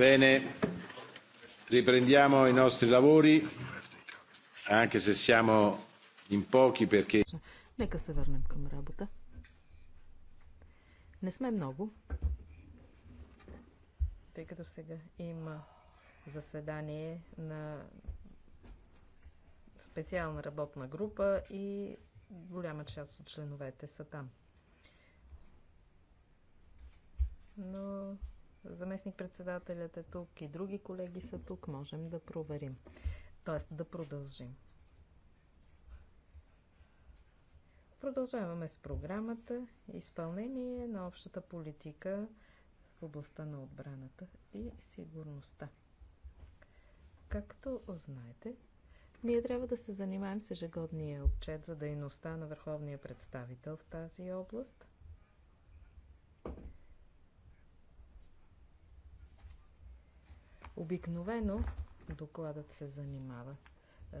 Bene, riprendiamo i nostri lavori, anche se siamo in pochi perché... Нека се върнем към работа. Не сме много, тъй като сега има заседание на специална работна група и голяма част от членовете са там. Но Заместник-председателят е тук и други колеги са тук. Можем да проверим. Тоест да продължим. Продължаваме с програмата Изпълнение на общата политика в областта на отбраната и сигурността. Както знаете, ние трябва да се занимаем с ежегодния отчет за дейността на върховния представител в тази област Обикновено докладът се занимава е,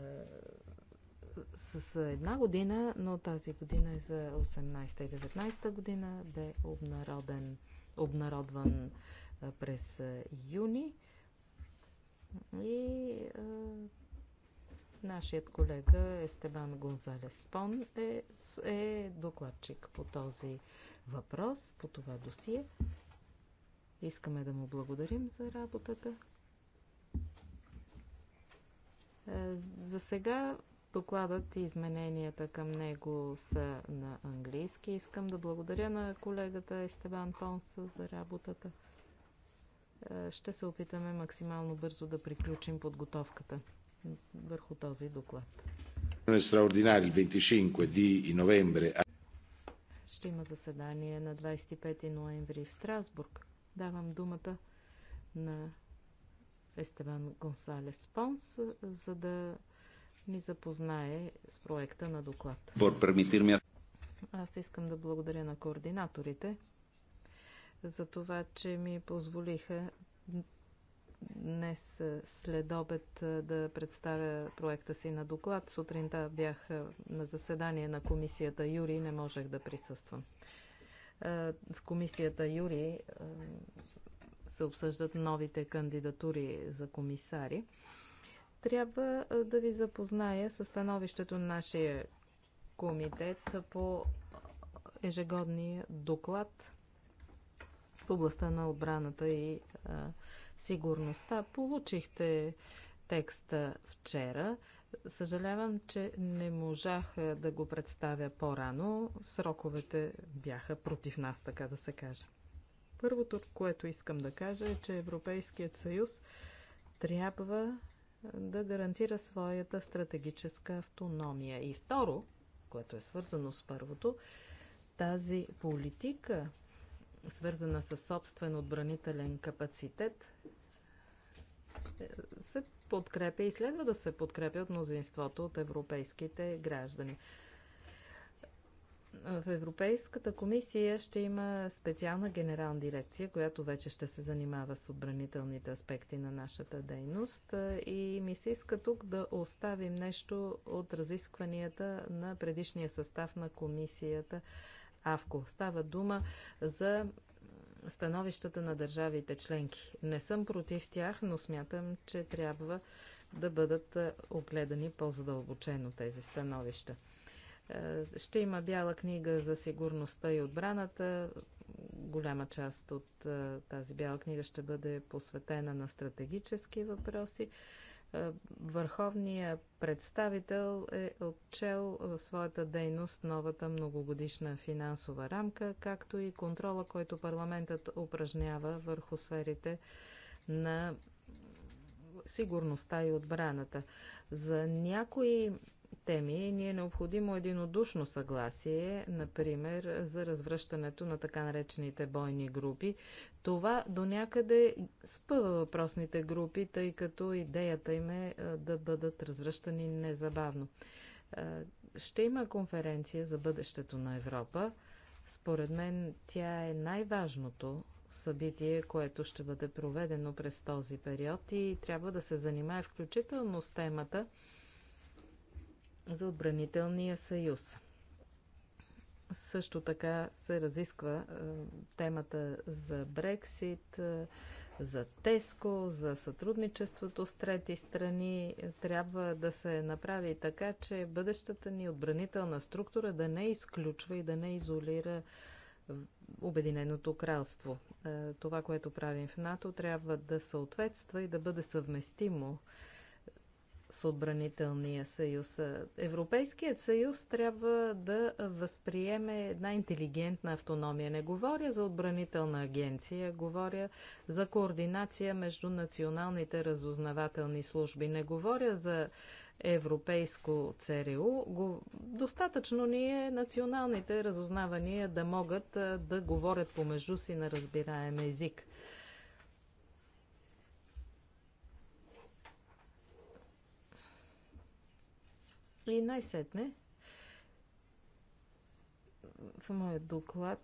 с една година, но тази година е за 18 и 19 година. Бе обнароден, обнародван е, през е, юни. И е, нашият колега Естебан Гонзалес Пон е, е докладчик по този въпрос, по това досие. Искаме да му благодарим за работата, е, за сега докладът и измененията към него са на английски. Искам да благодаря на колегата Естебан Понса за работата. Е, ще се опитаме максимално бързо да приключим подготовката върху този доклад. Ще има заседание на 25 ноември в Страсбург. Давам думата на Естебан Гонсалес Понс, за да ни запознае с проекта на доклад. Аз искам да благодаря на координаторите за това, че ми позволиха днес след обед да представя проекта си на доклад. Сутринта бях на заседание на комисията Юри и не можех да присъствам. Е, в комисията Юри е, се обсъждат новите кандидатури за комисари, трябва да ви запозная с становището на нашия комитет по ежегодния доклад в областта на отбраната и сигурността. Получихте текста вчера. Съжалявам, че не можах да го представя по-рано. Сроковете бяха против нас, така да се каже. Първото, което искам да кажа е, че Европейският съюз трябва да гарантира своята стратегическа автономия. И второ, което е свързано с първото, тази политика, свързана с собствен отбранителен капацитет, е, се подкрепя и следва да се подкрепя от мнозинството от европейските граждани в Европейската комисия ще има специална генерална дирекция, която вече ще се занимава с отбранителните аспекти на нашата дейност и ми се иска тук да оставим нещо от разискванията на предишния състав на комисията АВКО. Става дума за становищата на държавите членки. Не съм против тях, но смятам, че трябва да бъдат огледани по-задълбочено тези становища. Е, ще има бяла книга за сигурността и отбраната. Голяма част от е, тази бяла книга ще бъде посветена на стратегически въпроси. Е, върховният представител е отчел в своята дейност новата многогодишна финансова рамка, както и контрола, който парламентът упражнява върху сферите на сигурността и отбраната. За някои теми ни е необходимо единодушно съгласие, например за развръщането на така наречените бойни групи. Това до някъде спъва въпросните групи, тъй като идеята им е, е да бъдат развръщани незабавно. Е, ще има конференция за бъдещето на Европа. Според мен тя е най-важното събитие, което ще бъде проведено през този период и трябва да се занимае включително с темата за отбранителния съюз. Също така се разисква е, темата за Брексит, е, за Теско, за сътрудничеството с трети страни. Трябва да се направи така, че бъдещата ни отбранителна структура да не изключва и да не изолира е, Обединеното кралство. Това, което правим в НАТО, трябва да съответства и да бъде съвместимо с отбранителния съюз. Европейският съюз трябва да възприеме една интелигентна автономия. Не говоря за отбранителна агенция, говоря за координация между националните разузнавателни служби. Не говоря за европейско ЦРУ. Достатъчно ни е националните разузнавания да могат да говорят помежду си на разбираем език. И най-сетне в моят доклад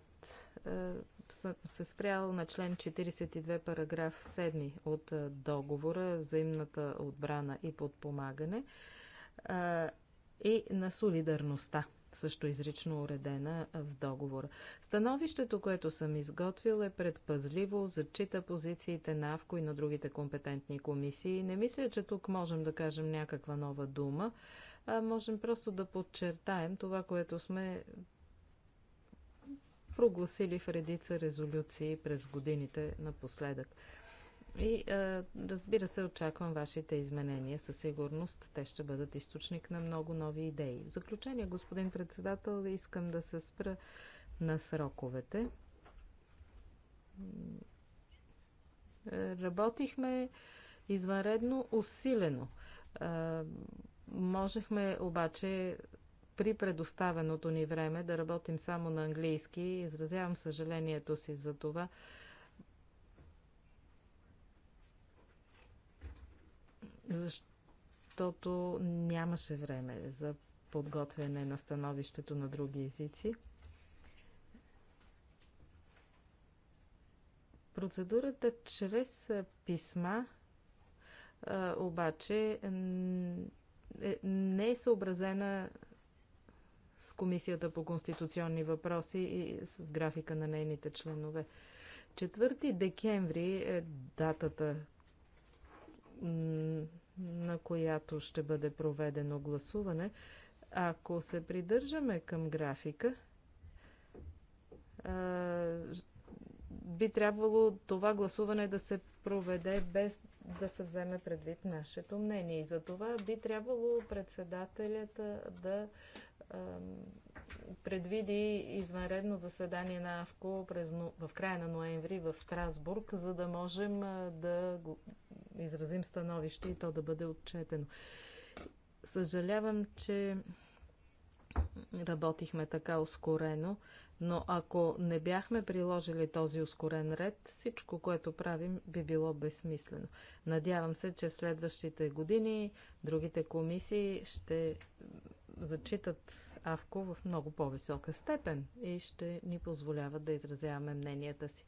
е, съм се спрял на член 42, параграф 7 от е, договора взаимната отбрана и подпомагане е, и на солидарността, също изрично уредена в договора. Становището, което съм изготвил е предпазливо, зачита позициите на АВКО и на другите компетентни комисии. Не мисля, че тук можем да кажем някаква нова дума а можем просто да подчертаем това, което сме прогласили в редица резолюции през годините напоследък. И а, разбира се, очаквам вашите изменения. Със сигурност те ще бъдат източник на много нови идеи. В заключение, господин председател, искам да се спра на сроковете. Работихме извънредно усилено. Можехме обаче при предоставеното ни време да работим само на английски. Изразявам съжалението си за това. Защото нямаше време за подготвяне на становището на други езици. Процедурата чрез писма обаче е, не е съобразена с Комисията по конституционни въпроси и с графика на нейните членове. 4 декември е датата, на която ще бъде проведено гласуване. Ако се придържаме към графика, би трябвало това гласуване да се проведе без да се вземе предвид нашето мнение. И за това би трябвало председателят да а, предвиди извънредно заседание на АВКО през, в края на ноември в Страсбург, за да можем да го изразим становище и то да бъде отчетено. Съжалявам, че работихме така ускорено. Но ако не бяхме приложили този ускорен ред, всичко, което правим, би било безсмислено. Надявам се, че в следващите години другите комисии ще зачитат АВКО в много по-висока степен и ще ни позволяват да изразяваме мненията си.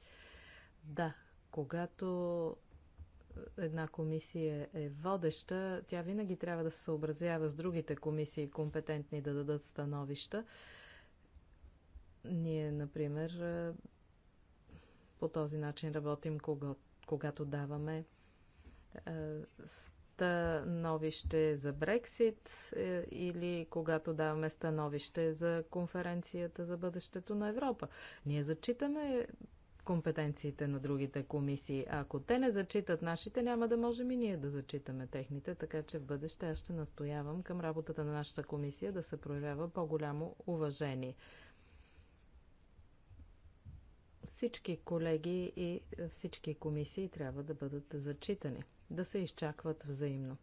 Да, когато една комисия е водеща, тя винаги трябва да се съобразява с другите комисии, компетентни да дадат становища. Ние, например, по този начин работим, когато даваме становище за Брексит е, или когато даваме становище за конференцията за бъдещето на Европа. Ние зачитаме компетенциите на другите комисии. А ако те не зачитат нашите, няма да можем и ние да зачитаме техните, така че в бъдеще аз ще настоявам към работата на нашата комисия да се проявява по-голямо уважение. Всички колеги и всички комисии трябва да бъдат зачитани, да се изчакват взаимно.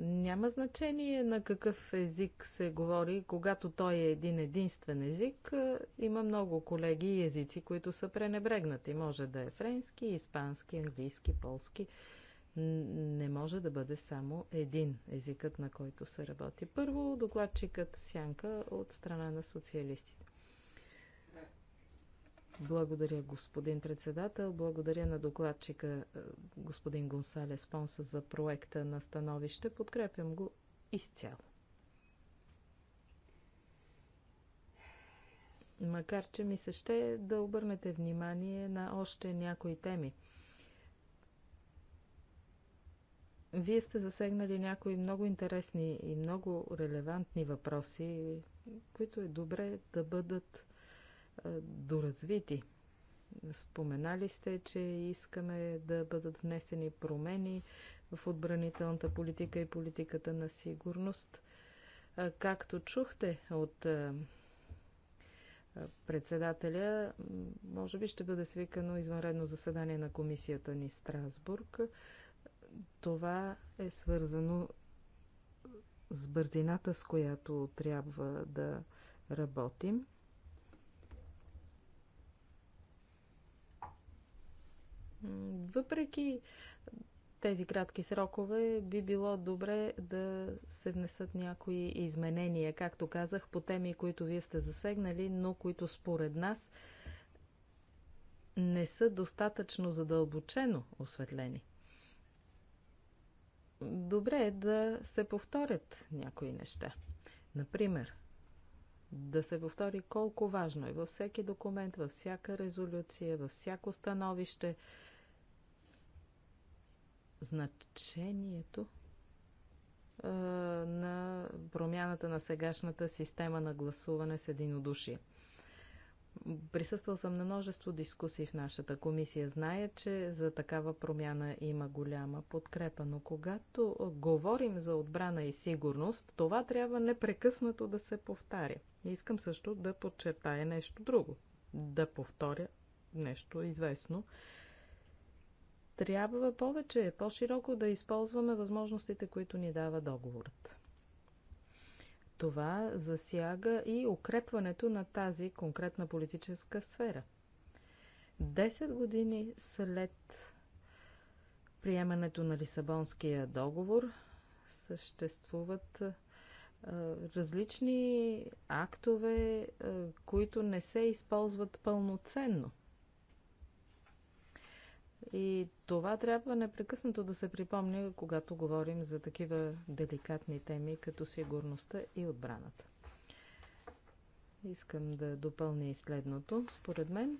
Няма значение на какъв език се говори, когато той е един единствен език. Е, има много колеги и езици, които са пренебрегнати. Може да е френски, испански, английски, полски. Не може да бъде само един езикът, на който се работи. Първо, докладчикът Сянка от страна на социалистите. Благодаря, господин председател. Благодаря на докладчика е, господин Гонсалес Понса за проекта на становище. Подкрепям го изцяло. Макар, че ми се ще да обърнете внимание на още някои теми. Вие сте засегнали някои много интересни и много релевантни въпроси, които е добре да бъдат е, доразвити. Споменали сте, че искаме да бъдат внесени промени в отбранителната политика и политиката на сигурност. Е, както чухте от е, председателя, може би ще бъде свикано извънредно заседание на комисията ни Страсбург. Това е свързано с бързината, с която трябва да работим. Въпреки тези кратки срокове би било добре да се внесат някои изменения, както казах, по теми, които вие сте засегнали, но които според нас не са достатъчно задълбочено осветлени. Добре е да се повторят някои неща. Например, да се повтори колко важно е във всеки документ, във всяка резолюция, във всяко становище – значението на промяната на сегашната система на гласуване с единодушие. Присъствал съм на множество дискусии в нашата комисия. Зная, че за такава промяна има голяма подкрепа, но когато говорим за отбрана и сигурност, това трябва непрекъснато да се повтаря. Искам също да подчертая нещо друго, да повторя нещо известно трябва повече, по-широко да използваме възможностите, които ни дава договорът. Това засяга и укрепването на тази конкретна политическа сфера. Десет години след приемането на Лисабонския договор съществуват различни актове, които не се използват пълноценно. И това трябва непрекъснато да се припомня, когато говорим за такива деликатни теми, като сигурността и отбраната. Искам да допълня и следното. Според мен,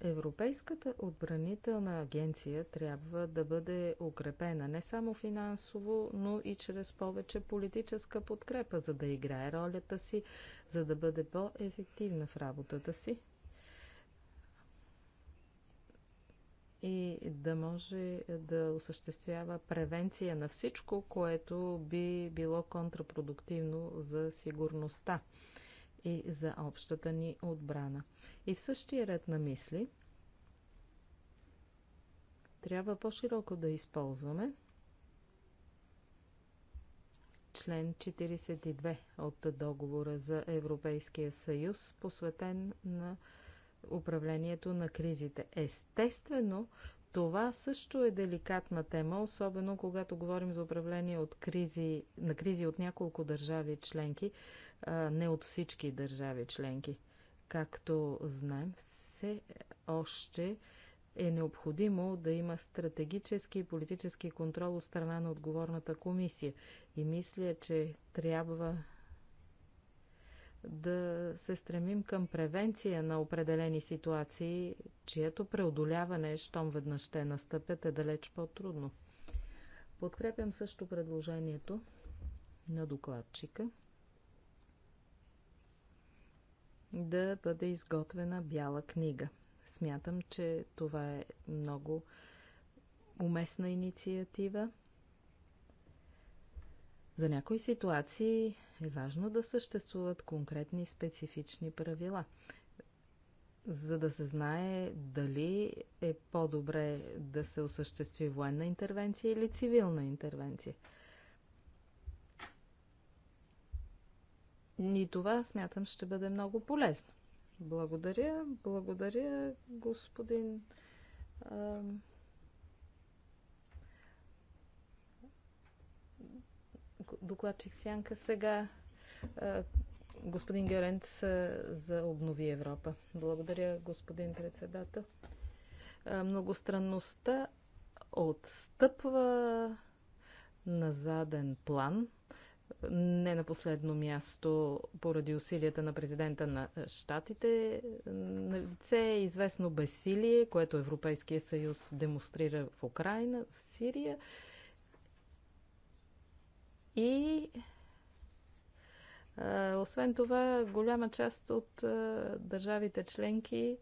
Европейската отбранителна агенция трябва да бъде укрепена не само финансово, но и чрез повече политическа подкрепа, за да играе ролята си, за да бъде по-ефективна в работата си и да може да осъществява превенция на всичко, което би било контрапродуктивно за сигурността и за общата ни отбрана. И в същия ред на мисли трябва по-широко да използваме член 42 от договора за Европейския съюз, посветен на управлението на кризите. Естествено, това също е деликатна тема, особено когато говорим за управление от кризи, на кризи от няколко държави членки, а не от всички държави членки. Както знаем, все още е необходимо да има стратегически и политически контрол от страна на отговорната комисия. И мисля, че трябва да се стремим към превенция на определени ситуации, чието преодоляване, щом веднъж ще настъпят, е далеч по-трудно. Подкрепям също предложението на докладчика да бъде изготвена бяла книга. Смятам, че това е много уместна инициатива. За някои ситуации е важно да съществуват конкретни специфични правила, за да се знае дали е по-добре да се осъществи военна интервенция или цивилна интервенция. И това, смятам, ще бъде много полезно. Благодаря, благодаря, господин. докладчик Сянка. Сега господин Геренц за Обнови Европа. Благодаря, господин председател. Многостранността отстъпва на заден план. Не на последно място, поради усилията на президента на Штатите, на лице е известно безсилие, което Европейския съюз демонстрира в Украина, в Сирия. И а, освен това, голяма част от а, държавите членки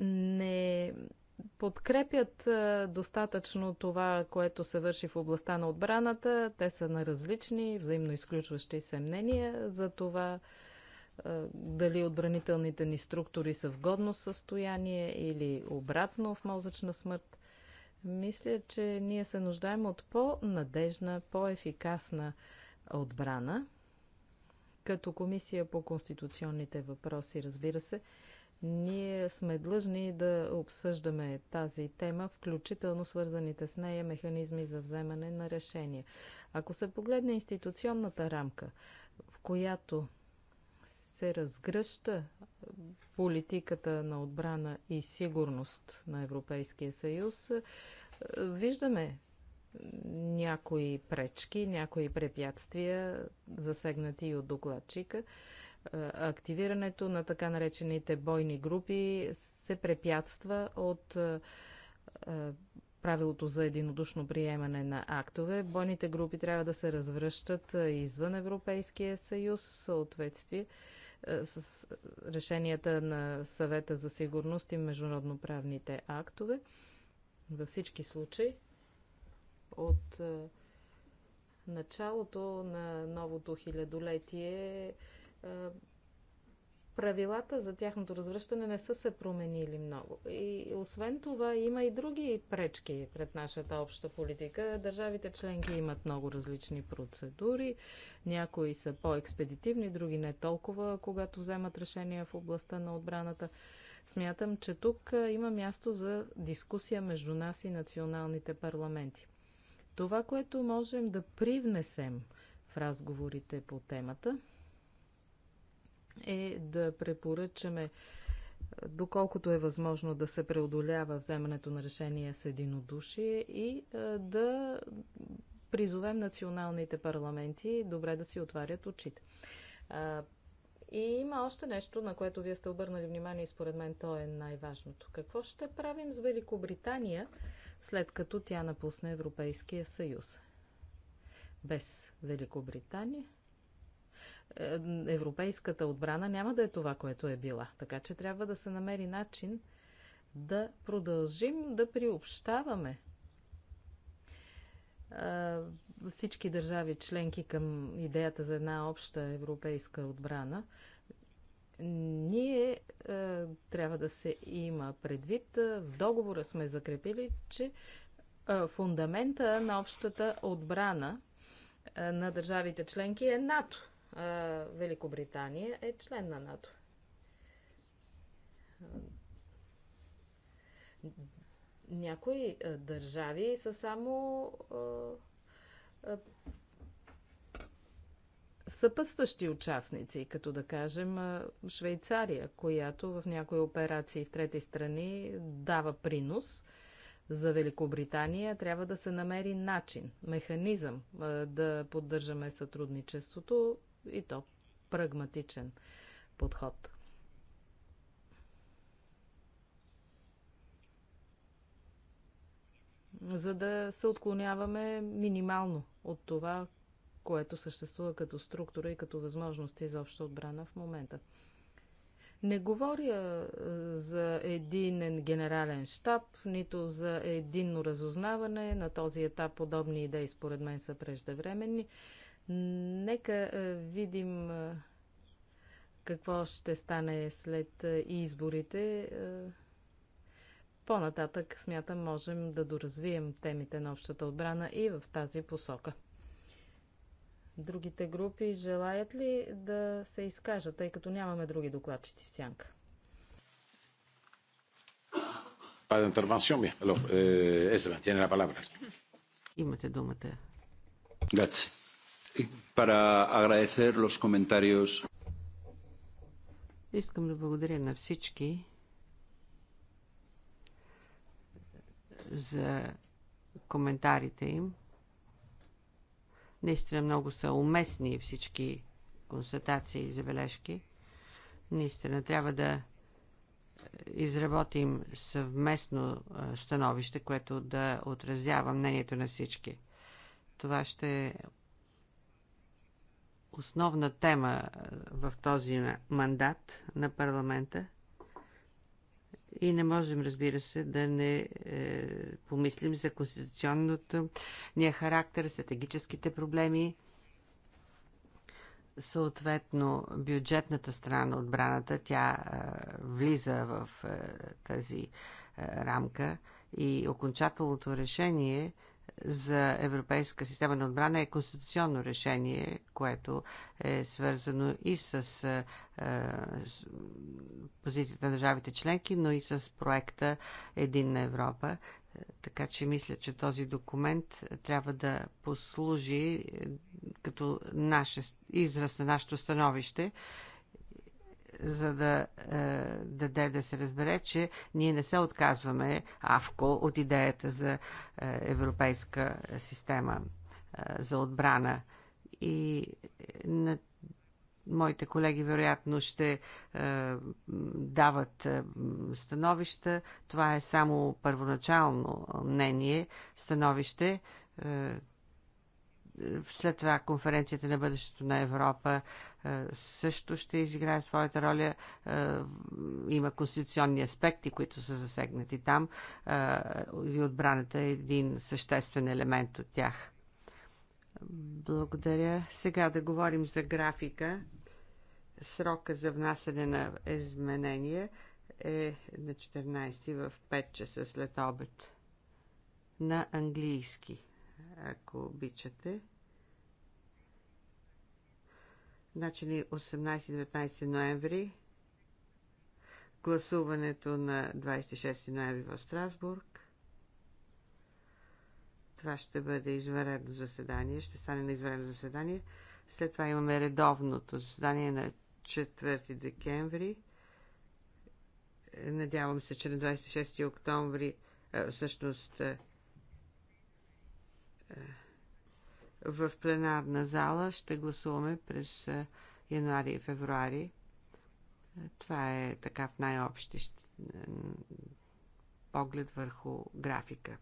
не подкрепят достатъчно това, което се върши в областта на отбраната. Те са на различни, взаимно изключващи се мнения за това дали отбранителните ни структури са в годно състояние или обратно в мозъчна смърт. Мисля, че ние се нуждаем от по-надежна, по-ефикасна отбрана. Като Комисия по конституционните въпроси, разбира се, ние сме длъжни да обсъждаме тази тема, включително свързаните с нея механизми за вземане на решения. Ако се погледне институционната рамка, в която се разгръща политиката на отбрана и сигурност на Европейския съюз, виждаме някои пречки, някои препятствия, засегнати и от докладчика. Активирането на така наречените бойни групи се препятства от правилото за единодушно приемане на актове. Бойните групи трябва да се развръщат извън Европейския съюз в съответствие е, с решенията на съвета за сигурност и международноправните актове. Във всички случаи от е, началото на новото хилядолетие е, правилата за тяхното развръщане не са се променили много. И освен това има и други пречки пред нашата обща политика. Държавите членки имат много различни процедури. Някои са по-експедитивни, други не толкова, когато вземат решения в областта на отбраната. Смятам, че тук има място за дискусия между нас и националните парламенти. Това, което можем да привнесем в разговорите по темата, е да препоръчаме е, доколкото е възможно да се преодолява вземането на решение с единодушие и е, да призовем националните парламенти добре да си отварят очите. И има още нещо, на което вие сте обърнали внимание и според мен то е най-важното. Какво ще правим с Великобритания след като тя напусне Европейския съюз? Без Великобритания е, европейската отбрана няма да е това, което е била. Така че трябва да се намери начин да продължим да приобщаваме всички държави членки към идеята за една обща европейска отбрана, ние е, трябва да се има предвид. В договора сме закрепили, че е, фундамента на общата отбрана е, на държавите членки е НАТО. Великобритания е член на НАТО. Някои държави са само съпътстващи участници, като да кажем Швейцария, която в някои операции в трети страни дава принос за Великобритания. Трябва да се намери начин, механизъм да поддържаме сътрудничеството и то прагматичен подход. За да се отклоняваме минимално от това, което съществува като структура и като възможности за обща отбрана в момента. Не говоря за единен генерален штаб, нито за единно разузнаване. На този етап подобни идеи според мен са преждевременни. Нека е, видим е, какво ще стане след е, изборите. По-нататък, смятам, можем да доразвием темите на общата отбрана и в тази посока. Другите групи желаят ли да се изкажат, тъй като нямаме други докладчици в сянка? Pas d'intervention, bien. Alors, euh, Esra, Имате думата para agradecer los comentarios. Искам да благодаря на всички за коментарите им. Наистина много са уместни всички констатации и забележки. Наистина трябва да изработим съвместно становище, което да отразява мнението на всички. Това ще основна тема е, в този мандат на парламента и не можем, разбира се, да не е, помислим за конституционното ния характер, стратегическите проблеми, съответно бюджетната страна отбраната, тя е, влиза в е, тази е, рамка и окончателното решение за Европейска система на отбрана е конституционно решение, което е свързано и с, е, позицията на държавите членки, но и с проекта Единна Европа. Така че мисля, че този документ трябва да послужи е, като наше, израз на нашето становище за да е, даде да се разбере, че ние не се отказваме авко от идеята за е, европейска система е, за отбрана. И на моите колеги вероятно ще е, дават е, становища. Това е само първоначално мнение, становище. Е, след това конференцията на бъдещето на Европа е, също ще изиграе своята роля. Е, има конституционни аспекти, които са засегнати там е, и отбраната е един съществен елемент от тях. Благодаря. Сега да говорим за графика. Срока за внасяне на изменения е на 14 в 5 часа след обед на английски ако обичате. Значи 18-19 ноември. Гласуването на 26 ноември в Страсбург. Това ще бъде извънредно заседание. Ще стане на извънредно заседание. След това имаме редовното заседание на 4 декември. Надявам се, че на 26 октомври всъщност в пленарна зала ще гласуваме през януари и февруари. Това е така в най-общи поглед върху графика.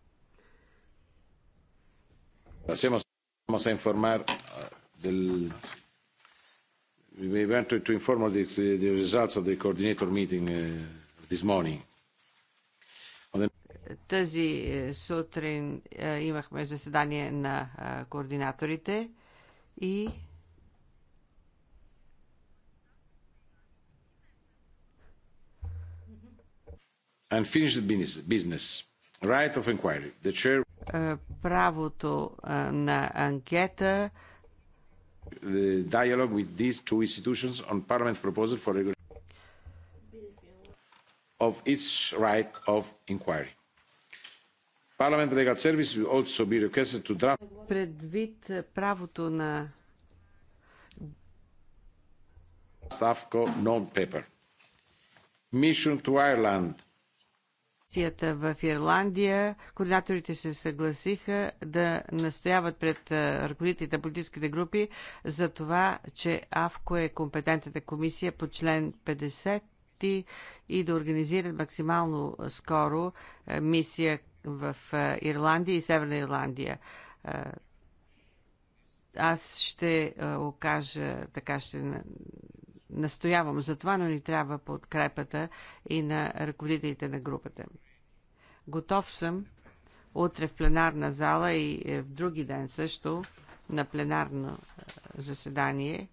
Vamos a informar del we went to, to inform the, the results of the coordinator meeting uh, this morning. Тази сутрин имахме заседание на координаторите и Unfinished business. Right of inquiry. The chair... Правото на анкета. The dialogue with these two institutions on parliament proposal for regulation of its right of inquiry. Предвид правото на ставко non-paper. Mission to Ireland. В Ирландия координаторите се съгласиха да настояват пред ръководителите на политическите групи за това, че АВКО е компетентната комисия по член 50 и да организират максимално скоро мисия в Ирландия и Северна Ирландия. Аз ще окажа, така ще настоявам за това, но ни трябва подкрепата и на ръководителите на групата. Готов съм утре в пленарна зала и е, в други ден също на пленарно заседание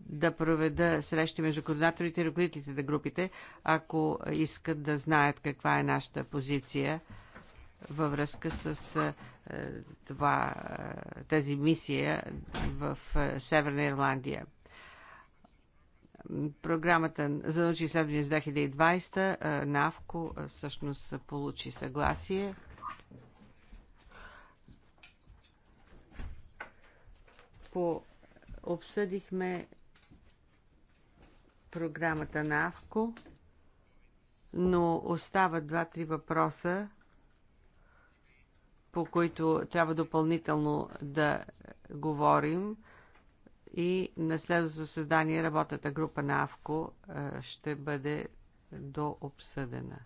да проведа срещи между координаторите и ръководителите на групите, ако искат да знаят каква е нашата позиция във връзка с това, тази мисия в Северна Ирландия. Програмата за научни изследвания с 2020 на АВКО всъщност получи съгласие. По обсъдихме програмата на АВКО, но остават два-три въпроса, по които трябва допълнително да говорим и на следващото създание работата група на АВКО ще бъде дообсъдена.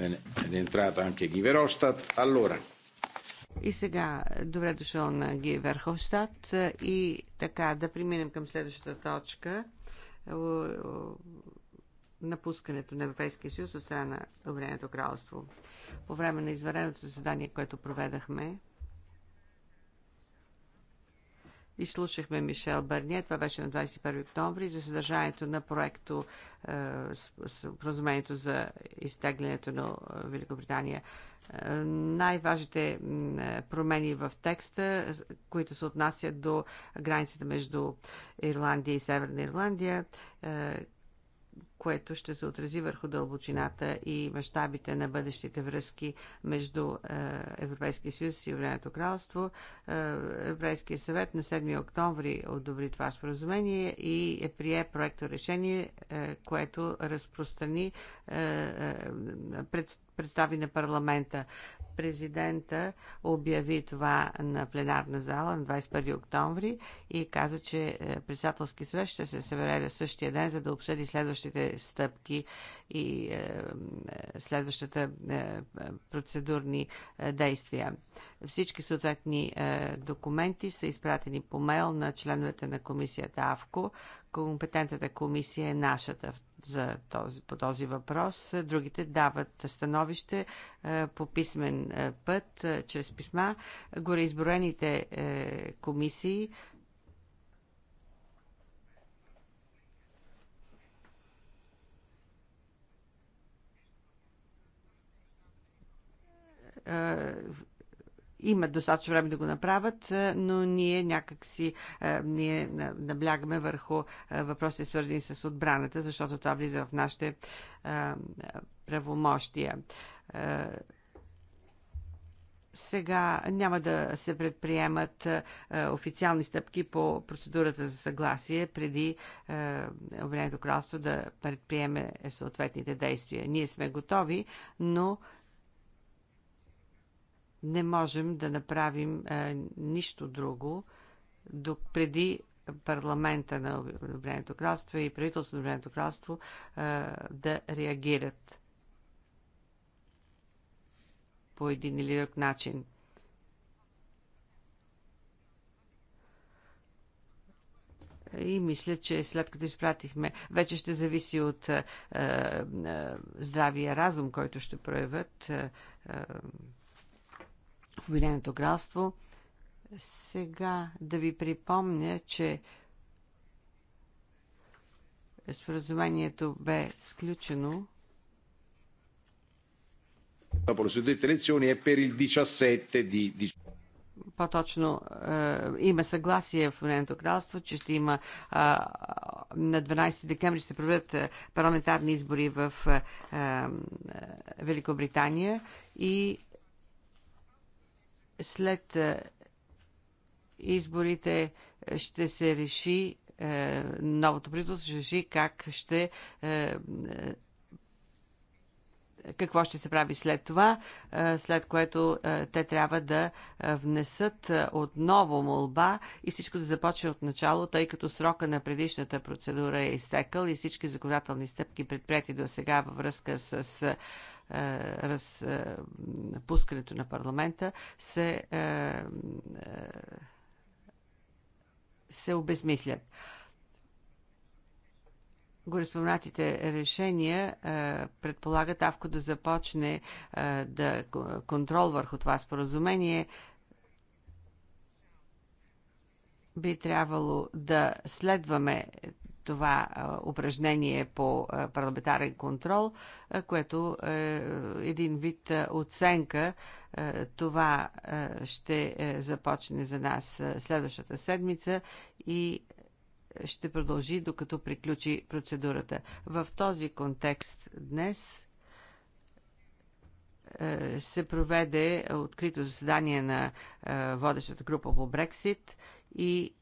Bene, è entrata anche Guy Verhofstadt. Allora, и сега, добре дошъл на Ги Верховщад и така, да преминем към следващата точка е, напускането на Европейския съюз от страна на Обединеното кралство. По време на извареното заседание, което проведахме, изслушахме Мишел Бърния, това беше на 21 октомври, за съдържанието на проекто е, с, с, за изтеглянето на Великобритания най-важните промени в текста, които се отнасят до границата между Ирландия и Северна Ирландия, е, което ще се отрази върху дълбочината и мащабите на бъдещите връзки между е, Европейския съюз и Обединеното кралство. Е, Европейския съвет на 7 октомври одобри това споразумение и е прие проекто решение, което разпространи, представи на парламента. Президента обяви това на пленарна зала на 21 октомври и каза, че е, председателски съвет ще се събере същия ден, за да обсъди следващите стъпки и е, е, следващата процедурни действия. Всички съответни документи са изпратени по мейл на членовете на комисията АВКО. Компетентната комисия е нашата в за този, по този въпрос. Другите дават становище е, по писмен е, път, е, чрез писма. Гореизброените комисии имат достатъчно време да го направят, е, но ние някакси е, ние наблягаме върху е, въпросите, свързани с отбраната, защото това влиза в нашите правомощия. Сега няма да се предприемат официални стъпки по процедурата за съгласие преди Обединеното кралство да предприеме съответните действия. Ние сме готови, но не можем да направим а, е, нищо друго, док преди парламента на Обединеното кралство и правителството на Обединеното кралство а, е, да реагират по един или друг начин. И мисля, че след като изпратихме, вече ще зависи от а, е, а, здравия разум, който ще проявят. А, а, в Обединеното кралство. Сега да ви припомня, че споразумението бе сключено По-точно е, има съгласие в Обединеното кралство, че ще има е, на 12 декември ще се проведат е, парламентарни избори в е, е, Великобритания и след е, изборите е, ще се реши, е, новото правителство ще реши как ще какво ще се прави след това, след което те трябва да внесат отново молба и всичко да започне от начало, тъй като срока на предишната процедура е изтекал и всички законодателни стъпки предприяти до сега във връзка с е, е, Пускането на парламента се, е, се обезмислят. Гореспоменатите решения предполагат Авко да започне да контрол върху това споразумение. Би трябвало да следваме това упражнение по парламентарен контрол, което е един вид оценка. Това ще е, започне за нас следващата седмица и ще продължи докато приключи процедурата. В този контекст днес е, се проведе открито заседание на е, водещата група по Брексит и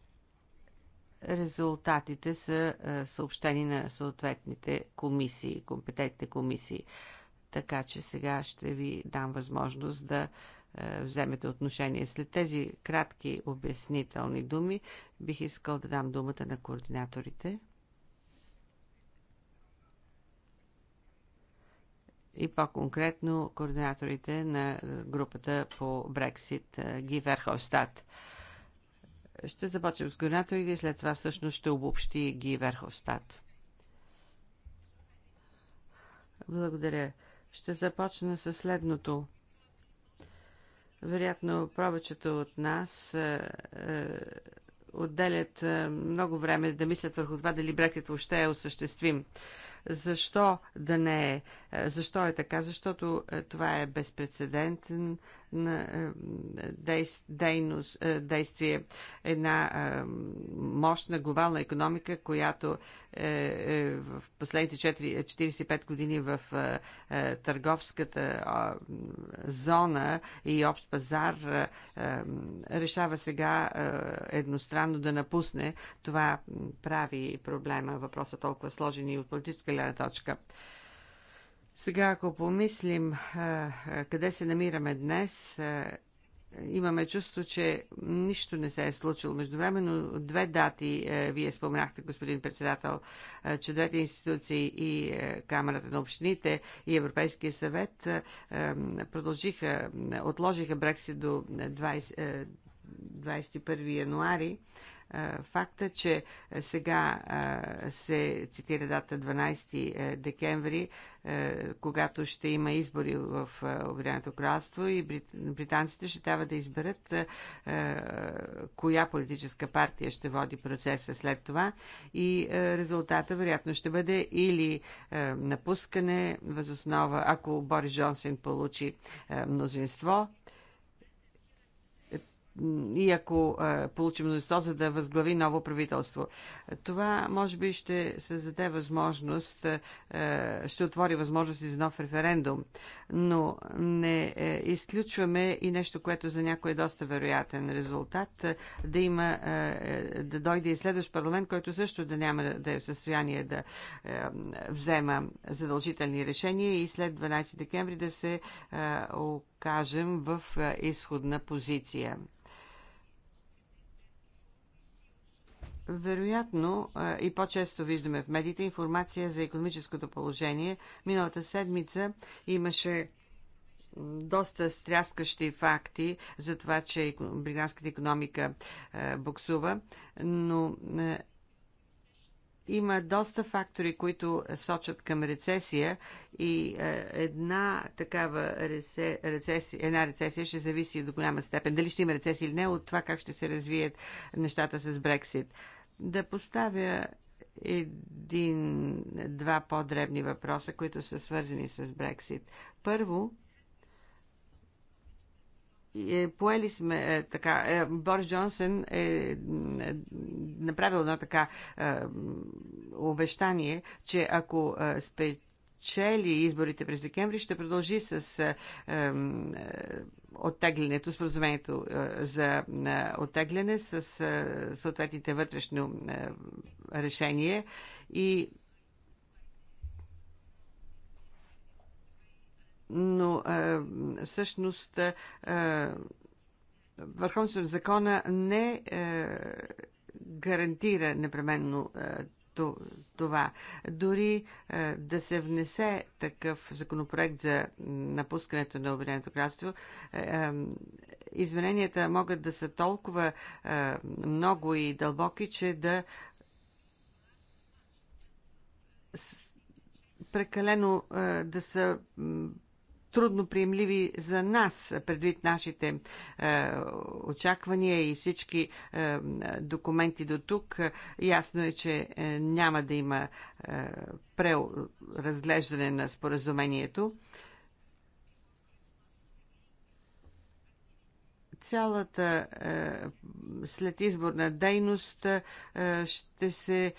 Резултатите са е, съобщени на съответните комисии, компетентните комисии. Така че сега ще ви дам възможност да е, вземете отношение. След тези кратки обяснителни думи бих искал да дам думата на координаторите. И по-конкретно координаторите на групата по Брексит е, Ги Верховстад. Ще започнем с горенаторите и след това всъщност ще обобщи ги Верховстат. Благодаря. Ще започна с следното. Вероятно, повечето от нас е, е, отделят е, много време да мислят върху това дали Брекет въобще е осъществим. Защо да не е? е защо е така? Защото е, това е безпредседентен на е, дейност, е, действие една е, мощна глобална економика, която е в последните 4, 45 години в търговската зона и общ пазар решава сега едностранно да напусне. Това прави проблема, въпроса толкова сложен и от политическа гледна точка. Сега, ако помислим къде се намираме днес, имаме чувство, че нищо не се е случило. Междувременно две дати, вие споменахте, господин председател, че двете институции и Камерата на общините и Европейския съвет продължиха, отложиха Брексит до 20, 21 януари. Факта, че сега се цитира дата 12 е, декември, е, когато ще има избори в е, Обединеното кралство и британците ще трябва да изберат коя политическа партия ще води процеса след това и резултата вероятно ще бъде или напускане възоснова, ако Борис Джонсен получи мнозинство, и ако е, получи мнозинство, за да възглави ново правителство. Това може би ще създаде възможност, ще отвори възможност за нов референдум, но не е, изключваме и нещо, което за някой е доста вероятен резултат, да има, е, да дойде и следващ парламент, който също да няма да е в състояние да е, взема задължителни решения и след 12 декември да се окажем в изходна позиция. Вероятно и по-често виждаме в медиите информация за економическото положение. Миналата седмица имаше доста стряскащи факти за това, че бриганската економика буксува, но има доста фактори, които сочат към рецесия и една такава рецесия, една рецесия ще зависи до голяма степен дали ще има рецесия или не от това как ще се развият нещата с Брексит да поставя един-два по-дребни въпроса, които са свързани с Брексит. Първо, е, поели сме е, така. Е, Борис Джонсън е, направил едно така обещание, че ако спечели изборите през декември, ще продължи с оттеглянето, споразумението е, за е, оттегляне с е, съответните вътрешно решение и но всъщност върховенството на закона не гарантира непременно това. Дори е, да се внесе такъв законопроект за напускането на Обединеното кралство, е, е, измененията могат да са толкова е, много и дълбоки, че да прекалено е, да са трудно приемливи за нас, предвид нашите е, очаквания и всички е, документи до тук. Ясно е, че е, няма да има е, преразглеждане на споразумението. Цялата е, следизборна дейност е, ще се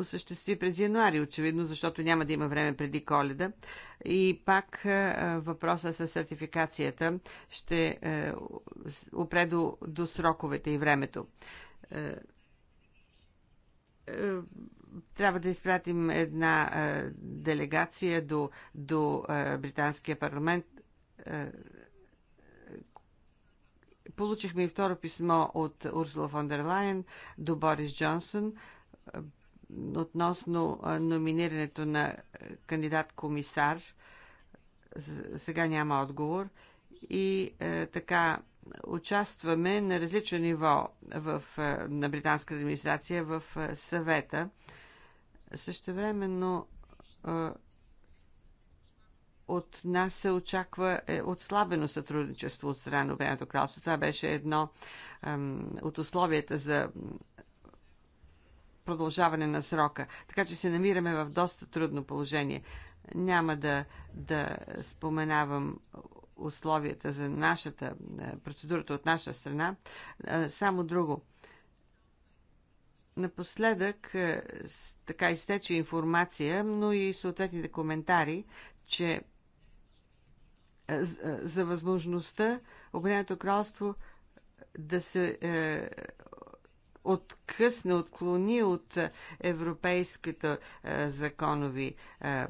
осъществи през януари, очевидно, защото няма да има време преди коледа. И пак въпроса с сертификацията ще е, опре до, до сроковете и времето е, е, трябва да изпратим една делегация до, до Британския парламент. получихме и второ писмо от Урсула фон дер Лайен до Борис Джонсон относно номинирането на кандидат-комисар. Сега няма отговор. И така, участваме на различно ниво в, на британската администрация в съвета. Също е, от нас се очаква е, отслабено сътрудничество от страна на Обединеното кралство. Това беше едно от условията за продължаване на срока. Така че се намираме в доста трудно положение. Няма да, да споменавам условията за нашата е, процедурата от наша страна. Е, само друго. Напоследък е, така изтече информация, но и съответните коментари, че за възможността Обединеното кралство да се откъсна, отклони от европейските е, законови е, е,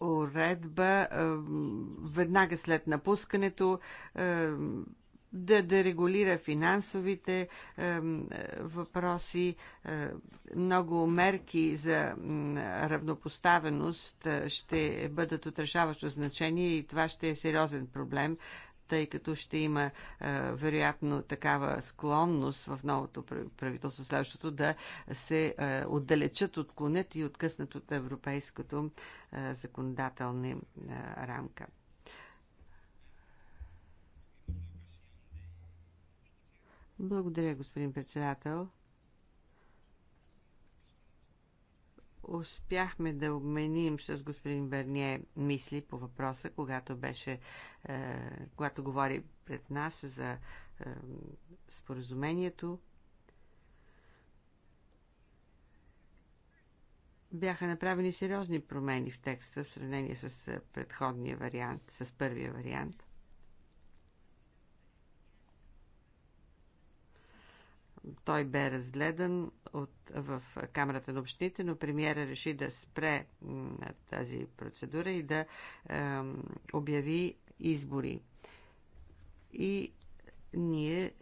уредба веднага след напускането да, да регулира финансовите е, въпроси. Е, много мерки за равнопоставеност ще бъдат отрешаващо значение и това ще е сериозен проблем тъй като ще има е, вероятно такава склонност в новото правителство следващото да се е, отдалечат, отклонят и откъснат от европейското е, законодателна рамка. Благодаря, господин председател. Успяхме да обменим с господин Берние мисли по въпроса, когато беше, е, когато говори пред нас за е, споразумението. Бяха направени сериозни промени в текста в сравнение с е, предходния вариант, с първия вариант. Той бе разгледан от, в Камерата на общините, но премиера реши да спре тази процедура и да е, обяви избори. И ние е,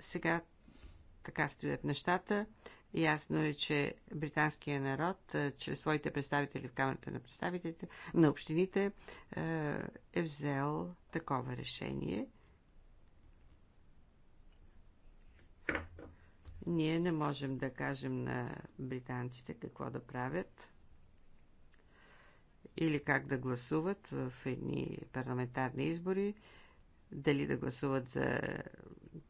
сега така стоят нещата. Ясно е, че британският народ, е, чрез своите представители в Камерата на представителите, на общините, е, е взел такова решение Ние не можем да кажем на британците какво да правят или как да гласуват в едни парламентарни избори, дали да гласуват за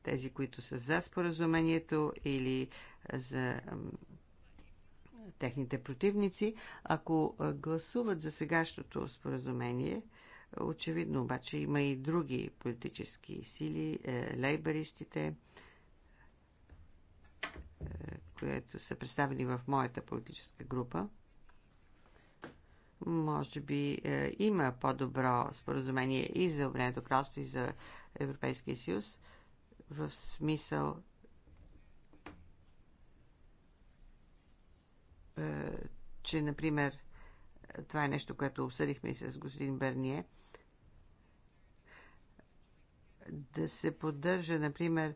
тези, които са за споразумението или за техните противници. Ако гласуват за сегашното споразумение, очевидно обаче има и други политически сили, е, лейбаристите, които са представени в моята политическа група. Може би е, има по-добро споразумение и за Обединеното кралство, и за Европейския съюз, в смисъл е, че, например, това е нещо, което обсъдихме и с господин Берние, да се поддържа, например,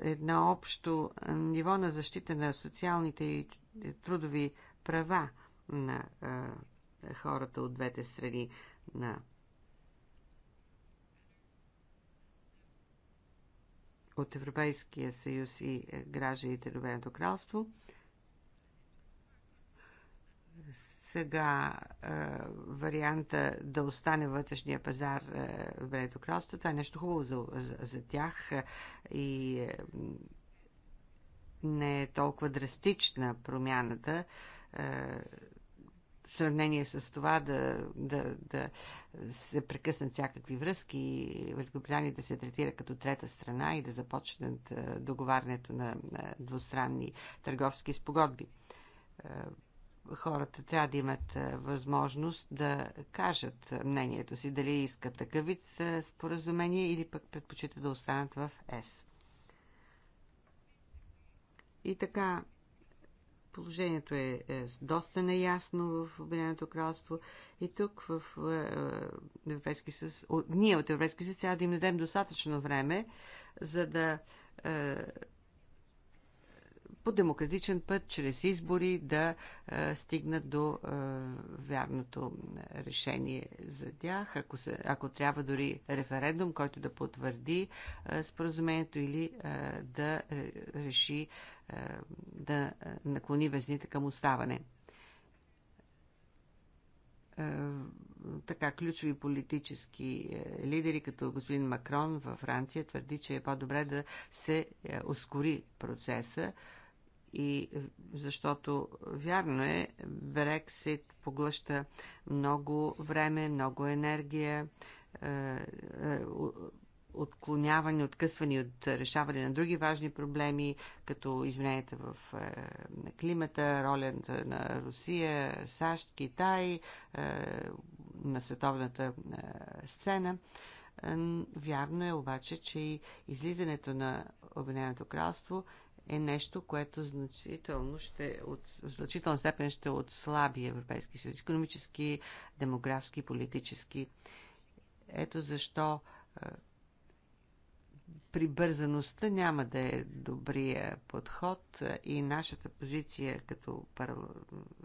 едно общо ниво на защита на социалните и трудови права на хората от двете страни на от Европейския съюз и гражданите на Обединеното кралство. Сега е, варианта да остане вътрешния пазар е, в кралство, това е нещо хубаво за, за, за тях е, и е, не е толкова драстична промяната. Е, в сравнение с това да, да, да се прекъснат всякакви връзки, и Великобритания да се третира като трета страна и да започнат е, договарянето на двустранни търговски спогодби. Е, хората трябва да имат е, възможност да кажат мнението си, дали искат такъв вид е, споразумение или пък предпочитат да останат в ЕС. И така, положението е, е, доста неясно в Обединеното кралство и тук в Европейски съюз, ние от Европейския съюз трябва да им дадем достатъчно време, за да по демократичен път, чрез избори, да е, стигнат до е, вярното решение за тях, ако, се, ако трябва дори референдум, който да потвърди е, споразумението или да реши да наклони везните към оставане така ключови политически лидери, като господин Макрон във Франция, твърди, че е по-добре да се ускори процеса, и е, защото е, вярно е, Брексит поглъща много време, много енергия, е, отклонявани, откъсвани от решаване на други важни проблеми, като измененията в климата, ролята на Русия, САЩ, Китай, на световната сцена. Вярно е обаче, че и излизането на Обединеното кралство – е нещо, което значително ще, от, значителна степен ще отслаби Европейски съюз. Економически, демографски, политически. Ето защо е, прибързаността няма да е добрия подход и нашата позиция като парл...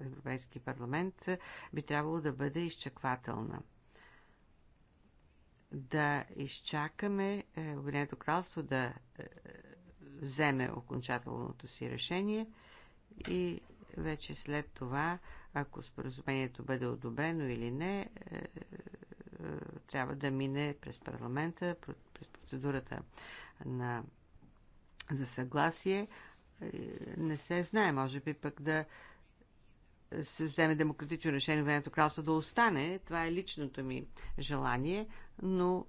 Европейски парламент би трябвало да бъде изчаквателна да изчакаме е, Обединеното кралство да е, вземе окончателното си решение и вече след това, ако споразумението бъде одобрено или не, е, е, трябва да мине през парламента, през процедурата на, за съгласие. Е, не се знае, може би пък да се вземе демократично решение времето кралство да остане. Това е личното ми желание, но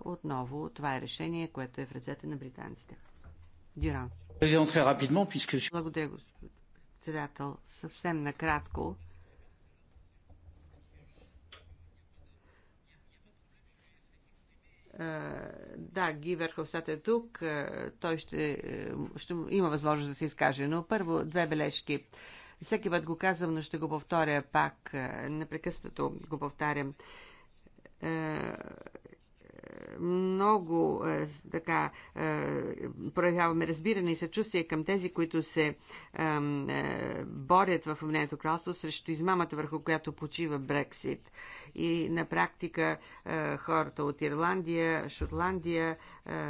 отново това е решение, което е в ръцете на британците. Дюран. Благодаря, господин председател. Съвсем накратко. Е, да, Ги Верховсът е тук, е, той ще, е, ще има възможност да се изкаже. Но първо две бележки. Всеки път го казвам, но ще го повторя пак. Непрекъснато го повтарям много е, така е, проявяваме разбиране и съчувствие към тези, които се е, е, борят в Обединеното кралство срещу измамата, върху която почива Брексит. И на практика е, хората от Ирландия, Шотландия е, е,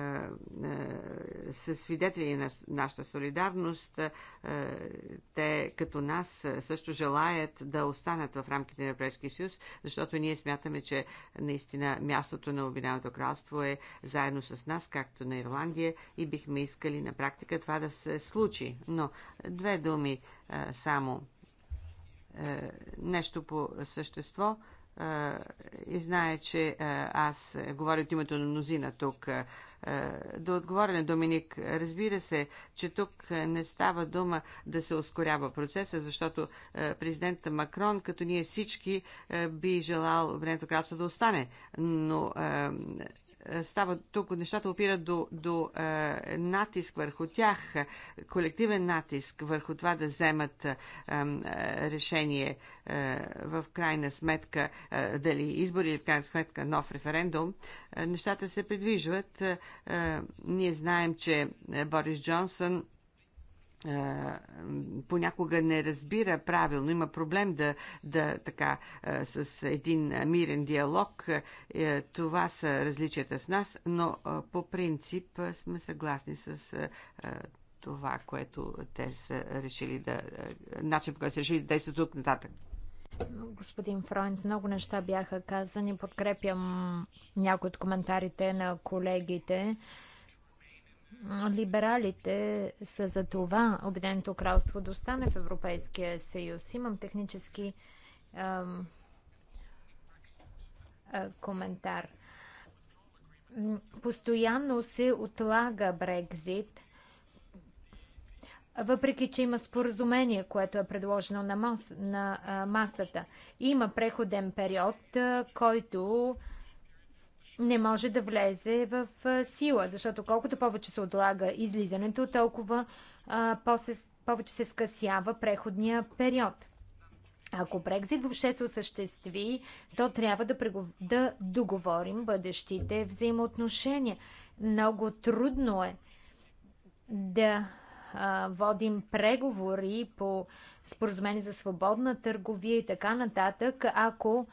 са свидетели на нашата солидарност. Е, те, като нас, е, също желаят да останат в рамките на Европейския съюз, защото ние смятаме, че наистина мястото на Обединеното кралство кралство е заедно с нас, както на Ирландия, и бихме искали на практика това да се случи. Но две думи е, само. Е, нещо по същество е, и знае, че аз говоря от името на мнозина тук да отговоря на Доминик. Разбира се, че тук не става дума да се ускорява процеса, защото президента Макрон, като ние всички, би желал Обединеното кралство да остане. Но е, става тук, нещата опират до, до е, натиск върху тях, колективен натиск върху това да вземат е, е, решение е, в крайна сметка, е, дали избори или в крайна сметка нов референдум. Е, нещата се придвижват. Е, е, ние знаем, че Борис Джонсън понякога не разбира правилно, има проблем да, да така с един мирен диалог. Е, това са различията с нас, но по принцип сме съгласни с това, което те са решили да... начин по който са решили да действат тук нататък. Господин Фройнт, много неща бяха казани. Подкрепям някои от коментарите на колегите. Либералите са за това Обединеното кралство да остане в Европейския съюз. Имам технически ем, а, коментар. Постоянно се отлага Брекзит, въпреки че има споразумение, което е предложено на, мас, на а, масата. Има преходен период, а, който не може да влезе в сила, защото колкото повече се отлага излизането, толкова а, повече се скъсява преходния период. Ако Брекзит въобще се осъществи, то трябва да, прегов... да договорим бъдещите взаимоотношения. Много трудно е да а, водим преговори по споразумение за свободна търговия и така нататък, ако а,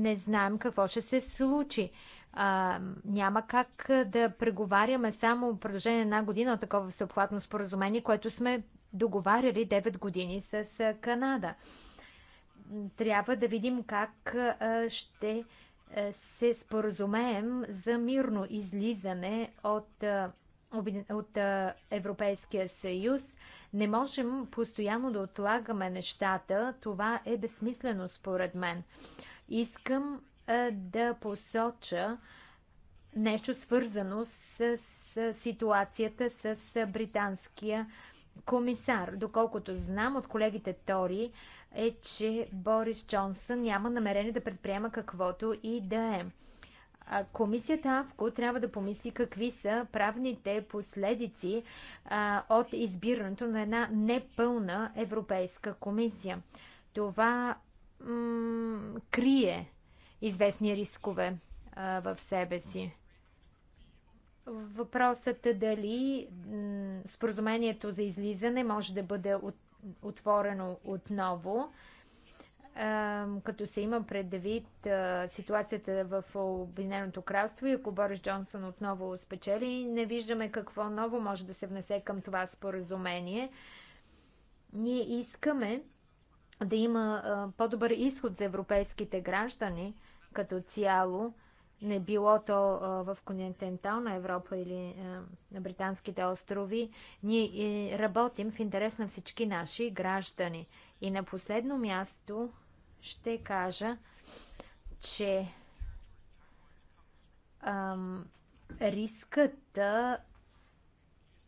не знаем какво ще се случи. А, няма как да преговаряме само в продължение на една година от такова всеобхватно споразумение, което сме договаряли 9 години с Канада. Трябва да видим как ще се споразумеем за мирно излизане от а, от Европейския съюз. Не можем постоянно да отлагаме нещата. Това е безсмислено според мен. Искам да посоча нещо свързано с ситуацията с британския комисар. Доколкото знам от колегите Тори, е, че Борис Джонсън няма намерение да предприема каквото и да е комисията АВКО трябва да помисли какви са правните последици а, от избирането на една непълна Европейска комисия. Това крие известни рискове а, в себе си. Въпросът е дали споразумението за излизане може да бъде от, отворено отново като се има предвид ситуацията в Обединеното кралство и ако Борис Джонсън отново спечели, не виждаме какво ново може да се внесе към това споразумение. Ние искаме да има по-добър изход за европейските граждани като цяло, не било то в континентална Европа или на британските острови, ние работим в интерес на всички наши граждани. И на последно място ще кажа, че ам, рискът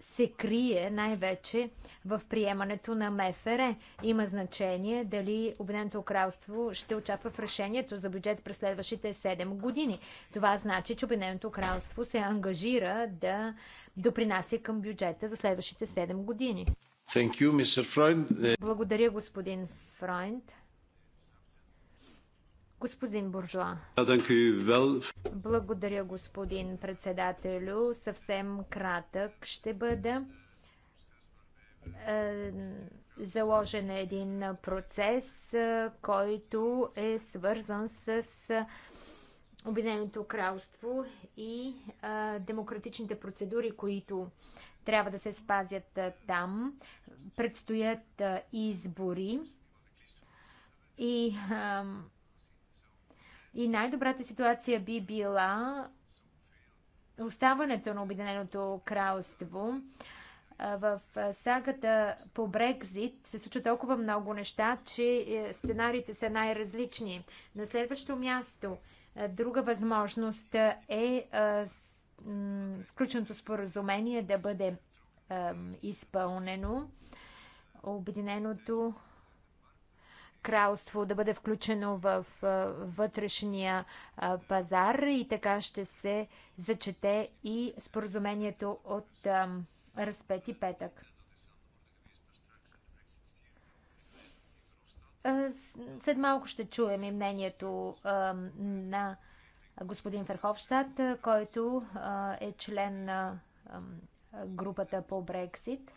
се крие най-вече в приемането на МФР. Има значение дали Обединеното кралство ще участва в решението за бюджет през следващите 7 години. Това значи, че Обединеното кралство се ангажира да допринася към бюджета за следващите 7 години. You, Благодаря, господин Фройнд. Господин Буржуа. Благодаря, господин председателю. Съвсем кратък ще бъда. Е, заложен е един процес, е, който е свързан с е, Обединеното кралство и демократичните процедури, които трябва да се спазят там. Предстоят избори и и най-добрата ситуация би била оставането на Обединеното кралство. В сагата по Брекзит се случва толкова много неща, че е, сценариите са най-различни. На следващо място, друга възможност е сключеното споразумение да бъде изпълнено. Обединеното кралство да бъде включено в вътрешния пазар и така ще се зачете и споразумението от разпети петък. След малко ще чуем и мнението на господин Ферховщад, който е член на групата по Брексит.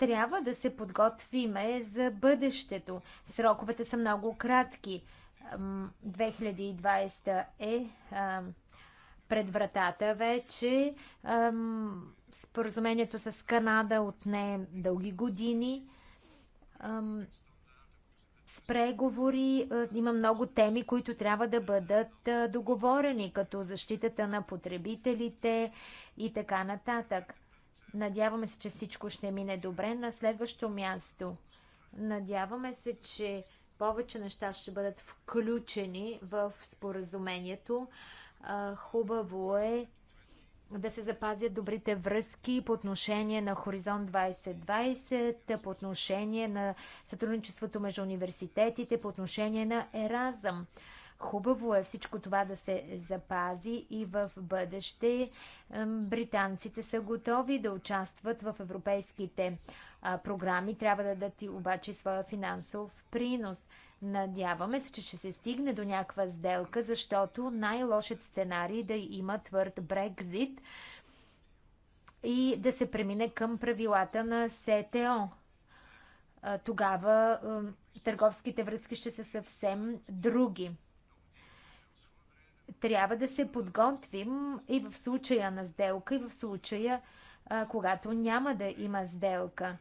Трябва да се подготвиме за бъдещето. Сроковете са много кратки. 2020 е пред вратата вече. Споразумението с Канада отне дълги години. С преговори има много теми, които трябва да бъдат договорени, като защитата на потребителите и така нататък. Надяваме се, че всичко ще мине добре. На следващо място. Надяваме се, че повече неща ще бъдат включени в споразумението. Хубаво е да се запазят добрите връзки по отношение на Хоризонт 2020, по отношение на сътрудничеството между университетите, по отношение на Еразъм. Хубаво е всичко това да се запази и в бъдеще британците са готови да участват в европейските програми, трябва да дадат обаче своя финансов принос. Надяваме се, че ще се стигне до някаква сделка, защото най-лошият сценарий е да има твърд Брекзит и да се премине към правилата на СТО. Тогава търговските връзки ще са съвсем други трябва да се подготвим и в случая на сделка, и в случая, а, когато няма да има сделка.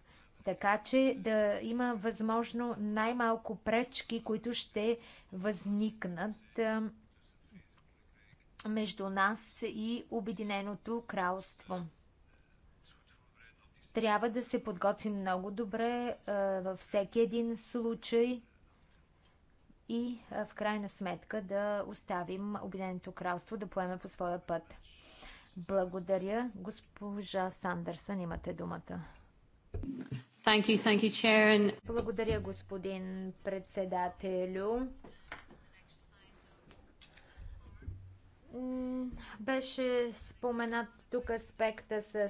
Така че да има възможно най-малко пречки, които ще възникнат а, между нас и Обединеното кралство. Трябва да се подготвим много добре а, във всеки един случай и в крайна сметка да оставим Обединеното кралство да поеме по своя път. Благодаря. Госпожа Сандърсън, имате думата. Thank you, thank you, Chair. Благодаря, господин председателю. Беше споменат тук аспекта с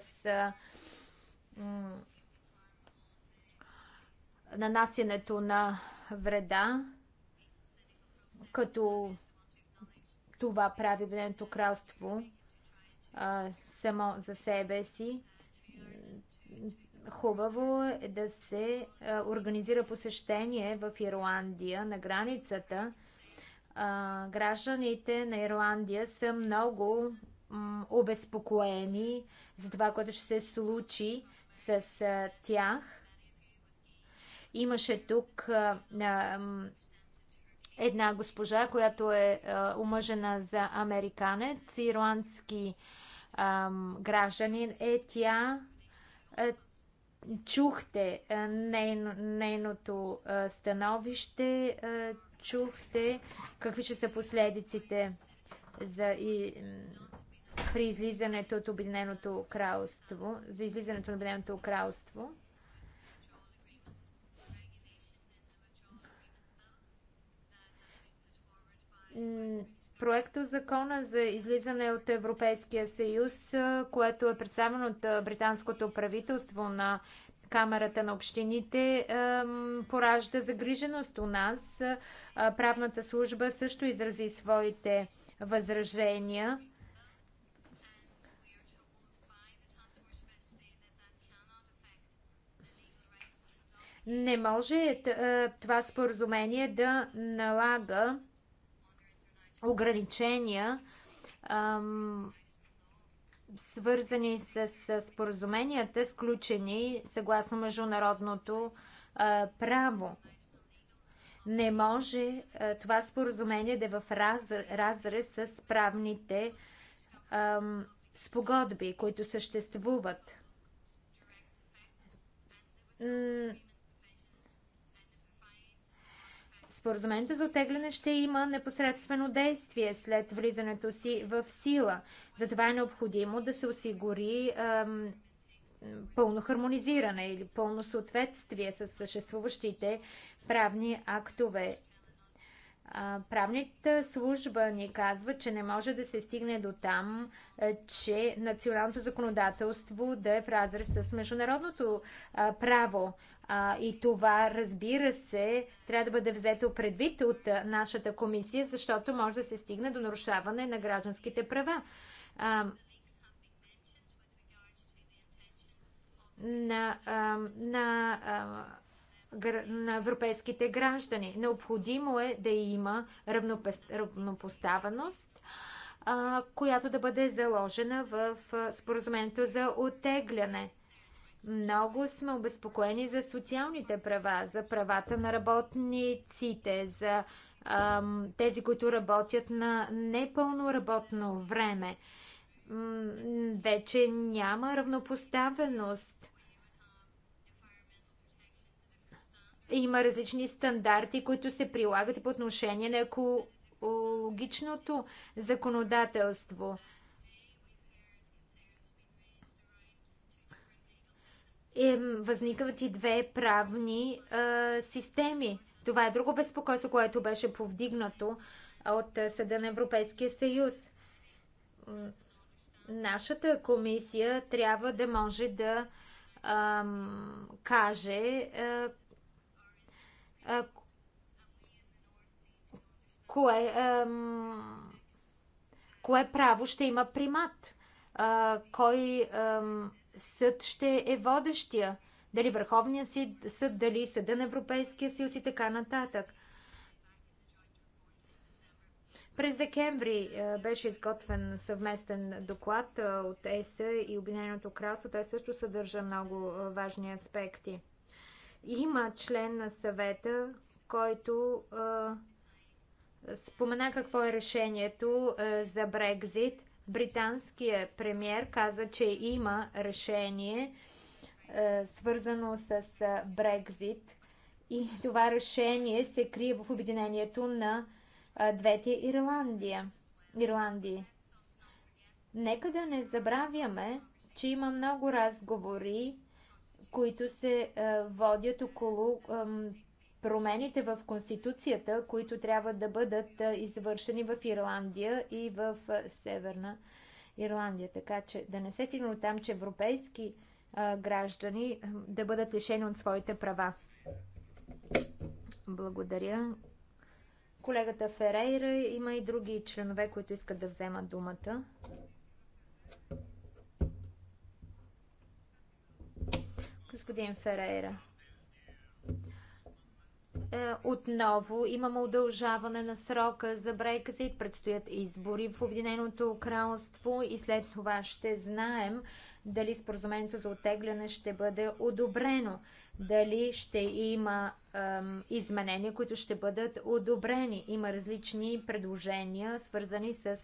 нанасянето на вреда като това прави Обединеното кралство а, само за себе си. Хубаво е да се а, организира посещение в Ирландия на границата. А, гражданите на Ирландия са много обезпокоени за това, което ще се случи с а, тях. Имаше тук а, а, една госпожа, която е омъжена за американец, ирландски ам, гражданин е тя. Е, чухте е, нейно, нейното е, становище, е, чухте какви ще са последиците за и, при излизането от Обединеното кралство, за излизането на Обединеното кралство. проекта закона за излизане от Европейския съюз, което е представено от британското правителство на Камерата на общините поражда загриженост у нас. Правната служба също изрази своите възражения. Не може това споразумение да налага ограничения, свързани с споразуменията, сключени съгласно международното право. Не може това споразумение да е в разрез с правните спогодби, които съществуват Споразумението за отегляне ще има непосредствено действие след влизането си в сила. Затова е необходимо да се осигури ем, пълно хармонизиране или пълно съответствие с съществуващите правни актове. правната служба ни казва, че не може да се стигне до там, че националното законодателство да е в разрез с международното право. А, и това, разбира се, трябва да бъде взето предвид от нашата комисия, защото може да се стигне до нарушаване на гражданските права. А, на, а, на, а, на европейските граждани. Необходимо е да има равнопоставеност, която да бъде заложена в споразумението за отегляне. Много сме обезпокоени за социалните права, за правата на работниците, за ам, тези, които работят на непълно работно време. М вече няма равнопоставеност. Има различни стандарти, които се прилагат по отношение на екологичното законодателство. е, възникват и две правни е, системи. Това е друго безпокойство, което беше повдигнато от Съда на Европейския съюз. Нашата комисия трябва да може да е, каже е, кое, ам, кое право ще има примат. А, кой ам, съд ще е водещия. Дали Върховният съд, дали Съда на Европейския съюз и така нататък. През декември е, беше изготвен съвместен доклад е, от ЕС и Обединеното кралство. Той също съдържа много е, важни аспекти. Има член на съвета, който спомена какво е решението за Брекзит. Британският премьер каза, че има решение е, свързано с е, Брекзит и това решение се крие в обединението на е, двете Ирландия. Ирландии. Нека да не забравяме, че има много разговори, които се водят около промените в Конституцията, които трябва да бъдат извършени в Ирландия и в Северна Ирландия. Така че да не се стигне там, че европейски а, граждани да бъдат лишени от своите права. Благодаря. Колегата Ферейра има и други членове, които искат да вземат думата. Господин Ферейра. Е, отново имаме удължаване на срока за Брексит, предстоят избори в Обединеното кралство и след това ще знаем дали споразумението за отегляне ще бъде одобрено, дали ще има ем, изменения, които ще бъдат одобрени. Има различни предложения, свързани с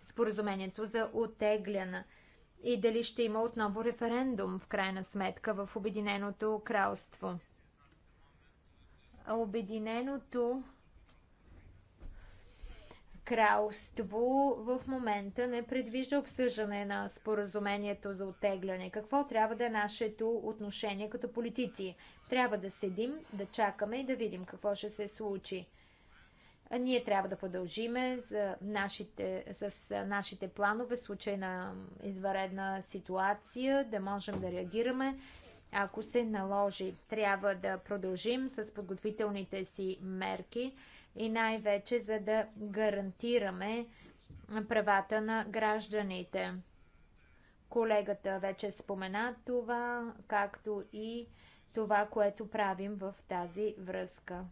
споразумението за отегляне и дали ще има отново референдум в крайна сметка в Обединеното кралство. Обединеното кралство в момента не предвижда обсъждане на споразумението за оттегляне. Какво трябва да е нашето отношение като политици? Трябва да седим, да чакаме и да видим какво ще се случи. Ние трябва да продължиме за нашите, с нашите планове в случай на изваредна ситуация, да можем да реагираме ако се наложи, трябва да продължим с подготвителните си мерки и най-вече за да гарантираме правата на гражданите. Колегата вече спомена това, както и това, което правим в тази връзка.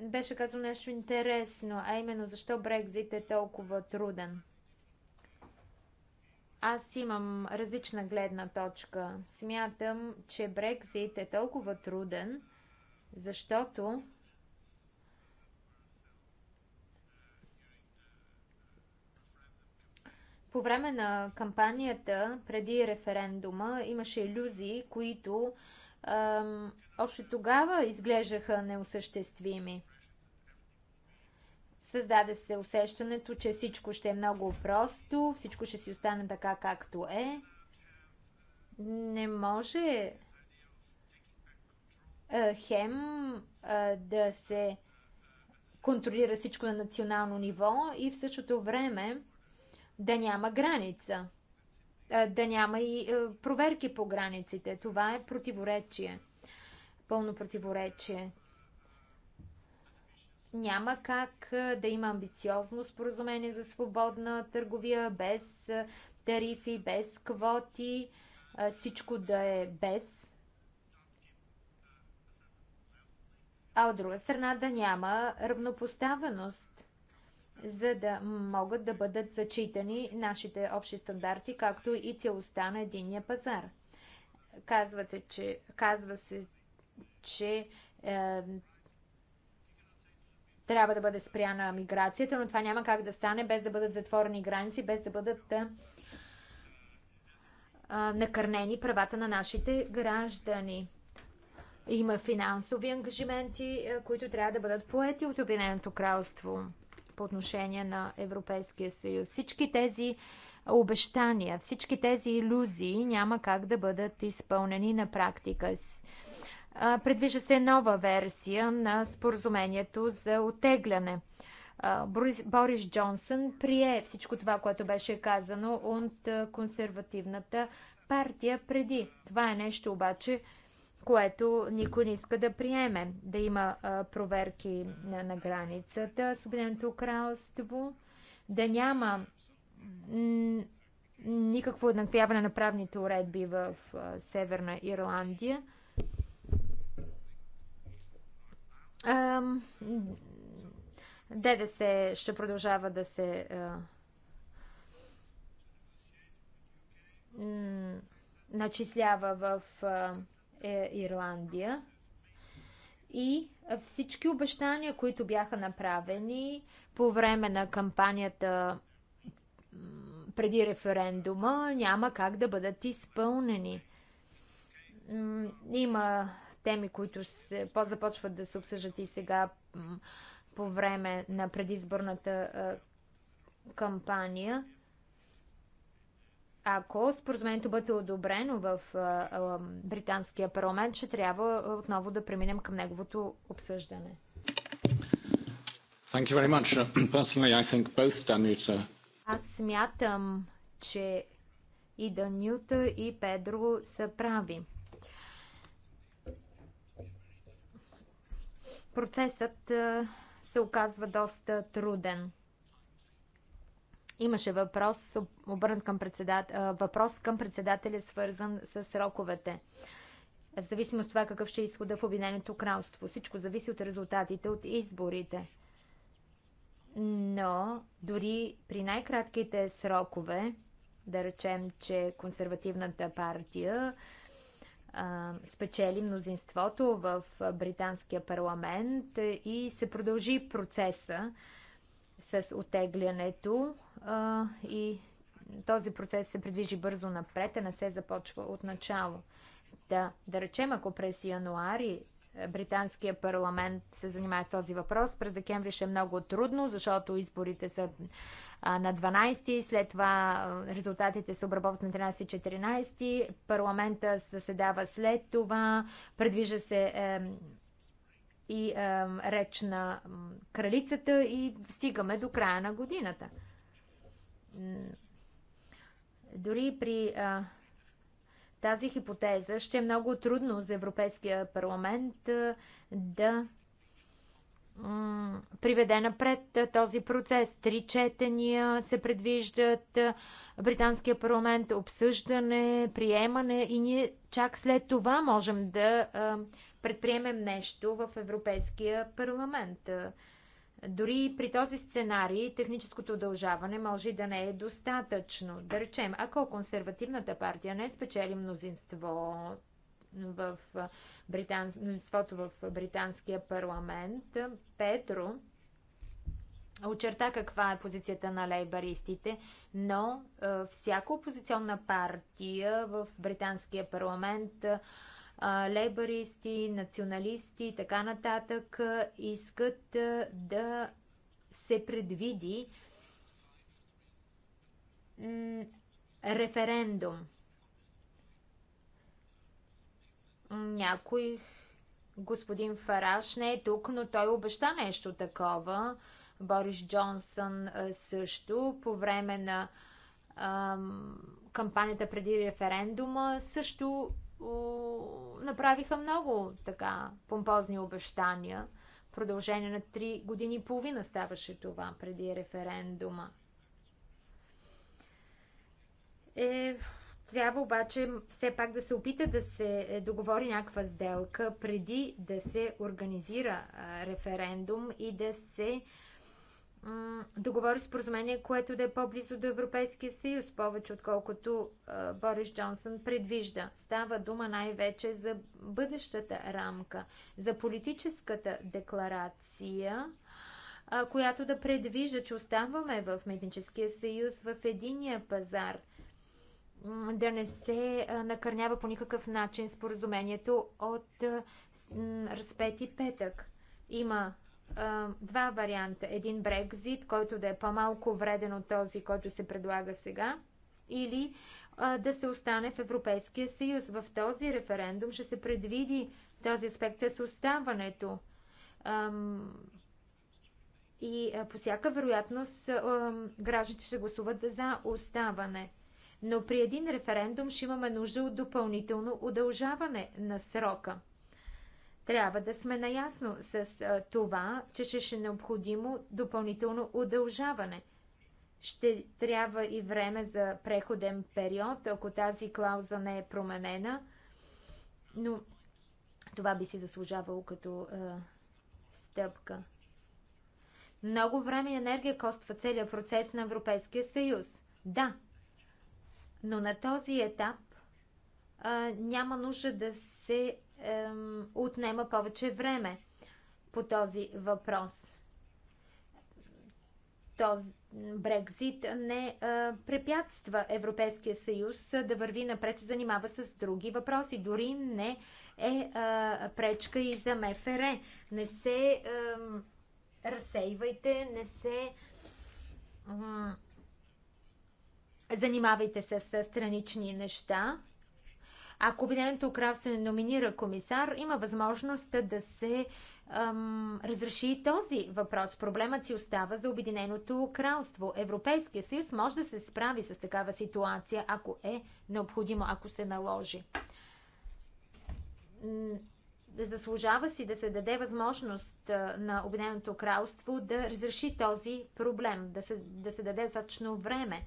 Беше казано нещо интересно, а именно защо Брекзит е толкова труден. Аз имам различна гледна точка. Смятам, че Брекзит е толкова труден, защото по време на кампанията преди референдума имаше иллюзии, които ам, още тогава изглеждаха неосъществими. Създаде се усещането, че всичко ще е много просто, всичко ще си остане така както е. Не може хем да се контролира всичко на национално ниво и в същото време да няма граница, да няма и проверки по границите. Това е противоречие. Пълно противоречие. Няма как да има амбициозно споразумение за свободна търговия без тарифи, без квоти, всичко да е без. А от друга страна да няма равнопоставеност, за да могат да бъдат зачитани нашите общи стандарти, както и целостта на единния пазар. Казвате, че, казва се, че е, трябва да бъде спряна миграцията, но това няма как да стане без да бъдат затворени граници, без да бъдат а, накърнени правата на нашите граждани. Има финансови ангажименти, които трябва да бъдат поети от Обединеното кралство по отношение на Европейския съюз. Всички тези обещания, всички тези иллюзии няма как да бъдат изпълнени на практика. Предвижда се нова версия на споразумението за отегляне. Борис Джонсън прие всичко това, което беше казано от консервативната партия преди. Това е нещо обаче, което никой не иска да приеме. Да има проверки на, границата с Обединеното кралство, да няма никакво еднаквяване на правните уредби в Северна Ирландия. ДДС ще продължава да се начислява в е, Ирландия. И всички обещания, които бяха направени по време на кампанията преди референдума, няма как да бъдат изпълнени. Има теми, които се, започват да се обсъждат и сега по време на предизборната кампания. Ако споразумението бъде одобрено в британския парламент, ще трябва отново да преминем към неговото обсъждане. Thank you very much. Uh, personally, I think both Danuta... Аз смятам, че и Данюта и Педро са прави. процесът се оказва доста труден. Имаше въпрос, обърнат към председател, въпрос към председателя, свързан с сроковете. В зависимост от това какъв ще е изхода в Обединеното кралство. Всичко зависи от резултатите от изборите. Но дори при най-кратките срокове, да речем, че консервативната партия спечели мнозинството в британския парламент и се продължи процеса с отеглянето и този процес се придвижи бързо напред, а не се започва от начало. Да, да речем, ако през януари британския парламент се занимава с този въпрос. През декември ще е много трудно, защото изборите са на 12, след това резултатите се обработват на 13-14, парламента заседава след това, предвижда се е, и е, реч на кралицата и стигаме до края на годината. Дори при е, тази хипотеза ще е много трудно за Европейския парламент да приведе напред този процес. Три четения се предвиждат, британския парламент обсъждане, приемане и ние чак след това можем да предприемем нещо в Европейския парламент. Дори при този сценарий техническото удължаване може да не е достатъчно. Да речем, ако консервативната партия не спечели мнозинство в британ... мнозинството в британския парламент, Петро очерта каква е позицията на лейбаристите, но всяка опозиционна партия в британския парламент лейбаристи, националисти и така нататък искат да се предвиди референдум. Някой господин Фараш не е тук, но той обеща нещо такова. Борис Джонсън също по време на кампанията преди референдума също направиха много така помпозни обещания. Продължение на 3 години и половина ставаше това преди референдума. Е, трябва обаче все пак да се опита да се е, договори някаква сделка преди да се организира референдум и да се договори споразумение, което да е по-близо до Европейския съюз, повече отколкото а, Борис Джонсън предвижда. Става дума най-вече за бъдещата рамка, за политическата декларация, а, която да предвижда, че оставаме в Медническия съюз в единия пазар, да не се накърнява по никакъв начин споразумението от а, разпети петък. Има два варианта. Един Брекзит, който да е по-малко вреден от този, който се предлага сега, или а, да се остане в Европейския съюз. В този референдум ще се предвиди този аспект с оставането. и а, по всяка вероятност гражданите ще гласуват за оставане. Но при един референдум ще имаме нужда от допълнително удължаване на срока. Трябва да сме наясно с това, че ще е необходимо допълнително удължаване. Ще трябва и време за преходен период, ако тази клауза не е променена, но това би си заслужавало като е, стъпка. Много време и енергия коства целият процес на Европейския съюз. Да, но на този етап е, няма нужда да се отнема повече време по този въпрос. Този Брекзит не е, препятства Европейския съюз да върви напред, се занимава с други въпроси. Дори не е, е пречка и за МФР. Не се а, разсейвайте, не се занимавайте се с странични неща. Ако Обединеното кралство не номинира комисар, има възможност да се ам, разреши този въпрос. Проблемът си остава за Обединеното кралство. Европейския съюз може да се справи с такава ситуация, ако е необходимо, ако се наложи. Заслужава си да се даде възможност на Обединеното кралство да разреши този проблем, да се, да се даде достатъчно време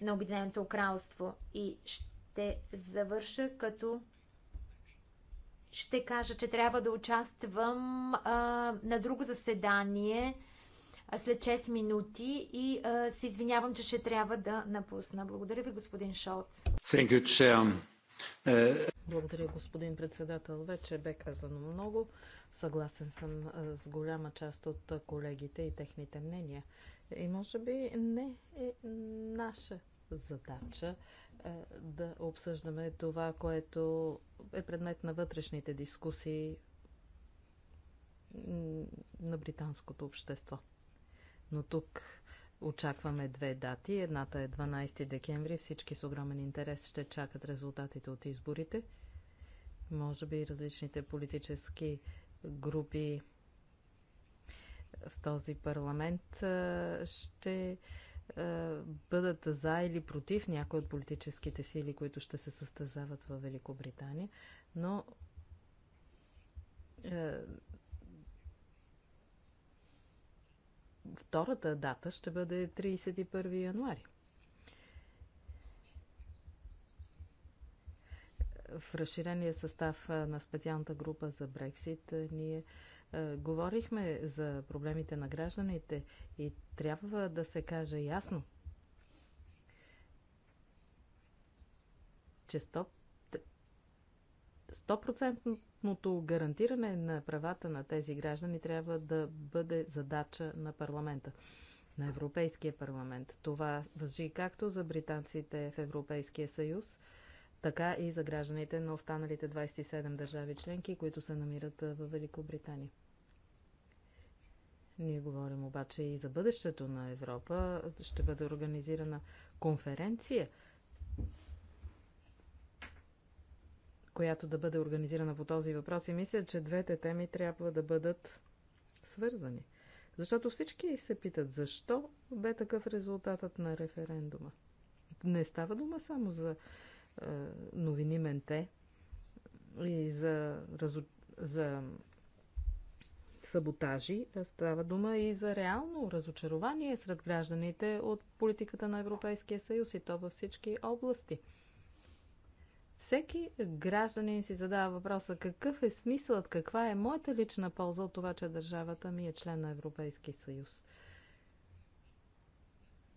на Обединеното кралство. И ще ще завърша като ще кажа, че трябва да участвам а, на друго заседание а, след 6 минути и а, се извинявам, че ще трябва да напусна. Благодаря ви, господин Шолц. Е, Благодаря, господин председател. Вече бе казано много. Съгласен съм с голяма част от колегите и техните мнения. И може би не е наша задача е, да обсъждаме това, което е предмет на вътрешните дискусии на британското общество. Но тук очакваме две дати. Едната е 12 декември. Всички с огромен интерес ще чакат резултатите от изборите. Може би различните политически групи в този парламент е, ще е, бъдат за или против някои от политическите сили, които ще се състезават в Великобритания, но е, втората дата ще бъде 31 януари. В разширения състав е, на специалната група за Брексит ние е, говорихме за проблемите на гражданите и трябва да се каже ясно, че 100 гарантиране на правата на тези граждани трябва да бъде задача на парламента, на Европейския парламент. Това въжи както за британците в Европейския съюз – така и за гражданите на останалите 27 държави членки, които се намират в Великобритания. Ние говорим обаче и за бъдещето на Европа. Ще бъде организирана конференция, която да бъде организирана по този въпрос. И мисля, че двете теми трябва да бъдат свързани. Защото всички се питат защо бе такъв резултатът на референдума. Не става дума само за е, новини Менте и за, разу... за саботажи. Е, става дума и за реално разочарование сред гражданите от политиката на Европейския съюз и то във всички области. Всеки гражданин си задава въпроса какъв е смисълът, каква е моята лична полза от това, че държавата ми е член на Европейския съюз.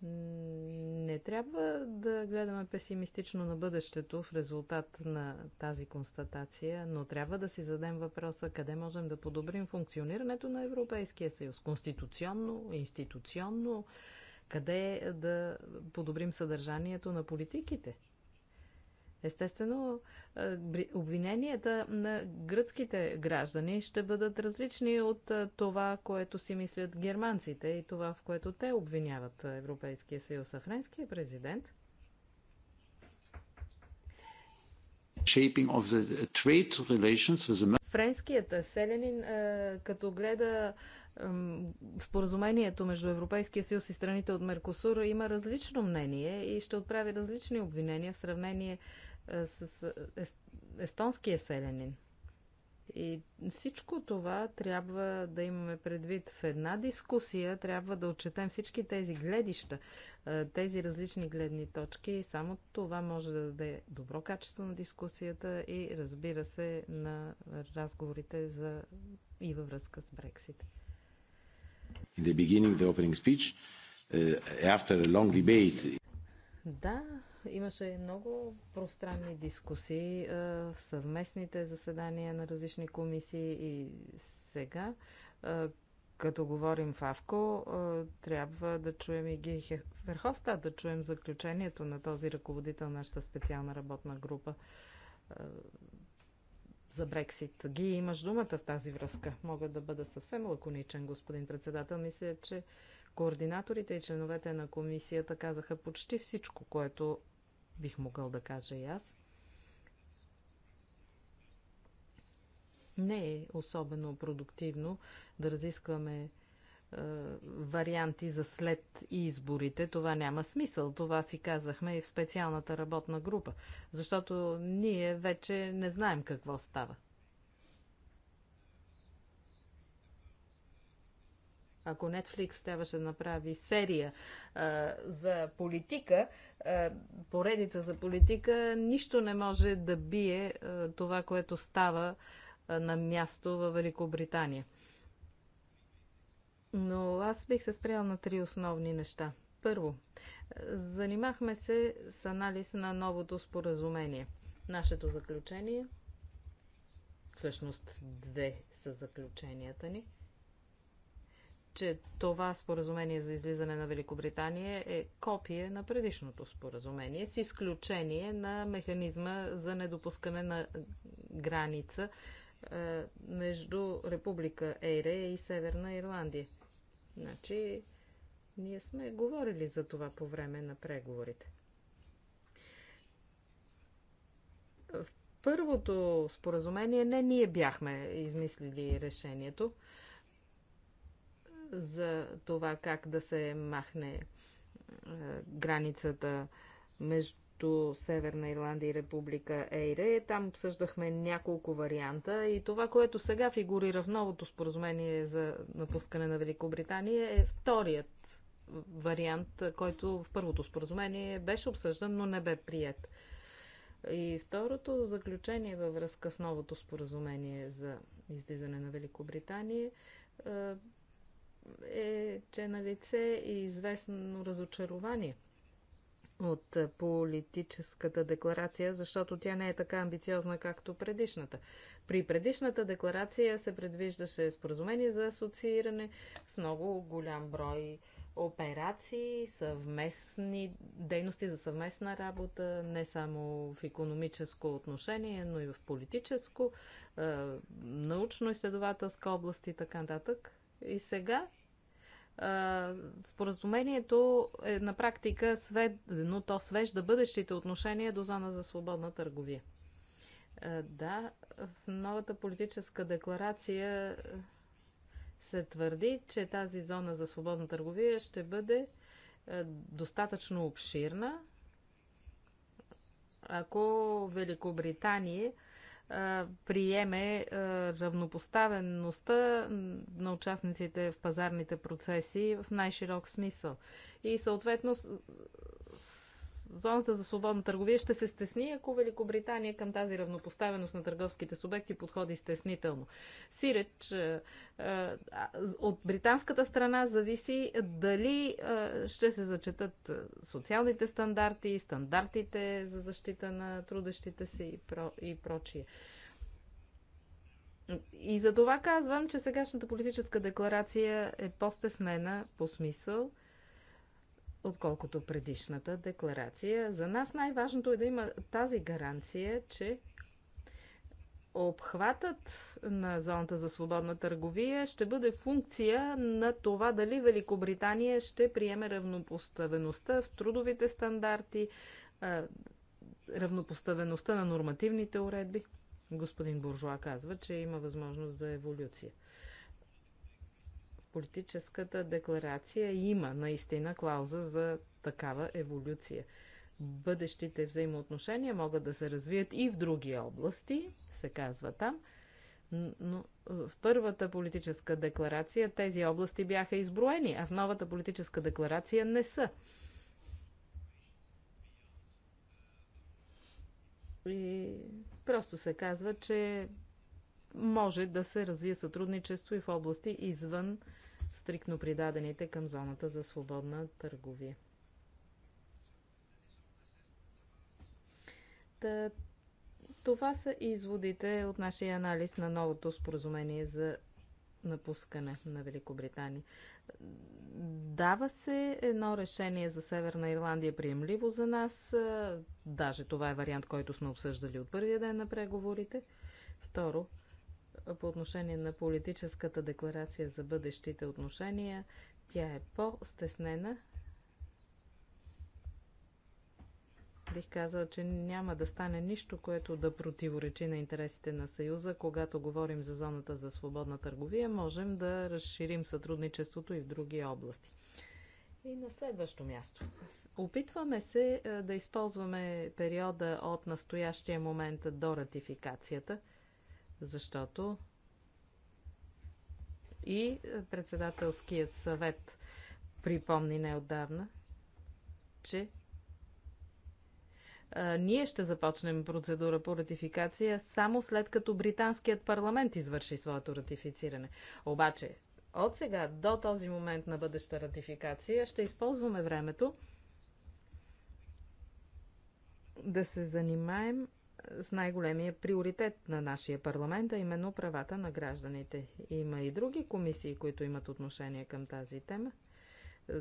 Не трябва да гледаме песимистично на бъдещето в резултат на тази констатация, но трябва да си задем въпроса къде можем да подобрим функционирането на Европейския съюз. Конституционно, институционно, къде да подобрим съдържанието на политиките Естествено, обвиненията на гръцките граждани ще бъдат различни от това, което си мислят германците и това, в което те обвиняват Европейския съюз. А френският президент uh, Френският селянин, като гледа споразумението между Европейския съюз и страните от Меркосур, има различно мнение и ще отправи различни обвинения в сравнение е, с е, естонския селянин. И всичко това трябва да имаме предвид в една дискусия, трябва да отчетем всички тези гледища, е, тези различни гледни точки. Само това може да даде добро качество на дискусията и разбира се на разговорите за и във връзка с Брексит. In the beginning, the opening speech, after a long debate... Да, Имаше много пространни дискусии в съвместните заседания на различни комисии и сега, като говорим в АВКО, трябва да чуем и Ги Верховста, да чуем заключението на този ръководител, нашата специална работна група за Брексит. Ги, имаш думата в тази връзка. Мога да бъда съвсем лаконичен, господин председател. Мисля, че координаторите и членовете на комисията казаха почти всичко, което бих могъл да кажа и аз. Не е особено продуктивно да разискваме е, варианти за след изборите. Това няма смисъл. Това си казахме и в специалната работна група, защото ние вече не знаем какво става. Ако Netflix трябваше да направи серия а, за политика, а, поредица за политика, нищо не може да бие а, това, което става а, на място във Великобритания. Но аз бих се спрял на три основни неща. Първо, занимахме се с анализ на новото споразумение. Нашето заключение, всъщност две са заключенията ни – че това споразумение за излизане на Великобритания е копие на предишното споразумение, с изключение на механизма за недопускане на граница е, между Република Ейре и Северна Ирландия. Значи, ние сме говорили за това по време на преговорите. В първото споразумение не ние бяхме измислили решението за това как да се махне е, границата между Северна Ирландия и Република Ейре. Там обсъждахме няколко варианта и това, което сега фигурира в новото споразумение за напускане на Великобритания е вторият вариант, който в първото споразумение беше обсъждан, но не бе прият. И второто заключение във връзка с новото споразумение за излизане на Великобритания е, е, че е на лице е известно разочарование от политическата декларация, защото тя не е така амбициозна, както предишната. При предишната декларация се предвиждаше споразумение за асоцииране с много голям брой операции, съвместни дейности за съвместна работа, не само в економическо отношение, но и в политическо, е, научно-изследователска област и така нататък. И сега споразумението е на практика сведено, то свежда бъдещите отношения до зона за свободна търговия. Да, в новата политическа декларация се твърди, че тази зона за свободна търговия ще бъде достатъчно обширна, ако Великобритания приеме равнопоставеността на участниците в пазарните процеси в най-широк смисъл. И съответно зоната за свободна търговия ще се стесни, ако Великобритания към тази равнопоставеност на търговските субекти подходи стеснително. Сиреч, е, е, от британската страна зависи дали е, ще се зачетат социалните стандарти, стандартите за защита на трудещите се и, про, и прочие. И за това казвам, че сегашната политическа декларация е по-стеснена по смисъл – отколкото предишната декларация. За нас най-важното е да има тази гаранция, че обхватът на зоната за свободна търговия ще бъде функция на това дали Великобритания ще приеме равнопоставеността в трудовите стандарти, равнопоставеността на нормативните уредби. Господин Буржуа казва, че има възможност за еволюция политическата декларация има наистина клауза за такава еволюция. Бъдещите взаимоотношения могат да се развият и в други области, се казва там, но в първата политическа декларация тези области бяха изброени, а в новата политическа декларация не са. И просто се казва, че може да се развие сътрудничество и в области извън стриктно придадените към зоната за свободна търговия. Та, това са изводите от нашия анализ на новото споразумение за напускане на Великобритания. Дава се едно решение за Северна Ирландия приемливо за нас. Даже това е вариант, който сме обсъждали от първия ден на преговорите. Второ, по отношение на политическата декларация за бъдещите отношения. Тя е по-стеснена. Бих казал, че няма да стане нищо, което да противоречи на интересите на Съюза. Когато говорим за зоната за свободна търговия, можем да разширим сътрудничеството и в други области. И на следващо място. Опитваме се да използваме периода от настоящия момент до ратификацията защото и председателският съвет припомни неотдавна, че а, ние ще започнем процедура по ратификация само след като британският парламент извърши своето ратифициране. Обаче, от сега до този момент на бъдеща ратификация ще използваме времето да се занимаем с най-големия приоритет на нашия парламент, а именно правата на гражданите. Има и други комисии, които имат отношение към тази тема.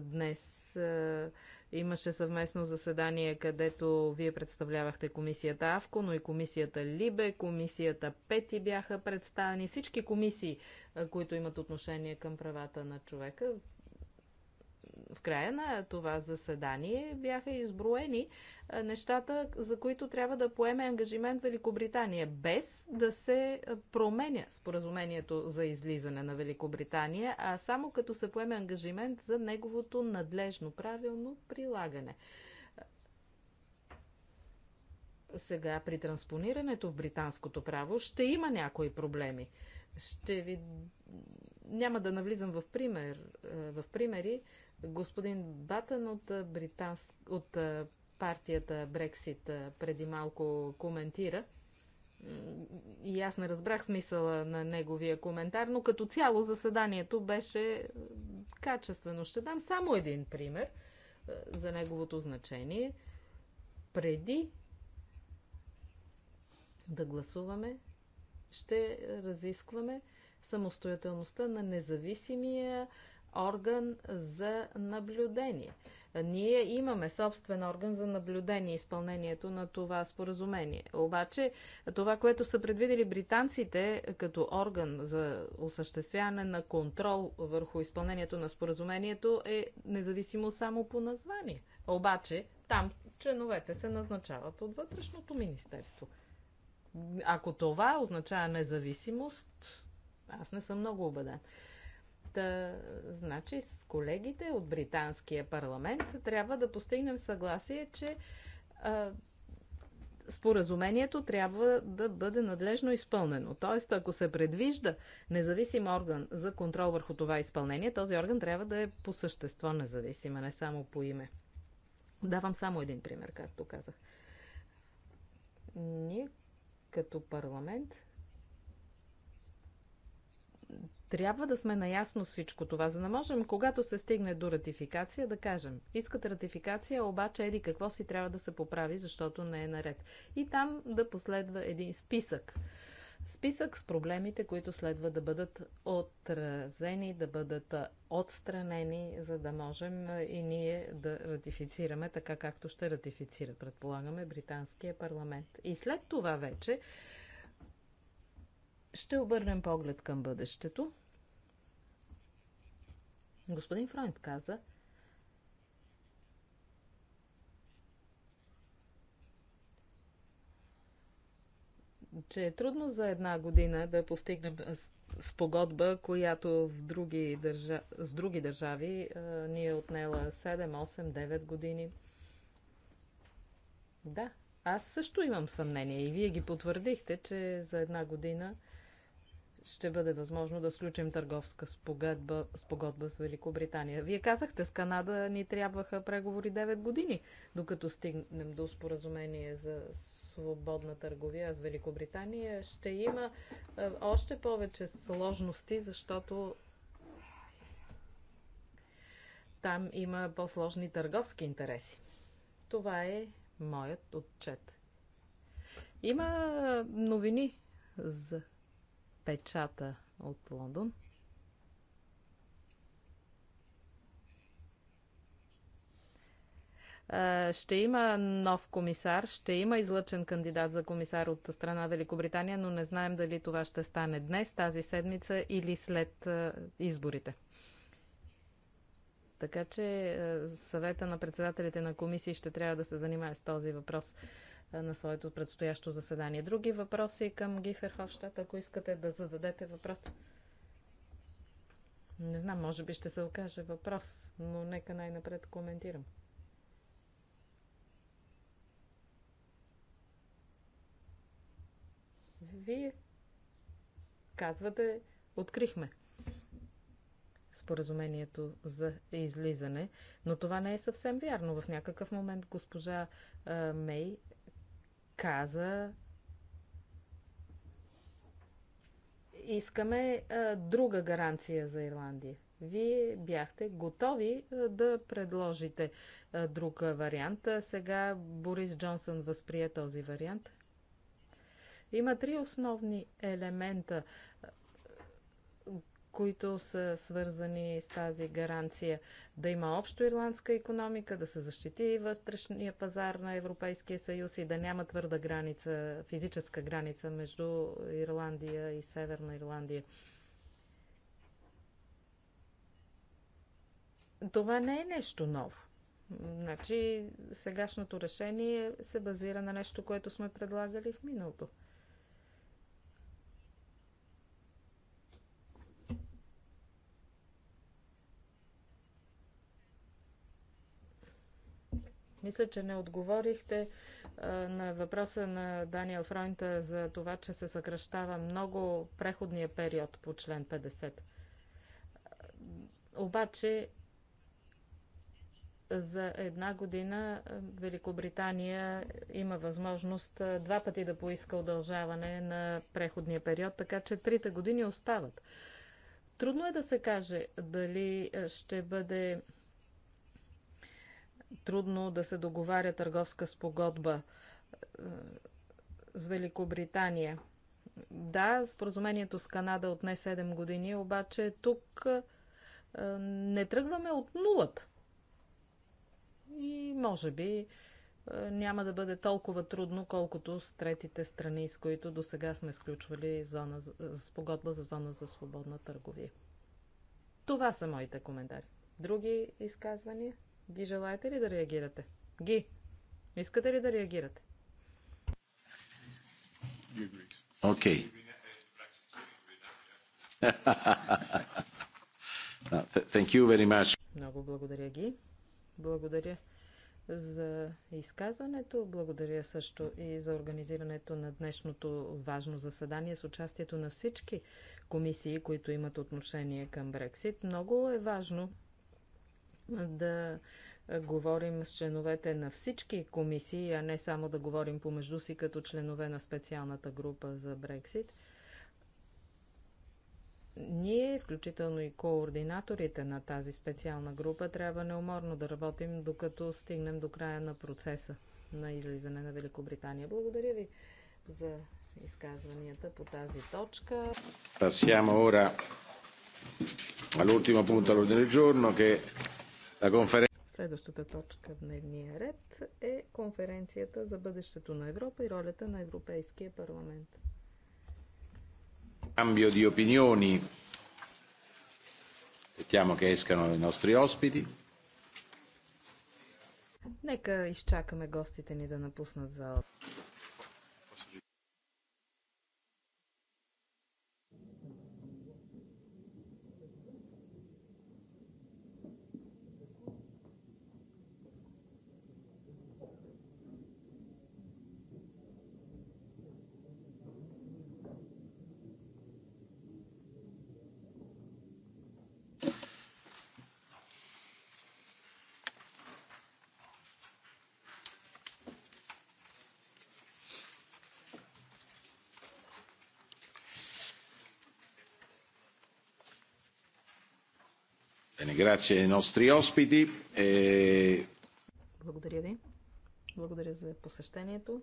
Днес е, имаше съвместно заседание, където вие представлявахте комисията АВКО, но и комисията ЛИБЕ, комисията ПЕТИ бяха представени. Всички комисии, е, които имат отношение към правата на човека, в края на това заседание бяха изброени нещата, за които трябва да поеме ангажимент Великобритания, без да се променя споразумението за излизане на Великобритания, а само като се поеме ангажимент за неговото надлежно, правилно прилагане. Сега при транспонирането в британското право ще има някои проблеми. Ще ви няма да навлизам в, пример, в примери, Господин Батън от, британс... от партията Брексит преди малко коментира. И аз не разбрах смисъла на неговия коментар, но като цяло заседанието беше качествено. Ще дам само един пример за неговото значение. Преди да гласуваме, ще разискваме самостоятелността на независимия орган за наблюдение. Ние имаме собствен орган за наблюдение изпълнението на това споразумение. Обаче това, което са предвидели британците като орган за осъществяване на контрол върху изпълнението на споразумението е независимо само по название. Обаче там членовете се назначават от вътрешното министерство. Ако това означава независимост, аз не съм много убеден. Та, значи с колегите от британския парламент трябва да постигнем съгласие, че а, споразумението трябва да бъде надлежно изпълнено. Тоест, ако се предвижда независим орган за контрол върху това изпълнение, този орган трябва да е по същество независим, а не само по име. Давам само един пример, както казах. Ние като парламент трябва да сме наясно с всичко това, за да можем, когато се стигне до ратификация, да кажем, искат ратификация, обаче еди какво си трябва да се поправи, защото не е наред. И там да последва един списък. Списък с проблемите, които следва да бъдат отразени, да бъдат отстранени, за да можем и ние да ратифицираме така, както ще ратифицира, предполагаме, британския парламент. И след това вече ще обърнем поглед към бъдещето. Господин Фройнт каза, че е трудно за една година да постигнем спогодба, която в други държа... с други държави а, ни е отнела 7, 8, 9 години. Да, аз също имам съмнение и вие ги потвърдихте, че за една година ще бъде възможно да сключим търговска спогодба, спогодба с Великобритания. Вие казахте, с Канада ни трябваха преговори 9 години, докато стигнем до споразумение за свободна търговия с Великобритания. Ще има още повече сложности, защото там има по-сложни търговски интереси. Това е моят отчет. Има новини за печата от Лондон. Ще има нов комисар, ще има излъчен кандидат за комисар от страна Великобритания, но не знаем дали това ще стане днес, тази седмица или след изборите. Така че съвета на председателите на комисии ще трябва да се занимае с този въпрос на своето предстоящо заседание. Други въпроси към Гифер Хофштадт, ако искате да зададете въпрос? Не знам, може би ще се окаже въпрос, но нека най-напред коментирам. Вие казвате, открихме споразумението за излизане, но това не е съвсем вярно. В някакъв момент госпожа Мей каза, искаме а, друга гаранция за Ирландия. Вие бяхте готови а, да предложите а, друг вариант. А сега Борис Джонсън възприе този вариант. Има три основни елемента които са свързани с тази гаранция. Да има общо ирландска економика, да се защити и вътрешния пазар на Европейския съюз и да няма твърда граница, физическа граница между Ирландия и Северна Ирландия. Това не е нещо ново. Значи сегашното решение се базира на нещо, което сме предлагали в миналото. Мисля, че не отговорихте а, на въпроса на Даниел Фройнта за това, че се съкръщава много преходния период по член 50. Обаче за една година Великобритания има възможност два пъти да поиска удължаване на преходния период, така че трите години остават. Трудно е да се каже дали ще бъде трудно да се договаря търговска спогодба е, с Великобритания. Да, споразумението с Канада отне 7 години, обаче тук е, не тръгваме от нулата. И може би е, няма да бъде толкова трудно, колкото с третите страни, с които до сега сме сключвали зона, спогодба за зона за свободна търговия. Това са моите коментари. Други изказвания? Ги желаете ли да реагирате? Ги, искате ли да реагирате? Окей. Uh, okay. Много благодаря ги. Благодаря за изказването. Благодаря също и за организирането на днешното важно заседание с участието на всички комисии, които имат отношение към Брексит. Много е важно да говорим с членовете на всички комисии, а не само да говорим помежду си като членове на специалната група за Брексит. Ние, включително и координаторите на тази специална група, трябва неуморно да работим, докато стигнем до края на процеса на излизане на Великобритания. Благодаря ви за изказванията по тази точка. Passiamo ora all'ultimo punto all'ordine del giorno che Следващата точка в дневния ред е конференцията за бъдещето на Европа и ролята на Европейския парламент. Cambio di opinioni. Aspettiamo che escano i nostri ospiti. Нека изчакаме гостите ни да напуснат залата. Grazie ai nostri ospiti. E- Благодаря ви. Благодаря за посещението.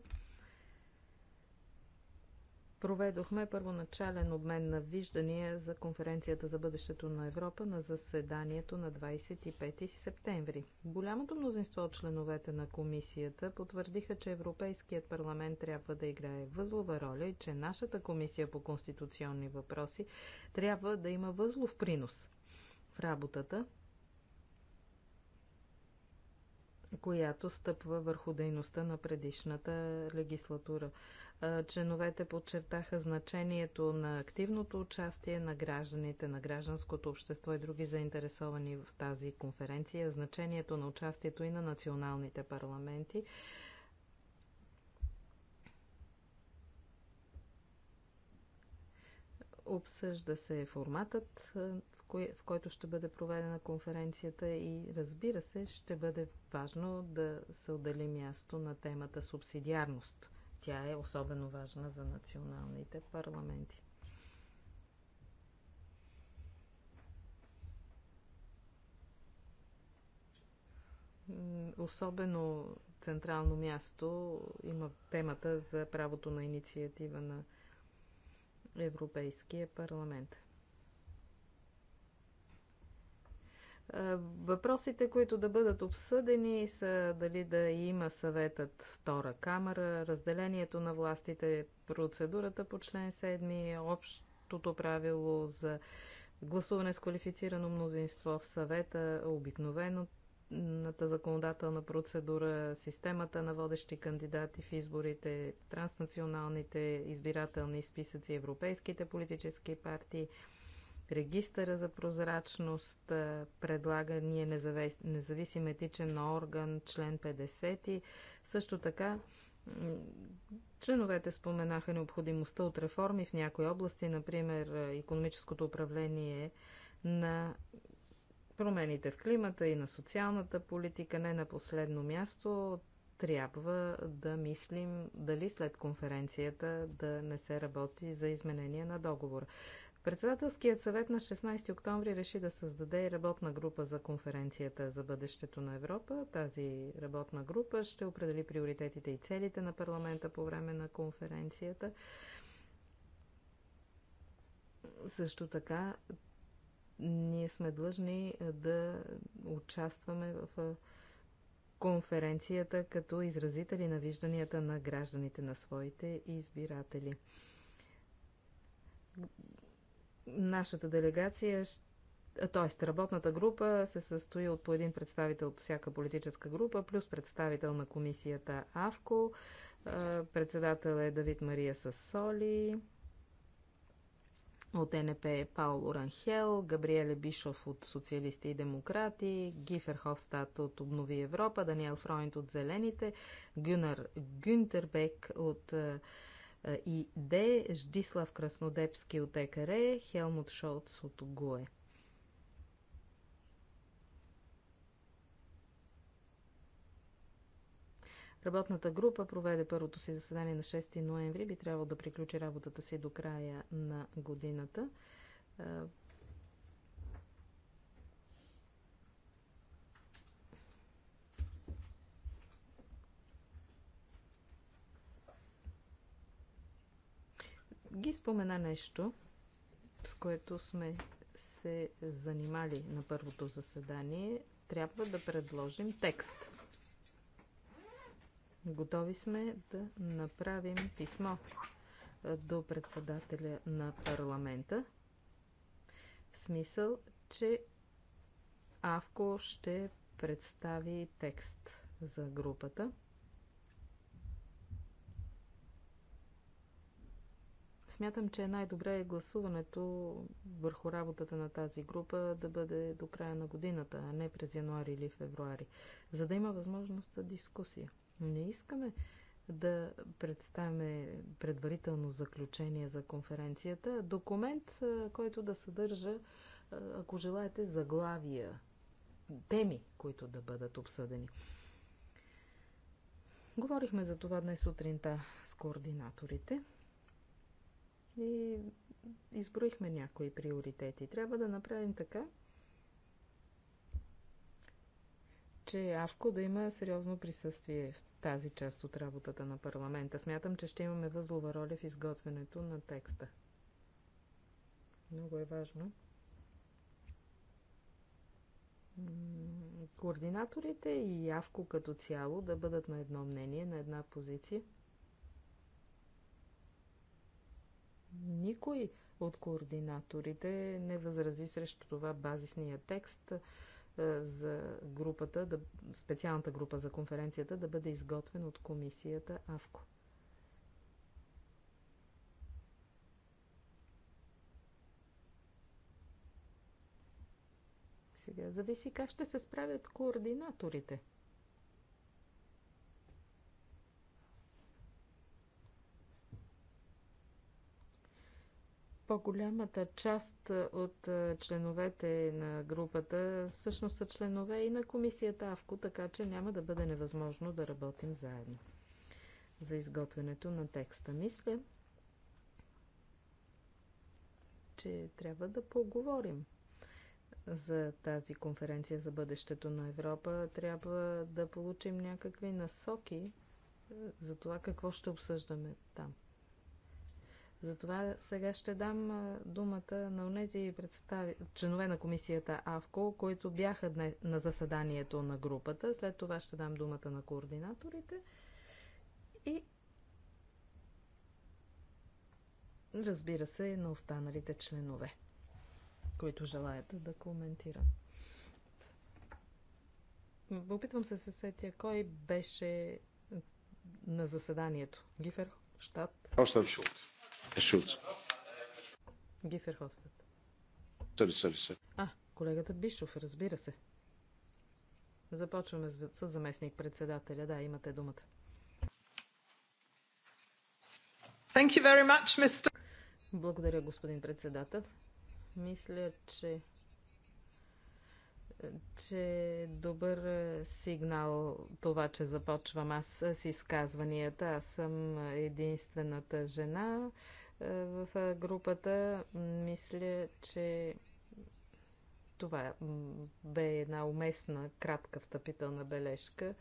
Проведохме първоначален обмен на виждания за конференцията за бъдещето на Европа на заседанието на 25 септември. Голямото мнозинство от членовете на комисията потвърдиха, че Европейският парламент трябва да играе възлова роля и че нашата комисия по конституционни въпроси трябва да има възлов принос в работата, която стъпва върху дейността на предишната легислатура. Членовете подчертаха значението на активното участие на гражданите, на гражданското общество и други заинтересовани в тази конференция, значението на участието и на националните парламенти. Обсъжда се форматът в който ще бъде проведена конференцията и разбира се, ще бъде важно да се отдели място на темата субсидиарност. Тя е особено важна за националните парламенти. Особено централно място има темата за правото на инициатива на Европейския парламент. Е, въпросите, които да бъдат обсъдени са дали да има съветът втора камера, разделението на властите, процедурата по член 7, общото правило за гласуване с квалифицирано мнозинство в съвета, обикновената законодателна процедура, системата на водещи кандидати в изборите, транснационалните избирателни списъци, европейските политически партии – регистъра за прозрачност, предлага ние независ... независим етичен орган, член 50. Също така, членовете споменаха необходимостта от реформи в някои области, например економическото управление на промените в климата и на социалната политика. Не на последно място трябва да мислим дали след конференцията да не се работи за изменение на договора. Председателският съвет на 16 октомври реши да създаде работна група за конференцията за бъдещето на Европа. Тази работна група ще определи приоритетите и целите на парламента по време на конференцията. Също така, ние сме длъжни е, да участваме в е, конференцията като изразители на вижданията на гражданите, на своите избиратели Нашата делегация, т.е. работната група се състои от по един представител от всяка политическа група, плюс представител на комисията АВКО. Председател е Давид Мария Сасоли. От НП е Пауло Ранхел, Габриеле Бишов от Социалисти и Демократи, Гифер Ховстат от Обнови Европа, Даниел Фройнт от Зелените, Гюнар Гюнтербек от д. Ждислав Краснодепски от ЕКР, е, Хелмут Шолц от ГУЕ. Работната група проведе първото си заседание на 6 ноември. Би трябвало да приключи работата си до края на годината. ги спомена нещо, с което сме се занимали на първото заседание. Трябва да предложим текст. Готови сме да направим писмо до председателя на парламента. В смисъл, че Авко ще представи текст за групата. Смятам, че е най-добре е гласуването върху работата на тази група да бъде до края на годината, а не през януари или февруари, за да има възможност за дискусия. Не искаме да представяме предварително заключение за конференцията, документ, който да съдържа, ако желаете, заглавия, теми, които да бъдат обсъдени. Говорихме за това днес сутринта с координаторите – и изброихме някои приоритети. Трябва да направим така, че Авко да има сериозно присъствие в тази част от работата на парламента. Смятам, че ще имаме възлова роля в изготвянето на текста. Много е важно. Координаторите и Авко като цяло да бъдат на едно мнение, на една позиция – Никой от координаторите не възрази срещу това базисния текст е, за групата, да, специалната група за конференцията да бъде изготвен от комисията АВКО. Сега зависи как ще се справят координаторите – По-голямата част от членовете на групата всъщност са членове и на комисията АВКО, така че няма да бъде невъзможно да работим заедно за изготвянето на текста. Мисля, че трябва да поговорим за тази конференция за бъдещето на Европа. Трябва да получим някакви насоки за това какво ще обсъждаме там. Затова сега ще дам думата на тези представи... членове на комисията АВКО, които бяха дне... на заседанието на групата. След това ще дам думата на координаторите. И разбира се, на останалите членове, които желаят да коментирам. Опитвам се се сетя, кой беше на заседанието? Гифер Штат? Штат Шулт. Е, Шулц. Сори, сори, сори. А, колегата Бишов, разбира се. Започваме с, с заместник-председателя. Да, имате думата. Thank you very much, Mr. Благодаря, господин председател. Мисля, че че добър сигнал това, че започвам аз с изказванията. Аз съм единствената жена е, в е, групата. Мисля, че това е, бе една уместна, кратка встъпителна бележка.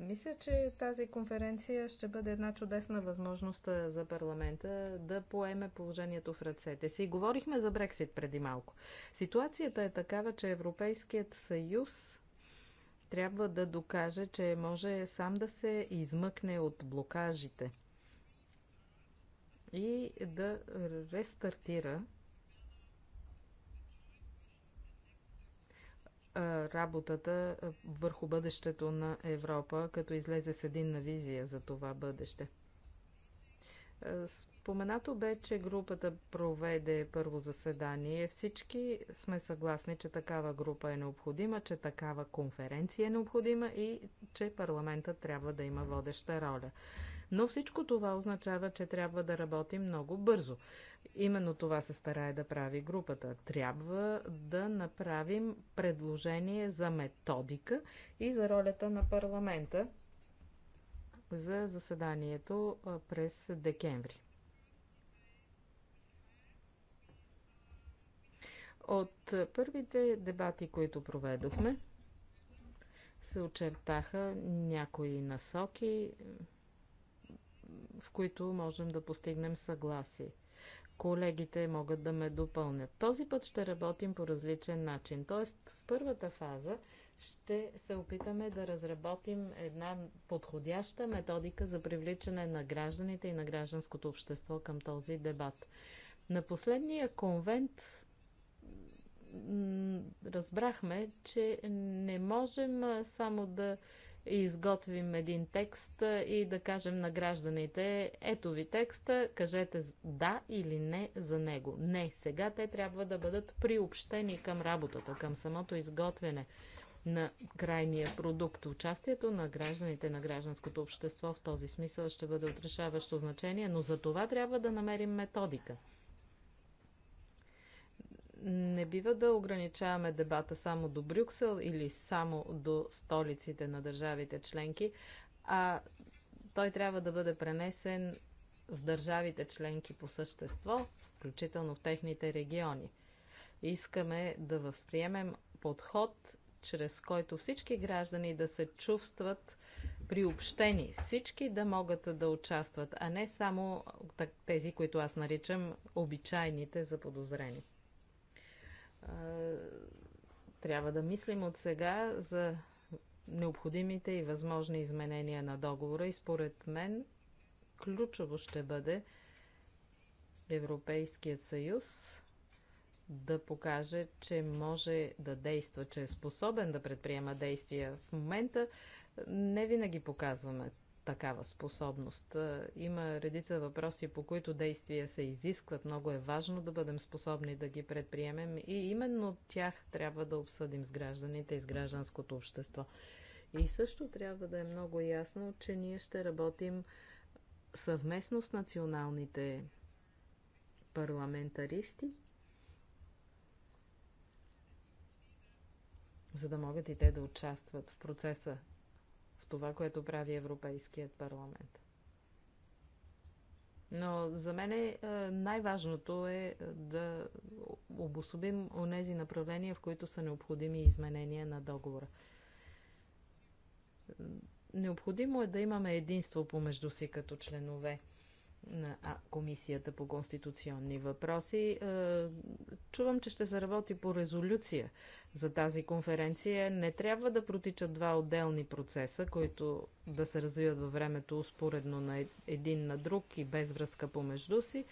Мисля, че тази конференция ще бъде една чудесна възможност за парламента да поеме положението в ръцете си. Говорихме за Брексит преди малко. Ситуацията е такава, че Европейският съюз трябва да докаже, че може сам да се измъкне от блокажите – и да рестартира работата върху бъдещето на Европа, като излезе с единна визия за това бъдеще. Споменато бе, че групата проведе първо заседание. Всички сме съгласни, че такава група е необходима, че такава конференция е необходима и че парламента трябва да има водеща роля. Но всичко това означава, че трябва да работим много бързо. Именно това се старае да прави групата. Трябва да направим предложение за методика и за ролята на парламента за заседанието през декември. От първите дебати, които проведохме, се очертаха някои насоки, в които можем да постигнем съгласие. Колегите могат да ме допълнят. Този път ще работим по различен начин. Тоест, в първата фаза ще се опитаме да разработим една подходяща методика за привличане на гражданите и на гражданското общество към този дебат. На последния конвент разбрахме, че не можем само да изготвим един текст и да кажем на гражданите, ето ви текста, кажете да или не за него. Не, сега те трябва да бъдат приобщени към работата, към самото изготвяне на крайния продукт. Участието на гражданите на гражданското общество в този смисъл ще бъде отрешаващо значение, но за това трябва да намерим методика – не бива да ограничаваме дебата само до Брюксел или само до столиците на държавите членки, а той трябва да бъде пренесен в държавите членки по същество, включително в техните региони. Искаме да възприемем подход, чрез който всички граждани да се чувстват приобщени, всички да могат да участват, а не само тези, които аз наричам обичайните заподозрени трябва да мислим от сега за необходимите и възможни изменения на договора и според мен ключово ще бъде Европейският съюз да покаже, че може да действа, че е способен да предприема действия. В момента не винаги показваме такава способност. Е, има редица въпроси, по които действия се изискват. Много е важно да бъдем способни да ги предприемем и именно тях трябва да обсъдим с гражданите и с гражданското общество. И също трябва да е много ясно, че ние ще работим съвместно с националните парламентаристи, за да могат и те да участват в процеса това, което прави Европейският парламент. Но за мен е, е, най-важното е, е да обособим онези направления, в които са необходими изменения на договора. Необходимо е да имаме единство помежду си като членове на Комисията по конституционни въпроси. Е, чувам, че ще се работи по резолюция за тази конференция. Не трябва да протичат два отделни процеса, които да се развиват във времето успоредно на е, един на друг и без връзка помежду си.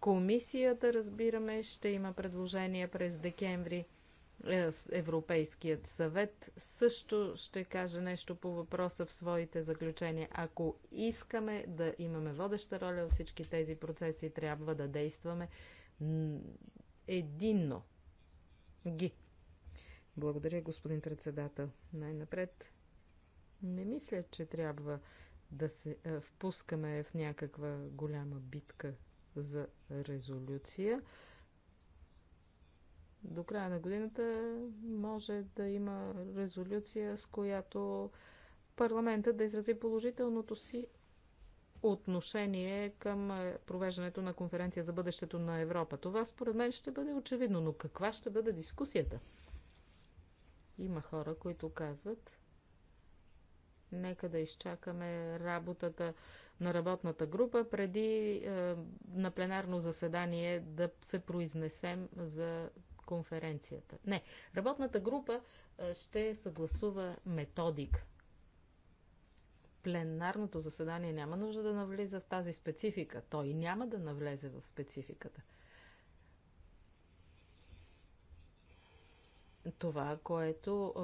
Комисията, разбираме, ще има предложение през декември. Е, Европейският съвет също ще каже нещо по въпроса в своите заключения. Ако искаме да имаме водеща роля във всички тези процеси, трябва да действаме единно. Ги. Благодаря, господин председател. Най-напред, не мисля, че трябва да се е, впускаме в някаква голяма битка за резолюция до края на годината може да има резолюция, с която парламентът да изрази положителното си отношение към е, провеждането на конференция за бъдещето на Европа. Това според мен ще бъде очевидно, но каква ще бъде дискусията? Има хора, които казват, нека да изчакаме работата на работната група преди е, на пленарно заседание да се произнесем за конференцията. Не, работната група ще съгласува методик. Пленарното заседание няма нужда да навлиза в тази специфика. Той няма да навлезе в спецификата. Това, което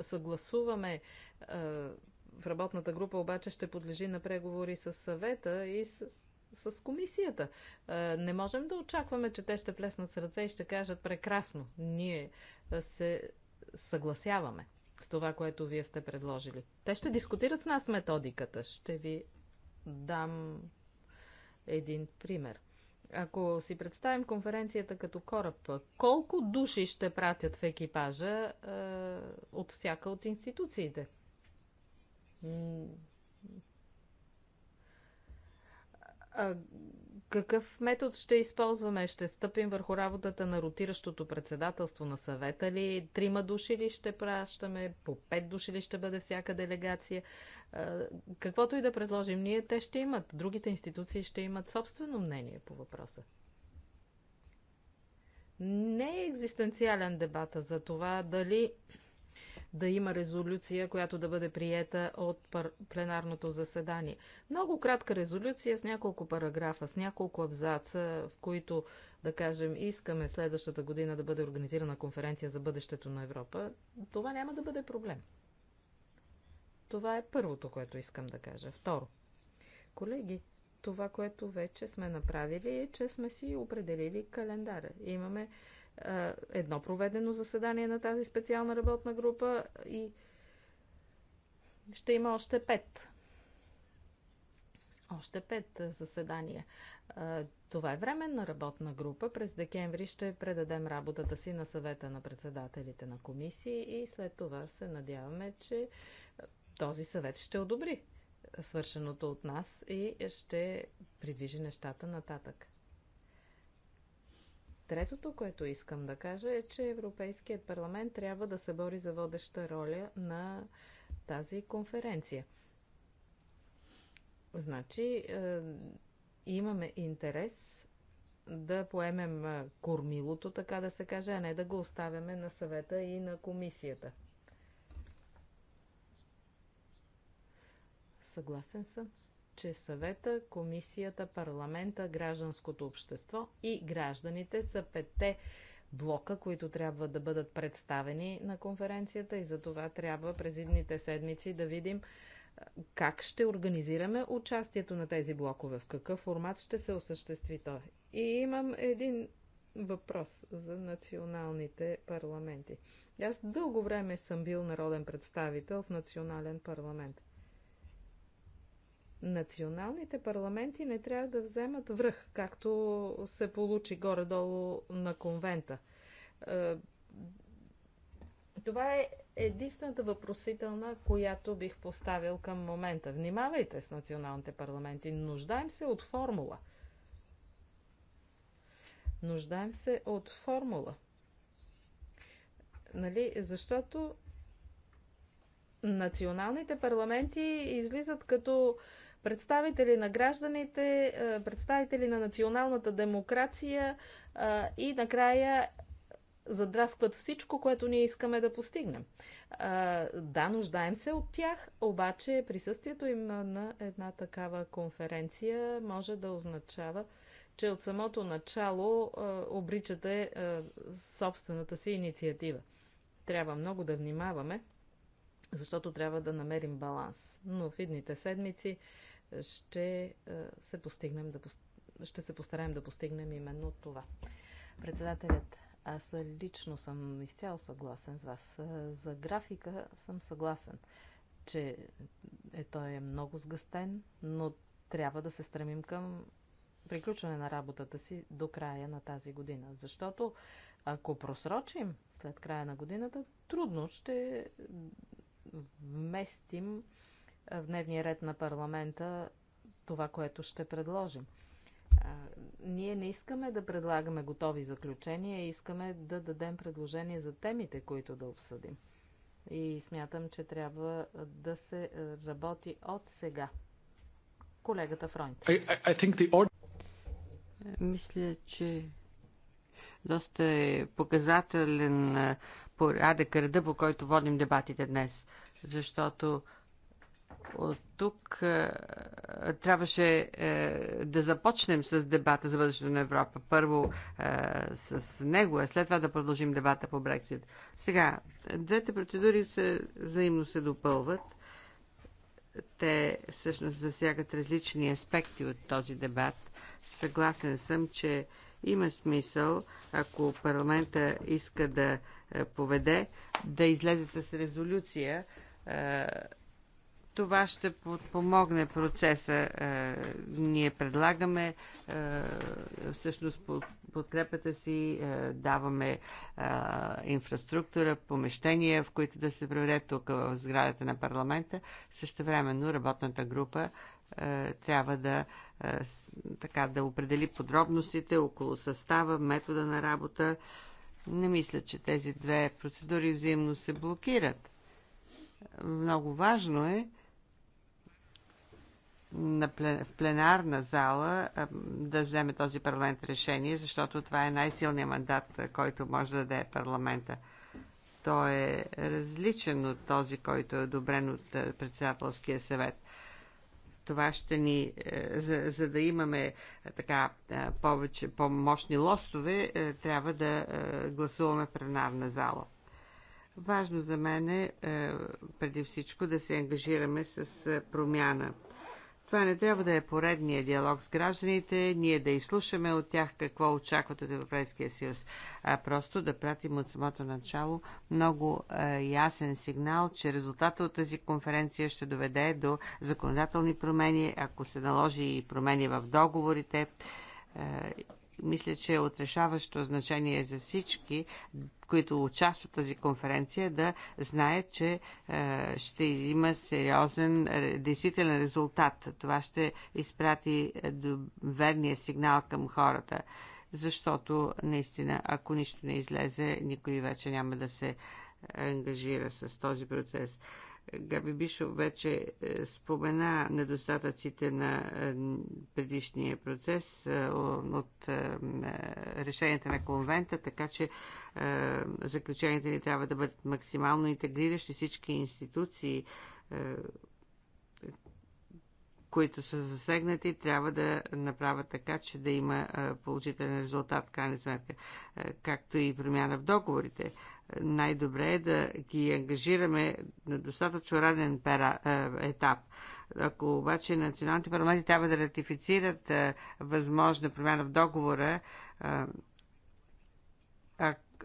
съгласуваме в работната група, обаче ще подлежи на преговори с съвета и с с комисията. Не можем да очакваме, че те ще плеснат с ръце и ще кажат прекрасно. Ние се съгласяваме с това, което вие сте предложили. Те ще дискутират с нас методиката. Ще ви дам един пример. Ако си представим конференцията като кораб, колко души ще пратят в екипажа е, от всяка от институциите? какъв метод ще използваме? Ще стъпим върху работата на ротиращото председателство на съвета ли? Трима души ли ще пращаме? По пет души ли ще бъде всяка делегация? Каквото и да предложим ние, те ще имат. Другите институции ще имат собствено мнение по въпроса. Не е екзистенциален дебата за това дали да има резолюция, която да бъде приета от пленарното заседание. Много кратка резолюция с няколко параграфа, с няколко абзаца, в които, да кажем, искаме следващата година да бъде организирана конференция за бъдещето на Европа. Това няма да бъде проблем. Това е първото, което искам да кажа. Второ. Колеги, това, което вече сме направили е, че сме си определили календара. Имаме е, едно проведено заседание на тази специална работна група и ще има още пет. Още пет заседания. Е, това е временна работна група. През декември ще предадем работата си на съвета на председателите на комисии и след това се надяваме, че този съвет ще одобри свършеното от нас и ще придвижи нещата нататък. Третото, което искам да кажа е, че Европейският парламент трябва да се бори за водеща роля на тази конференция. Значи, е, имаме интерес да поемем е, кормилото, така да се каже, а не да го оставяме на съвета и на комисията. Съгласен съм че съвета, комисията, парламента, гражданското общество и гражданите са петте блока, които трябва да бъдат представени на конференцията и за това трябва през едните седмици да видим как ще организираме участието на тези блокове, в какъв формат ще се осъществи той. И имам един въпрос за националните парламенти. Аз дълго време съм бил народен представител в национален парламент националните парламенти не трябва да вземат връх, както се получи горе-долу на конвента. Е, това е единствената въпросителна, която бих поставил към момента. Внимавайте с националните парламенти. Нуждаем се от формула. Нуждаем се от формула. Нали? Защото националните парламенти излизат като представители на гражданите, е, представители на националната демокрация е, и накрая задраскват всичко, което ние искаме да постигнем. Е, да, нуждаем се от тях, обаче присъствието им на една такава конференция може да означава, че от самото начало обричате собствената си инициатива. Трябва много да внимаваме, защото трябва да намерим баланс. Но в идните седмици ще се постигнем да ще се постараем да постигнем именно това. Председателят, аз лично съм изцяло съгласен с вас. За графика съм съгласен, че е, той е много сгъстен, но трябва да се стремим към приключване на работата си до края на тази година. Защото ако просрочим след края на годината, трудно ще вместим в дневния ред на парламента това, което ще предложим. ние не искаме да предлагаме готови заключения, искаме да дадем предложение за темите, които да обсъдим. И смятам, че трябва да се работи от сега. Колегата Фронт. Мисля, че доста е показателен порядък реда, по който водим дебатите днес. Защото от тук е, е, трябваше е, да започнем с дебата за бъдещето на Европа. Първо е, с него, а след това да продължим дебата по Брексит. Сега, двете процедури се, взаимно се допълват. Те всъщност засягат различни аспекти от този дебат. Съгласен съм, че има смисъл, ако парламента иска да е, поведе, да излезе с резолюция е, това ще подпомогне процеса. Е, ние предлагаме, е, всъщност подкрепата си, е, даваме инфраструктура, помещения, в които да се проведе тук в сградата на парламента. Също времено работната група трябва да, така, да определи подробностите около състава, метода на работа. Не мисля, че тези две процедури взаимно се блокират. Много важно е на плен, в пленарна зала да вземе този парламент решение, защото това е най-силният мандат, който може да даде парламента. Той е различен от този, който е одобрен от председателския съвет. Това ще ни, е, за, за да имаме така повече, по-мощни лостове, е, трябва да е, гласуваме в пленарна зала. Важно за мен е преди всичко да се ангажираме с промяна това не трябва да е поредния диалог с гражданите, ние да изслушаме от тях какво очакват от Европейския съюз, а просто да пратим от самото начало много е, ясен сигнал, че резултата от тази конференция ще доведе до законодателни промени, ако се наложи и промени в договорите. Е, мисля, че е отрешаващо значение за всички, които участват в тази конференция, да знаят, че е, ще има сериозен, е, действителен резултат. Това ще изпрати е, верния сигнал към хората, защото наистина, ако нищо не излезе, никой вече няма да се е, ангажира с този процес. Габи Бишов вече е, спомена недостатъците на е, предишния процес е, от решенията на конвента, така че заключенията ни трябва да бъдат максимално интегриращи всички институции, които са засегнати, трябва да направят така, че да има положителен резултат, в крайна сметка, както и промяна в договорите най-добре е да ги ангажираме на достатъчно ранен пера, е, етап. Ако обаче националните парламенти трябва да ратифицират е, възможна промяна в договора, е,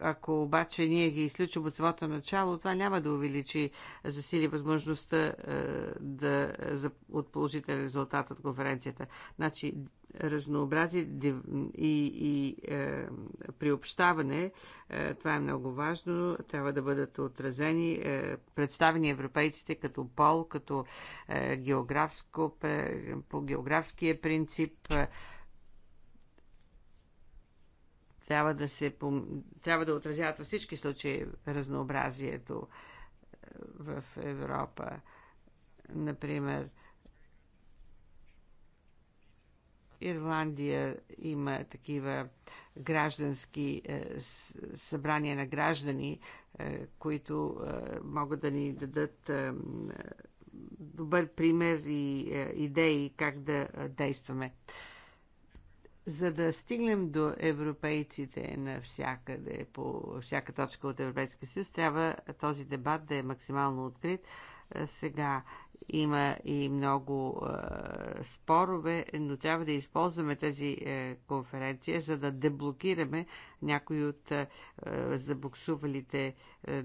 ако обаче ние ги изключим от самото начало, това няма да увеличи, засили възможността е, да, за, от положителен резултат от конференцията. Значи, разнообразие и, и е, приобщаване, е, това е много важно, трябва да бъдат отразени, е, представени европейците като пол, като е, географско, по географския принцип, е, трябва да, се, трябва да отразяват във всички случаи разнообразието е, в Европа. Например, Ирландия има такива граждански е, събрания на граждани, е, които могат да ни дадат добър пример и идеи как да действаме за да стигнем до европейците навсякъде, по всяка точка от Европейския съюз, трябва този дебат да е максимално открит. Сега има и много е, спорове, но трябва да използваме тази е, конференция, за да деблокираме някои от е, забуксувалите е,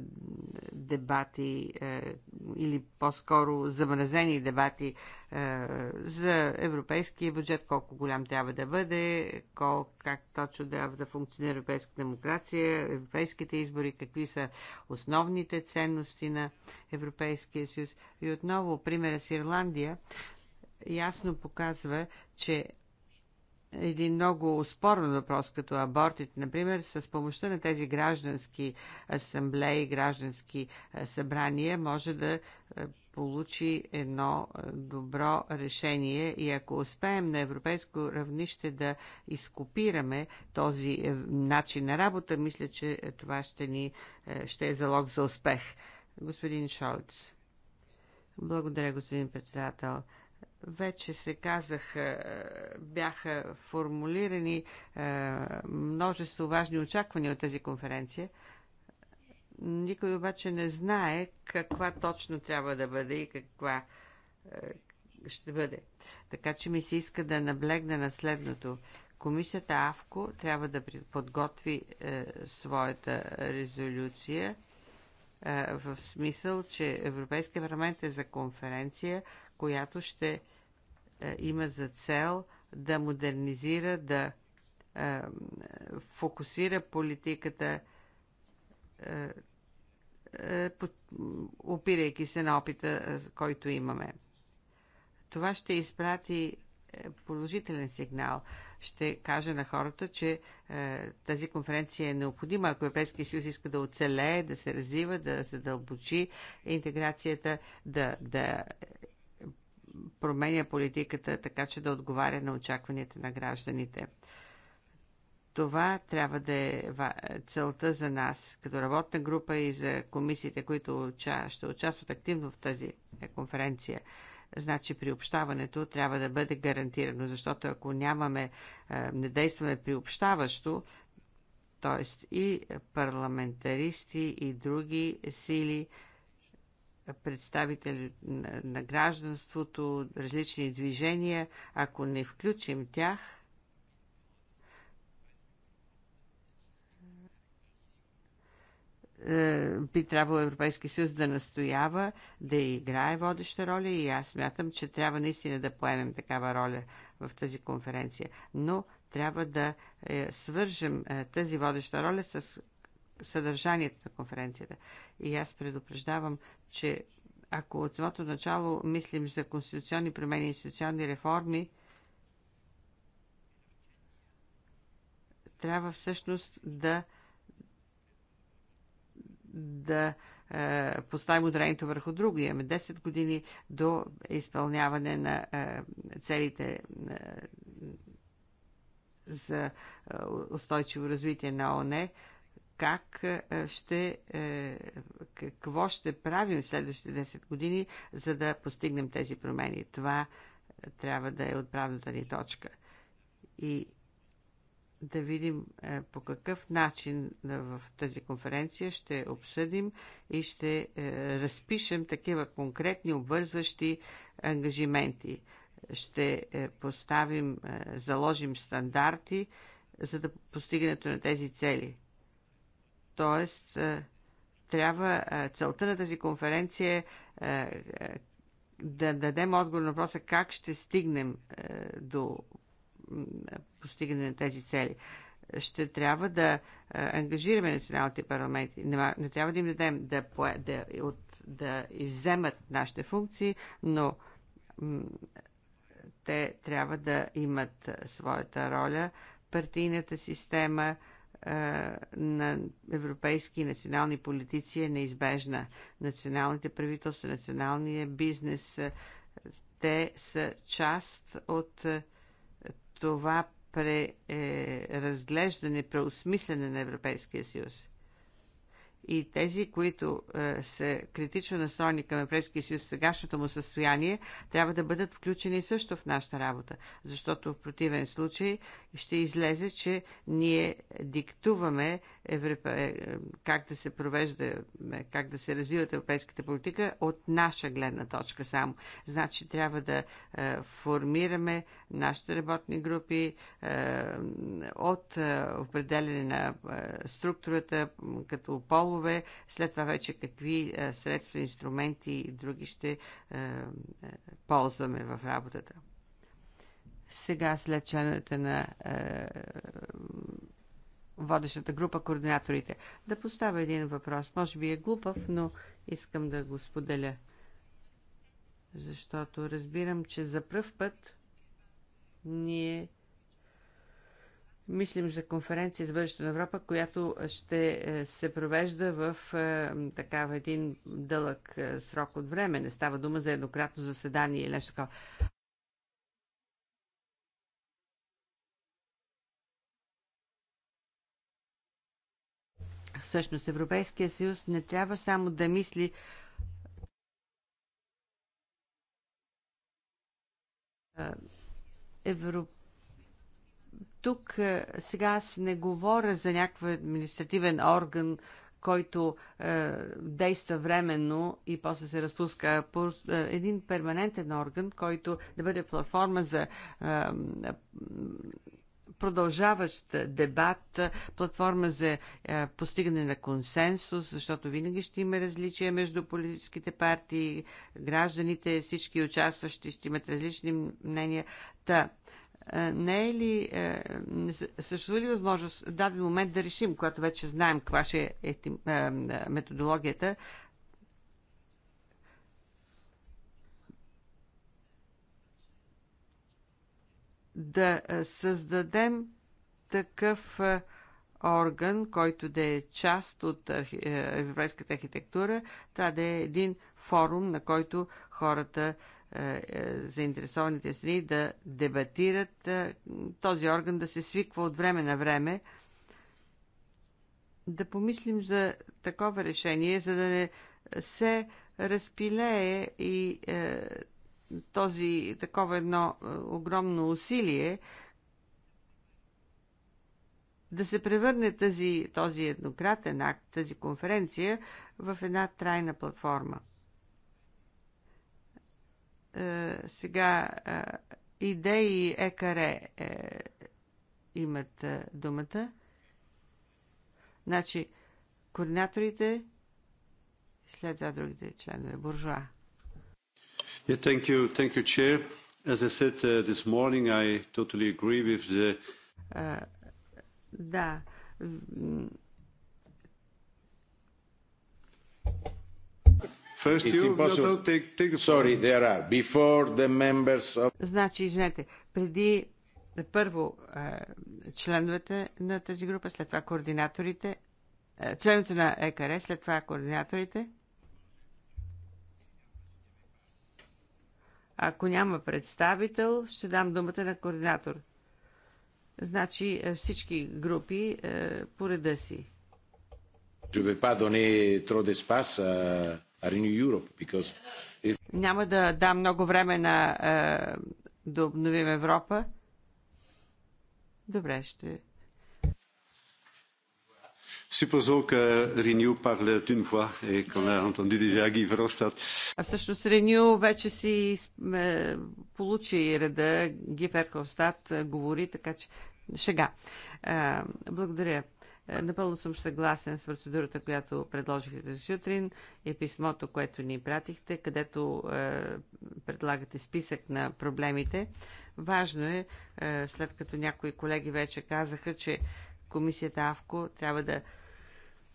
дебати е, или по-скоро замразени дебати е, за европейския бюджет, колко голям трябва да бъде, колко, как точно трябва да функционира европейска демокрация, европейските избори, какви са основните ценности на Европейския съюз. И отново примера с Ирландия ясно показва, че един много спорен въпрос, като абортите, например, с помощта на тези граждански асамблеи, граждански е, събрания, може да е, получи едно е, добро решение и ако успеем на европейско равнище да изкопираме този е, начин на работа, мисля, че е, това ще, ни, ще е залог за успех. Господин Шолц. Благодаря, господин председател вече се казах, бяха формулирани множество важни очаквания от тази конференция. Никой обаче не знае каква точно трябва да бъде и каква е, ще бъде. Така че ми се иска да наблегна на следното. Комисията АВКО трябва да подготви е, своята резолюция е, в смисъл, че Европейския парламент е за конференция, която ще е, има за цел да модернизира, да е, фокусира политиката е, е, е, е, опирайки се на опита, който имаме. Това ще изпрати положителен сигнал. Ще кажа на хората, че тази конференция е необходима, ако Европейския съюз иска да оцелее, да се развива, да задълбочи интеграцията, да, да променя политиката, така че да отговаря на очакванията на гражданите. Това трябва да е целта за нас, като работна група и за комисиите, които ще участват активно в тази е, конференция. Значи приобщаването трябва да бъде гарантирано, защото ако нямаме, е, не действаме приобщаващо, т.е. и парламентаристи и други сили, представители на гражданството, различни движения, ако не включим тях – Е, би трябвало Европейски съюз да настоява, да играе водеща роля и аз смятам, че трябва наистина да поемем такава роля в тази конференция. Но трябва да е, свържем е, тази водеща роля с съдържанието на конференцията. И аз предупреждавам, че ако от самото начало мислим за конституционни промени и институционни реформи, трябва всъщност да да е, поставим ударението върху друго. Имаме 10 години до изпълняване на е, целите е, за е, устойчиво развитие на ОНЕ. Как е, ще, е, какво ще правим в следващите 10 години, за да постигнем тези промени? Това трябва да е отправната ни точка. И да видим е, по какъв начин е, в тази конференция ще обсъдим и ще е, разпишем такива конкретни обвързващи ангажименти. Ще поставим, заложим стандарти за да постигането на тези цели. Тоест, трябва целта на тази конференция е да дадем отговор на въпроса как ще стигнем до постигане на тези цели. Ще трябва да е, ангажираме националните парламенти. Не трябва да им дадем да, да, от, да изземат нашите функции, но те трябва да имат своята роля. Партийната система е, на европейски и национални политици е неизбежна. Националните правителства, националния бизнес, е, те са част от това преразглеждане, е, преосмислене на Европейския съюз. И тези, които е, са критично настроени към Европейския съюз в сегашното му състояние, трябва да бъдат включени също в нашата работа, защото в противен случай ще излезе, че ние диктуваме Европа, е, как да се провежда, е, как да се развиват европейската политика от наша гледна точка само. Значи трябва да е, формираме нашите работни групи, е, от е, определене на е, структурата като полове, след това вече какви средства, инструменти и други ще ползваме в работата. Сега след членовете на водещата група, координаторите. Да поставя един въпрос. Може би е глупав, но искам да го споделя. Защото разбирам, че за пръв път ние мислим за конференция за бъдещето на Европа, която ще е, се провежда в е, такава един дълъг е, срок от време. Не става дума за еднократно заседание или нещо такова. Всъщност Европейския съюз не трябва само да мисли Европ... Тук сега аз не говоря за някакъв административен орган, който е, действа временно и после се разпуска по един перманентен орган, който да бъде платформа за е, продължаващ дебат, платформа за е, постигане на консенсус, защото винаги ще има различия между политическите партии, гражданите, всички участващи ще имат различни мнения. Та, е, не е ли, е, съществува ли възможност в даден момент да решим, когато вече знаем каква ще е методологията, да създадем такъв орган, който да е част от е, европейската архитектура, това да е един форум, на който хората, е, е, заинтересованите страни да дебатират, този орган да се свиква от време на време, да помислим за такова решение, за да не се разпилее и този, такова едно е, огромно усилие да се превърне тази, този еднократен акт, тази конференция в една трайна платформа. Е, сега е, идеи екаре е, имат е, думата. Значи, координаторите, след това другите членове, буржуа. Yeah, thank you, thank you, Chair. As I said uh, this morning, I totally agree with the. Uh, да. First you, no, no, take, take the Sorry, there are. Before the members of... Значи, извинете, преди първо членовете на тази група, след това координаторите, членовете на ЕКР, след това координаторите. Ако няма представител, ще дам думата на координатор. Значи е, всички групи е, по реда си. Няма да дам много време на е, да обновим Европа. Добре, ще Suppose ook Renew parle d'une voix et qu'on a entendu déjà Guy Verhofstadt. А всъщност Renew вече си е, получи реда, Ги Верховстат е, говори, така че шега. Е, благодаря. Напълно съм съгласен с процедурата, която предложихте за сутрин и писмото, което ни пратихте, където е, предлагате списък на проблемите. Важно е, е, след като някои колеги вече казаха, че комисията АВКО трябва да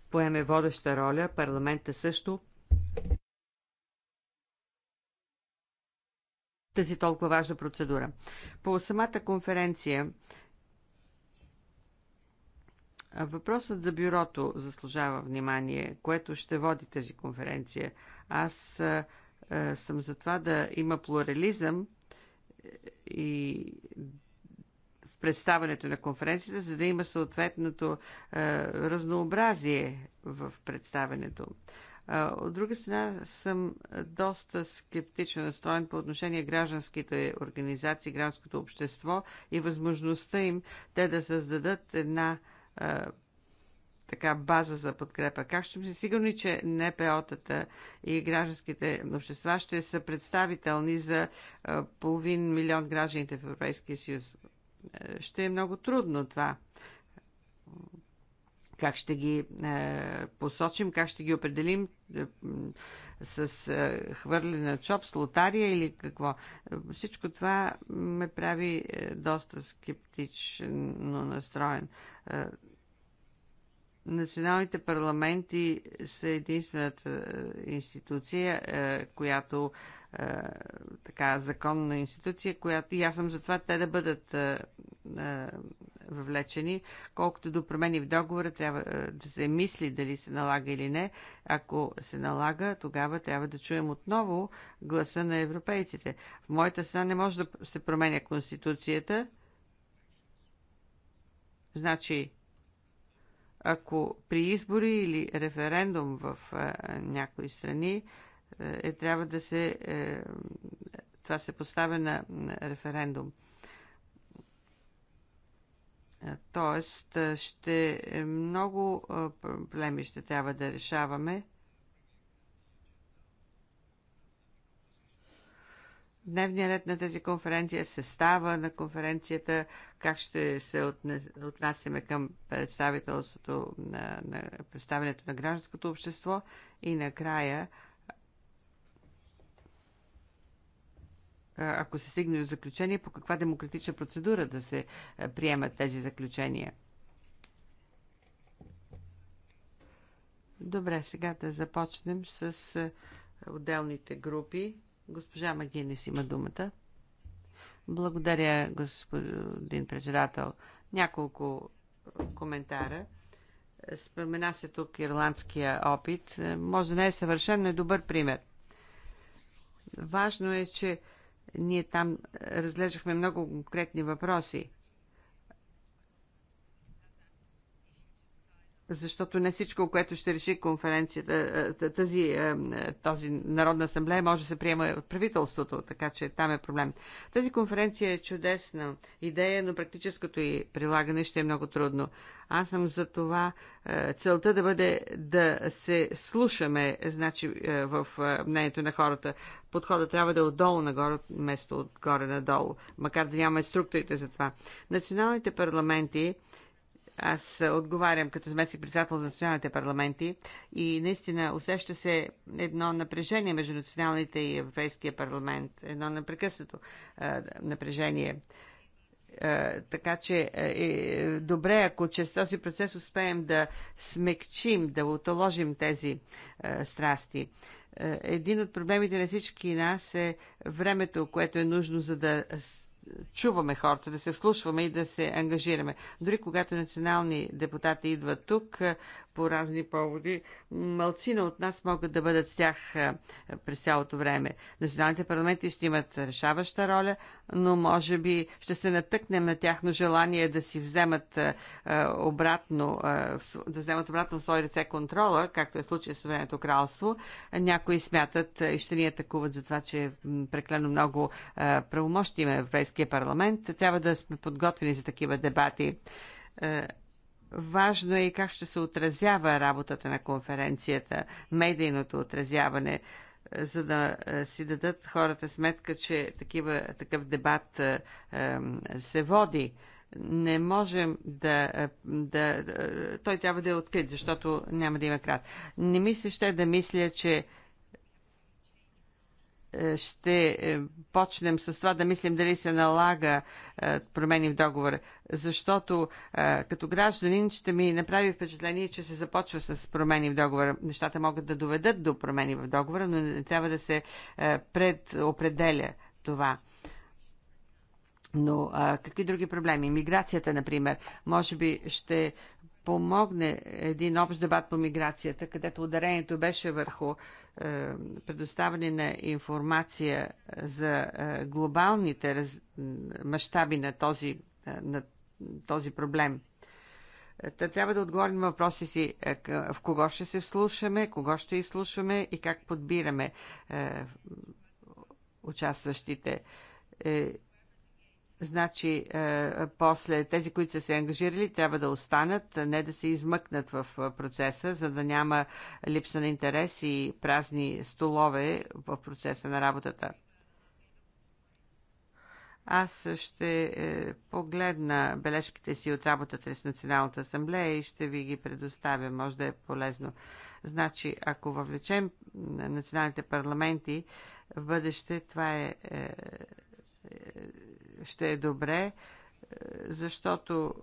поеме водеща роля, парламента също. Тази толкова важна процедура. По самата конференция Въпросът за бюрото заслужава внимание, което ще води тази конференция. Аз а, съм за това да има плурализъм е, и представането на конференцията, за да има съответното е, разнообразие в представенето. Е, от друга страна съм доста скептично настроен по отношение гражданските организации, гражданското общество и възможността им те да създадат една е, така база за подкрепа. Как ще се сигурни, че НПО-тата и гражданските общества ще са представителни за е, половин милион гражданите в Европейския съюз? ще е много трудно това. Как ще ги е, посочим, как ще ги определим е, с е, хвърли на чоп, с лотария или какво. Всичко това ме прави е, доста скептично настроен. Е, Националните парламенти са единствената е, институция, е, която е, така законна институция, която и аз съм за това те да бъдат въвлечени. Колкото до промени в договора, трябва да се мисли дали се налага или не. Ако се налага, тогава трябва да чуем отново гласа на европейците. В моята страна не може да се променя конституцията. Значи, ако при избори или референдум в някои страни е, е, трябва да се. Е, това се поставя на референдум. Е, тоест, е, ще много проблеми ще трябва да решаваме дневния ред на тази конференция, състава на конференцията, как ще се отнасяме към представителството на, на представянето на гражданското общество и накрая ако се стигне до заключение, по каква демократична процедура да се приемат тези заключения. Добре, сега да започнем с отделните групи. Госпожа Магинес има думата. Благодаря, господин председател. Няколко е, коментара. Спомена се тук ирландския опит. Може да не е съвършен, но е добър пример. Важно е, че ние там разглеждахме много конкретни въпроси. защото не всичко, което ще реши конференцията, е, тази, е, е, този Народна асамблея може да се приема от правителството, така че там е проблем. Тази конференция е чудесна идея, но практическото и прилагане ще е много трудно. Аз съм за това целта да бъде да се слушаме значи, в мнението на хората. Подхода трябва да е отдолу нагоре, вместо отгоре надолу, макар да нямаме структурите за това. Националните парламенти аз отговарям като заместник председател за националните парламенти и наистина усеща се едно напрежение между националните и Европейския парламент. Едно непрекъснато е, напрежение. Е, така че е, е, добре, ако чрез този процес успеем да смекчим, да отоложим тези е, страсти. Един от проблемите на всички нас е времето, което е нужно за да чуваме хората, да се вслушваме и да се ангажираме. Дори когато национални депутати идват тук по разни поводи, малцина от нас могат да бъдат с тях през цялото време. Националните парламенти ще имат решаваща роля, но може би ще се натъкнем на тяхно желание да си вземат обратно, да вземат обратно в свои ръце контрола, както е случай с Времето кралство. Някои смятат и ще ни атакуват за това, че прекалено много правомощи има Европейски Европейския парламент. Трябва да сме подготвени за такива дебати. Е, важно е и как ще се отразява работата на конференцията, медийното отразяване, е, за да е, си дадат хората сметка, че такива, такъв дебат се води не можем да, да... Той трябва да е открит, защото няма да има крат. Не мисля, ще да мисля, че е, ще е, почнем с това да мислим дали се налага е, промени в договора. Защото като гражданин ще ми направи впечатление, че се започва с промени в договора. Нещата могат да доведат до промени в договора, но не трябва да се предопределя това. Но а, какви други проблеми? Миграцията, например. Може би ще помогне един общ дебат по миграцията, където ударението беше върху е, предоставяне на информация за е, глобалните раз, мащаби на този, е, на този проблем. Та трябва да отговорим въпроси си е, в кого ще се вслушаме, кого ще изслушваме и как подбираме е, участващите. Е, Значи, е, после тези, които са се ангажирали, трябва да останат, не да се измъкнат в процеса, за да няма липса на интерес и празни столове в процеса на работата. Аз ще е, погледна бележките си от работата с Националната асамблея и ще ви ги предоставя. Може да е полезно. Значи, ако въвлечем националните парламенти в бъдеще, това е, е, е ще е добре, е, защото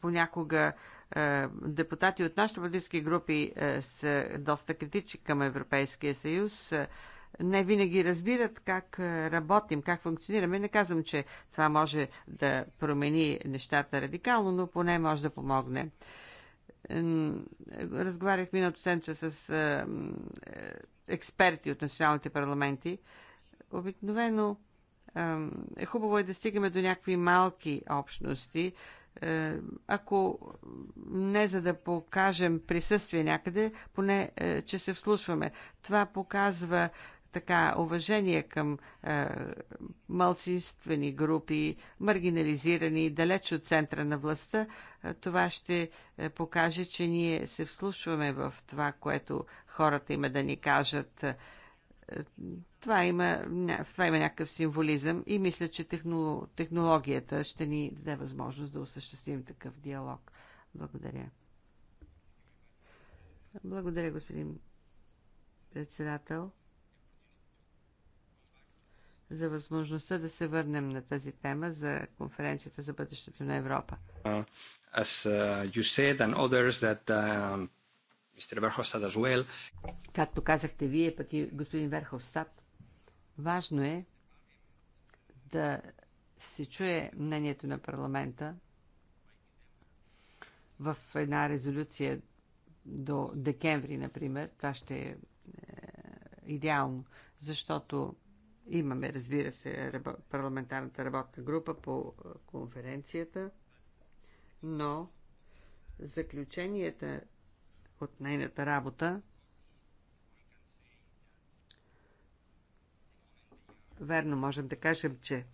понякога е, депутати от нашите политически групи е, са доста критични към Европейския съюз. Не винаги разбират как работим, как функционираме. Не казвам, че това може да промени нещата радикално, но поне може да помогне. Разговарях миналото седмица с експерти от националните парламенти. Обикновено е, хубаво е да стигаме до някакви малки общности, е, ако не за да покажем присъствие някъде, поне е, че се вслушваме. Това показва така уважение към е, малцинствени групи, маргинализирани, далеч от центъра на властта, е, това ще е, покаже, че ние се вслушваме в това, което хората има да ни кажат. Е, това има, в това има някакъв символизъм и мисля, че технологията ще ни даде възможност да осъществим такъв диалог. Благодаря. Благодаря, господин председател, за възможността да се върнем на тази тема за конференцията за бъдещето на Европа. Uh, uh, uh, Както казахте вие, пък и господин Верховстат, Важно е да се чуе мнението на парламента в една резолюция до декември, например. Това ще е, е идеално, защото имаме, разбира се, парламентарната работна група по е, конференцията, но заключенията от нейната работа Верно, можем да кажем, че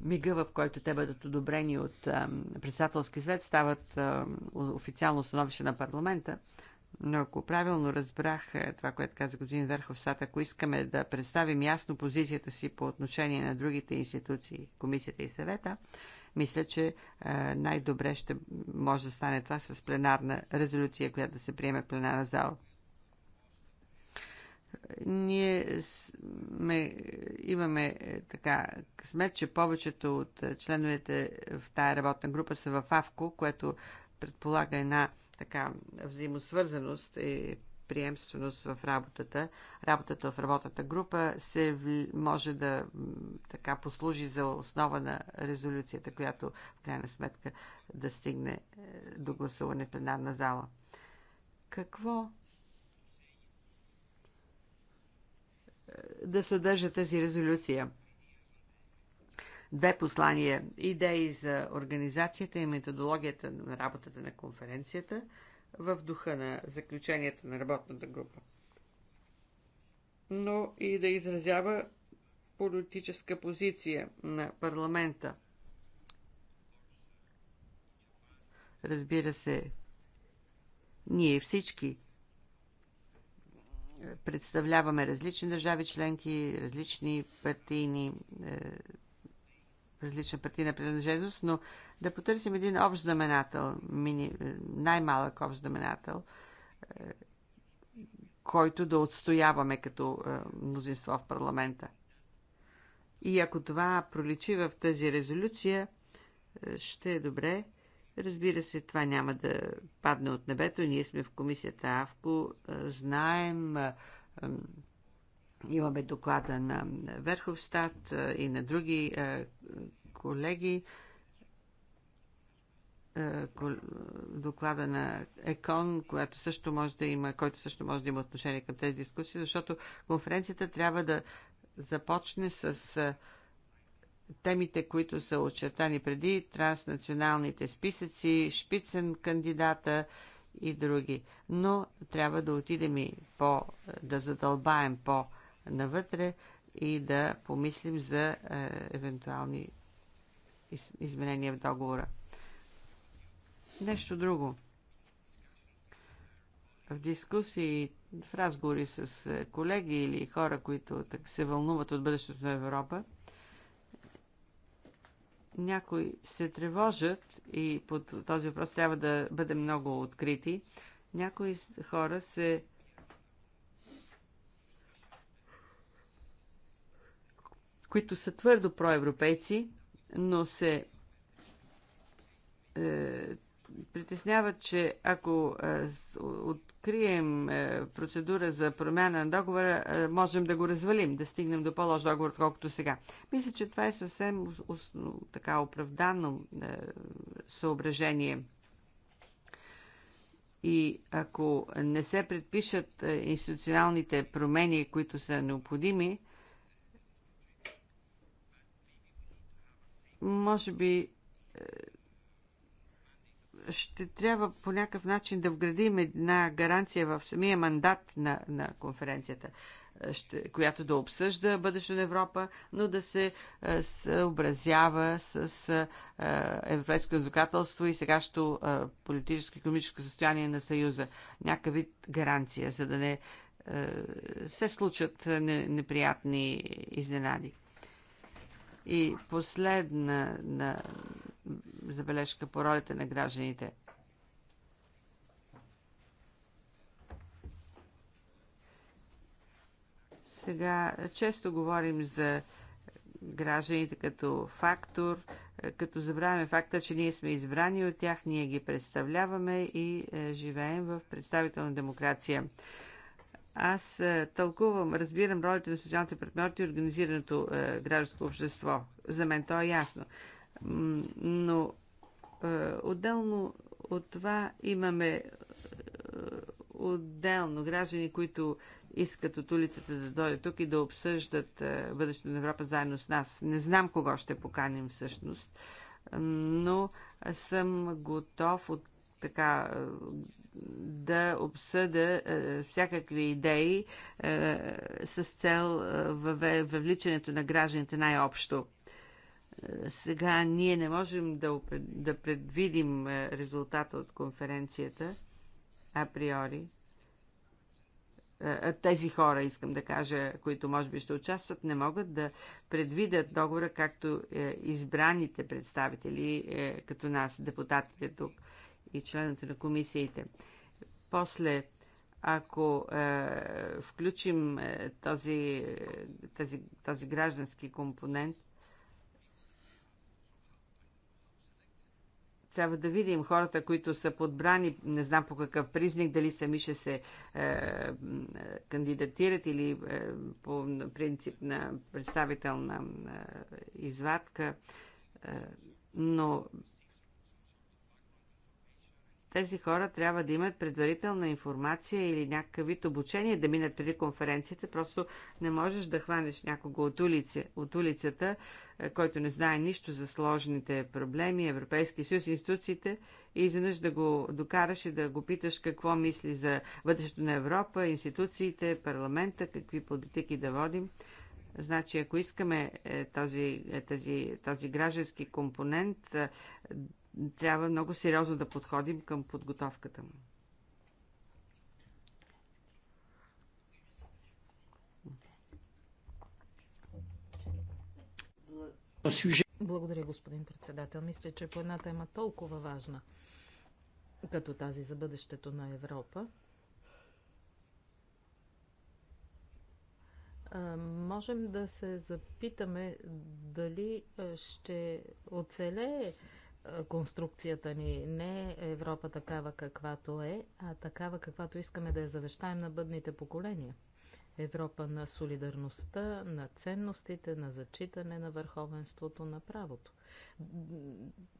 мига, в който те бъдат одобрени от председателски свет, стават официално становище на парламента. Но ако правилно разбрах е, това, което каза господин Верхов сад, ако искаме да представим ясно позицията си по отношение на другите институции, комисията и съвета, мисля, че е, най-добре ще може да стане това с пленарна резолюция, която да се приеме в пленарна зала. Ние сме, имаме е, така късмет, че повечето от е, членовете в тая работна група са в АВКО, което предполага една така взаимосвързаност и приемственост в работата. Работата в работната група се може да така послужи за основа на резолюцията, която в крайна сметка да стигне е, до гласуване в пленарна зала. Какво да съдържа тази резолюция. Две послания. Идеи за организацията и методологията на работата на конференцията в духа на заключенията на работната група. Но и да изразява политическа позиция на парламента. Разбира се, ние всички представляваме различни държави членки, различни партийни, е, различна партийна принадлежност, но да потърсим един общ знаменател, е, най-малък общ знаменател, е, който да отстояваме като мнозинство в парламента. И ако това проличи в тази резолюция, ще е добре. Разбира се, това няма да падне от небето. Ние сме в комисията АВКО, е, знаем, е, е, имаме доклада на Верховстат и на други колеги, доклада на ЕКОН, която също може да има, който също може да има отношение към тези дискусии, защото конференцията трябва да започне с темите, които са очертани преди, транснационалните списъци, шпицен кандидата и други. Но трябва да отидем и по, да задълбаем по-навътре и да помислим за е, евентуални из, изменения в договора. Нещо друго. В дискусии, в разговори с е, колеги или хора, които так, се вълнуват от бъдещето на Европа, някои се тревожат и по този въпрос трябва да бъдем много открити. Някои хора се които са твърдо проевропейци, но се е, притесняват, че ако открием процедура за промяна на договора, можем да го развалим, да стигнем до по-лош договор, отколкото сега. Мисля, че това е съвсем така оправдано съображение. И ако не се предпишат институционалните промени, които са необходими, може би ще трябва по някакъв начин да вградим една гаранция в самия мандат на, на конференцията, е, ще, която да обсъжда бъдещето на Европа, но да се е, съобразява с е, европейско законодателство и сегащо политическо и економическо състояние на Съюза. Някакъв вид гаранция, за да не се случат неприятни изненади. И последна на забележка по ролите на гражданите. Сега често говорим за гражданите като фактор, като забравяме факта, че ние сме избрани от тях, ние ги представляваме и е, живеем в представителна демокрация. Аз е, тълкувам, разбирам ролите на социалните партньори и организираното е, гражданско общество. За мен то е ясно. Но е, отделно от това имаме е, отделно граждани, които искат от улицата да дойдат тук и да обсъждат е, бъдещето на Европа заедно с нас. Не знам кого ще поканим всъщност, но съм готов от така да обсъда е, всякакви идеи е, с цел е, във, въвличането на гражданите най-общо. Сега ние не можем да, да предвидим е, резултата от конференцията априори. Е, е, тези хора, искам да кажа, които може би ще участват, не могат да предвидят договора, както избраните представители, като нас, депутатите тук и членовете на комисиите. После ако е, включим е, този, тази, този граждански компонент, Трябва да видим хората, които са подбрани, не знам по какъв признак, дали сами ще се е, кандидатират или е, по принцип на представителна е, извадка. Е, но тези хора трябва да имат предварителна информация или някакъв вид обучение да минат преди конференцията. Просто не можеш да хванеш някого от, улици, от улицата е, който не знае нищо за сложните проблеми, Европейския съюз, институциите, и изведнъж да го докараш и да го питаш какво мисли за бъдещето на Европа, институциите, парламента, какви политики да водим. Значи, ако искаме е, този, е, този, този граждански компонент, трябва много сериозно да подходим към подготовката му. Благодаря, господин председател. Мисля, че по една тема толкова важна, като тази за бъдещето на Европа, можем да се запитаме дали ще оцелее конструкцията ни. Не Европа такава каквато е, а такава каквато искаме да я завещаем на бъдните поколения. Европа на солидарността, на ценностите, на зачитане на върховенството на правото.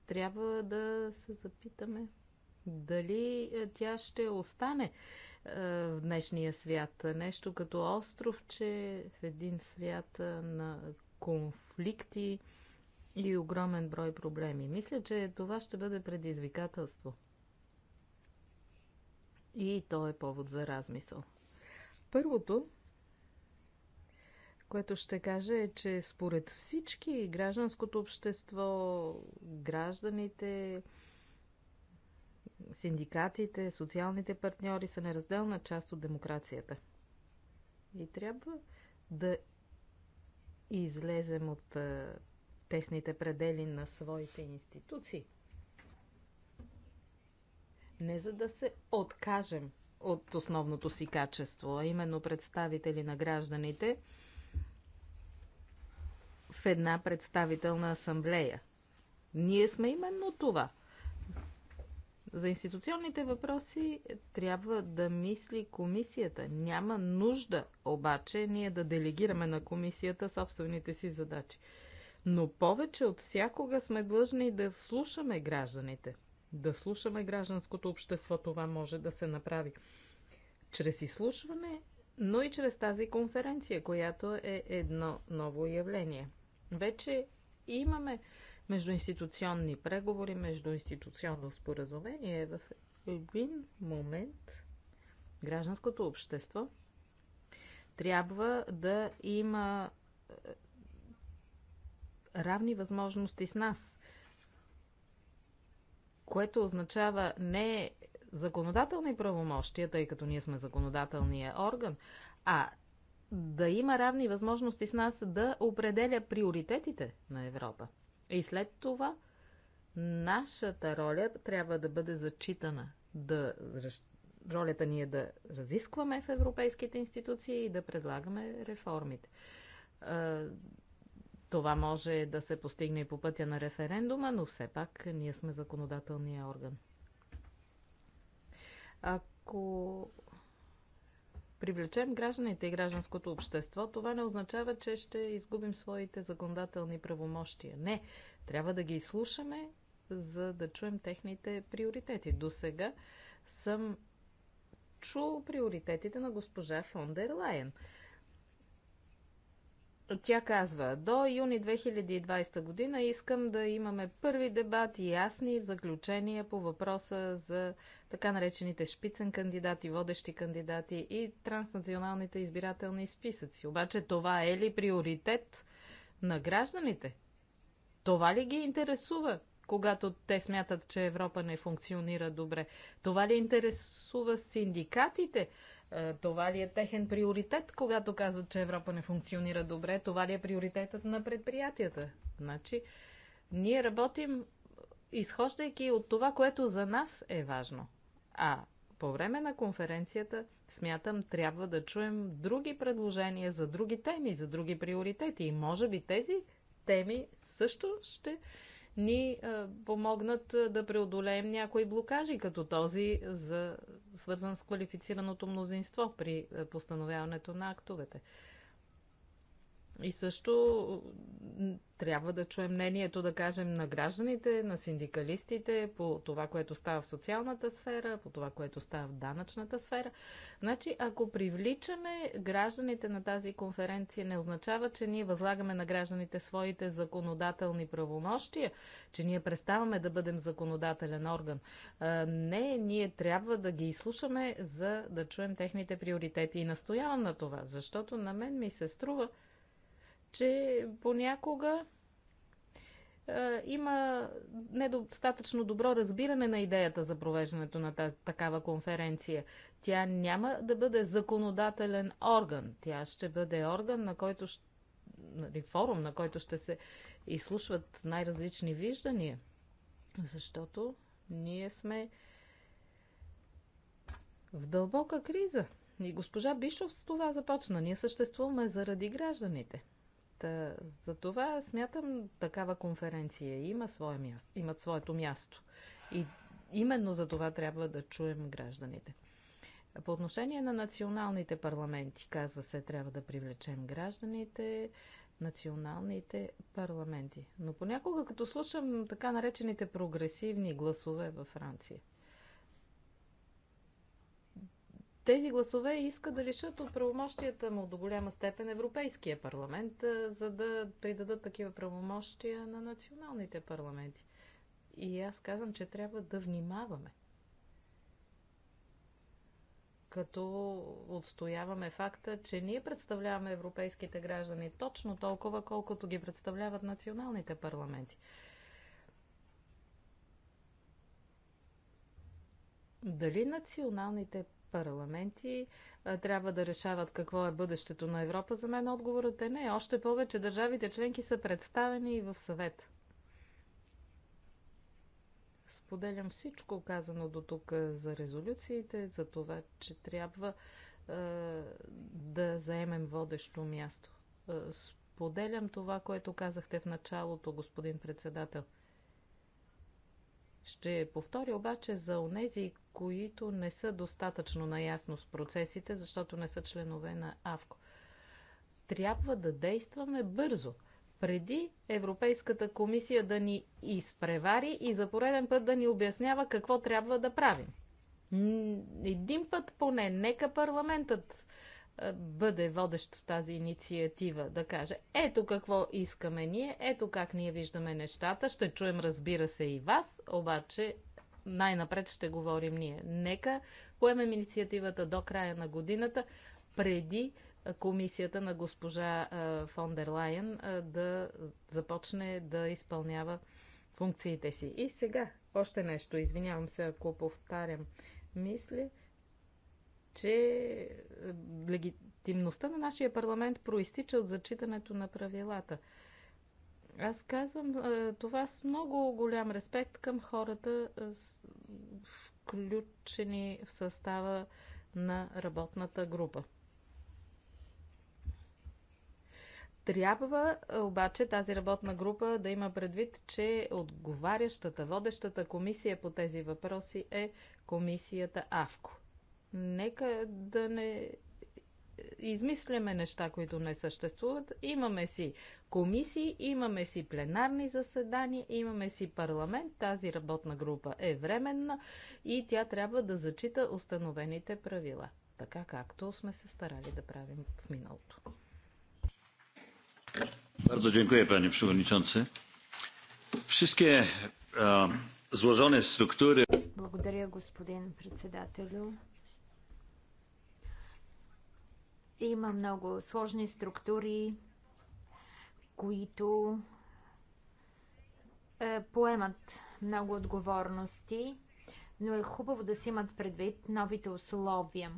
Трябва да се запитаме дали е, тя ще остане е, в днешния свят. Нещо като островче в един свят е, на конфликти и огромен брой проблеми. Мисля, че това ще бъде предизвикателство. И то е повод за размисъл. Първото което ще кажа е, че според всички гражданското общество, гражданите, синдикатите, социалните партньори са неразделна част от демокрацията. И трябва да излезем от тесните предели на своите институции. Не за да се откажем от основното си качество, а именно представители на гражданите – в една представителна асамблея. Ние сме именно това. За институционните въпроси трябва да мисли комисията. Няма нужда обаче ние да делегираме на комисията собствените си задачи. Но повече от всякога сме длъжни да слушаме гражданите. Да слушаме гражданското общество. Това може да се направи чрез изслушване, но и чрез тази конференция, която е едно ново явление. Вече имаме междуинституционни преговори, междуинституционно споразумение. Е в един момент гражданското общество трябва да има е, равни възможности с нас, което означава не законодателни правомощия, тъй като ние сме законодателния орган, а да има равни възможности с нас да определя приоритетите на Европа. И след това нашата роля трябва да бъде зачитана, да ролята ни е да разискваме в европейските институции и да предлагаме реформите. Това може да се постигне и по пътя на референдума, но все пак ние сме законодателния орган. Ако привлечем гражданите и гражданското общество, това не означава, че ще изгубим своите законодателни правомощия. Не, трябва да ги изслушаме, за да чуем техните приоритети. До сега съм чул приоритетите на госпожа фон дер Лайен – тя казва, до юни 2020 година искам да имаме първи дебат и ясни заключения по въпроса за така наречените шпицен кандидати, водещи кандидати и транснационалните избирателни списъци. Обаче това е ли приоритет на гражданите? Това ли ги интересува, когато те смятат, че Европа не функционира добре? Това ли интересува синдикатите? Е, това ли е техен приоритет, когато казват, че Европа не функционира добре? Това ли е приоритетът на предприятията? Значи, ние работим изхождайки от това, което за нас е важно. А по време на конференцията, смятам, трябва да чуем други предложения за други теми, за други приоритети. И може би тези теми също ще ни помогнат да преодолеем някои блокажи, като този, за, свързан с квалифицираното мнозинство при постановяването на актовете. И също трябва да чуем мнението, да кажем, на гражданите, на синдикалистите, по това, което става в социалната сфера, по това, което става в данъчната сфера. Значи, ако привличаме гражданите на тази конференция, не означава, че ние възлагаме на гражданите своите законодателни правомощия, че ние преставаме да бъдем законодателен орган. Не, ние трябва да ги изслушаме, за да чуем техните приоритети. И настоявам на това, защото на мен ми се струва, че понякога има недостатъчно добро разбиране на идеята за провеждането на тази, такава конференция. Тя няма да бъде законодателен орган. Тя ще бъде орган, на който ще, нали, форум, на който ще се изслушват най-различни виждания. Защото ние сме в дълбока криза. И госпожа Бишов с това започна. Ние съществуваме заради гражданите. Та, за това смятам, такава конференция има свое място, имат своето място. И именно за това трябва да чуем гражданите. По отношение на националните парламенти, казва се, трябва да привлечем гражданите, националните парламенти. Но понякога, като слушам така наречените прогресивни гласове във Франция – Тези гласове иска да лишат от правомощията му до голяма степен Европейския парламент, за да придадат такива правомощия на националните парламенти. И аз казвам, че трябва да внимаваме. Като отстояваме факта, че ние представляваме европейските граждани точно толкова, колкото ги представляват националните парламенти. Дали националните парламенти трябва да решават какво е бъдещето на Европа, за мен отговорът е не. Още повече държавите членки са представени и в съвет. Споделям всичко казано до тук за резолюциите, за това, че трябва е, да заемем водещо място. Споделям това, което казахте в началото, господин председател. Ще повторя обаче за онези, които не са достатъчно наясно с процесите, защото не са членове на АВКО. Трябва да действаме бързо, преди Европейската комисия да ни изпревари и за пореден път да ни обяснява какво трябва да правим. Един път поне, нека парламентът е, бъде водещ в тази инициатива, да каже ето какво искаме ние, ето как ние виждаме нещата, ще чуем разбира се и вас, обаче най-напред ще говорим ние. Нека поемем инициативата до края на годината, преди комисията на госпожа фон дер Лайен да започне да изпълнява функциите си. И сега още нещо. Извинявам се, ако повтарям. Мисля, че легитимността на нашия парламент проистича от зачитането на правилата. Аз казвам това с много голям респект към хората, включени в състава на работната група. Трябва обаче тази работна група да има предвид, че отговарящата, водещата комисия по тези въпроси е комисията АВКО. Нека да не измисляме неща, които не съществуват. Имаме си комисии, имаме си пленарни заседания, имаме си парламент. Тази работна група е временна и тя трябва да зачита установените правила, така както сме се старали да правим в миналото. Bardzo dziękuję panie przewodniczący. Wszystkie złożone struktury. Благодаря, господин председателю. Има много сложни структури, които е, поемат много отговорности, но е хубаво да си имат предвид новите условия.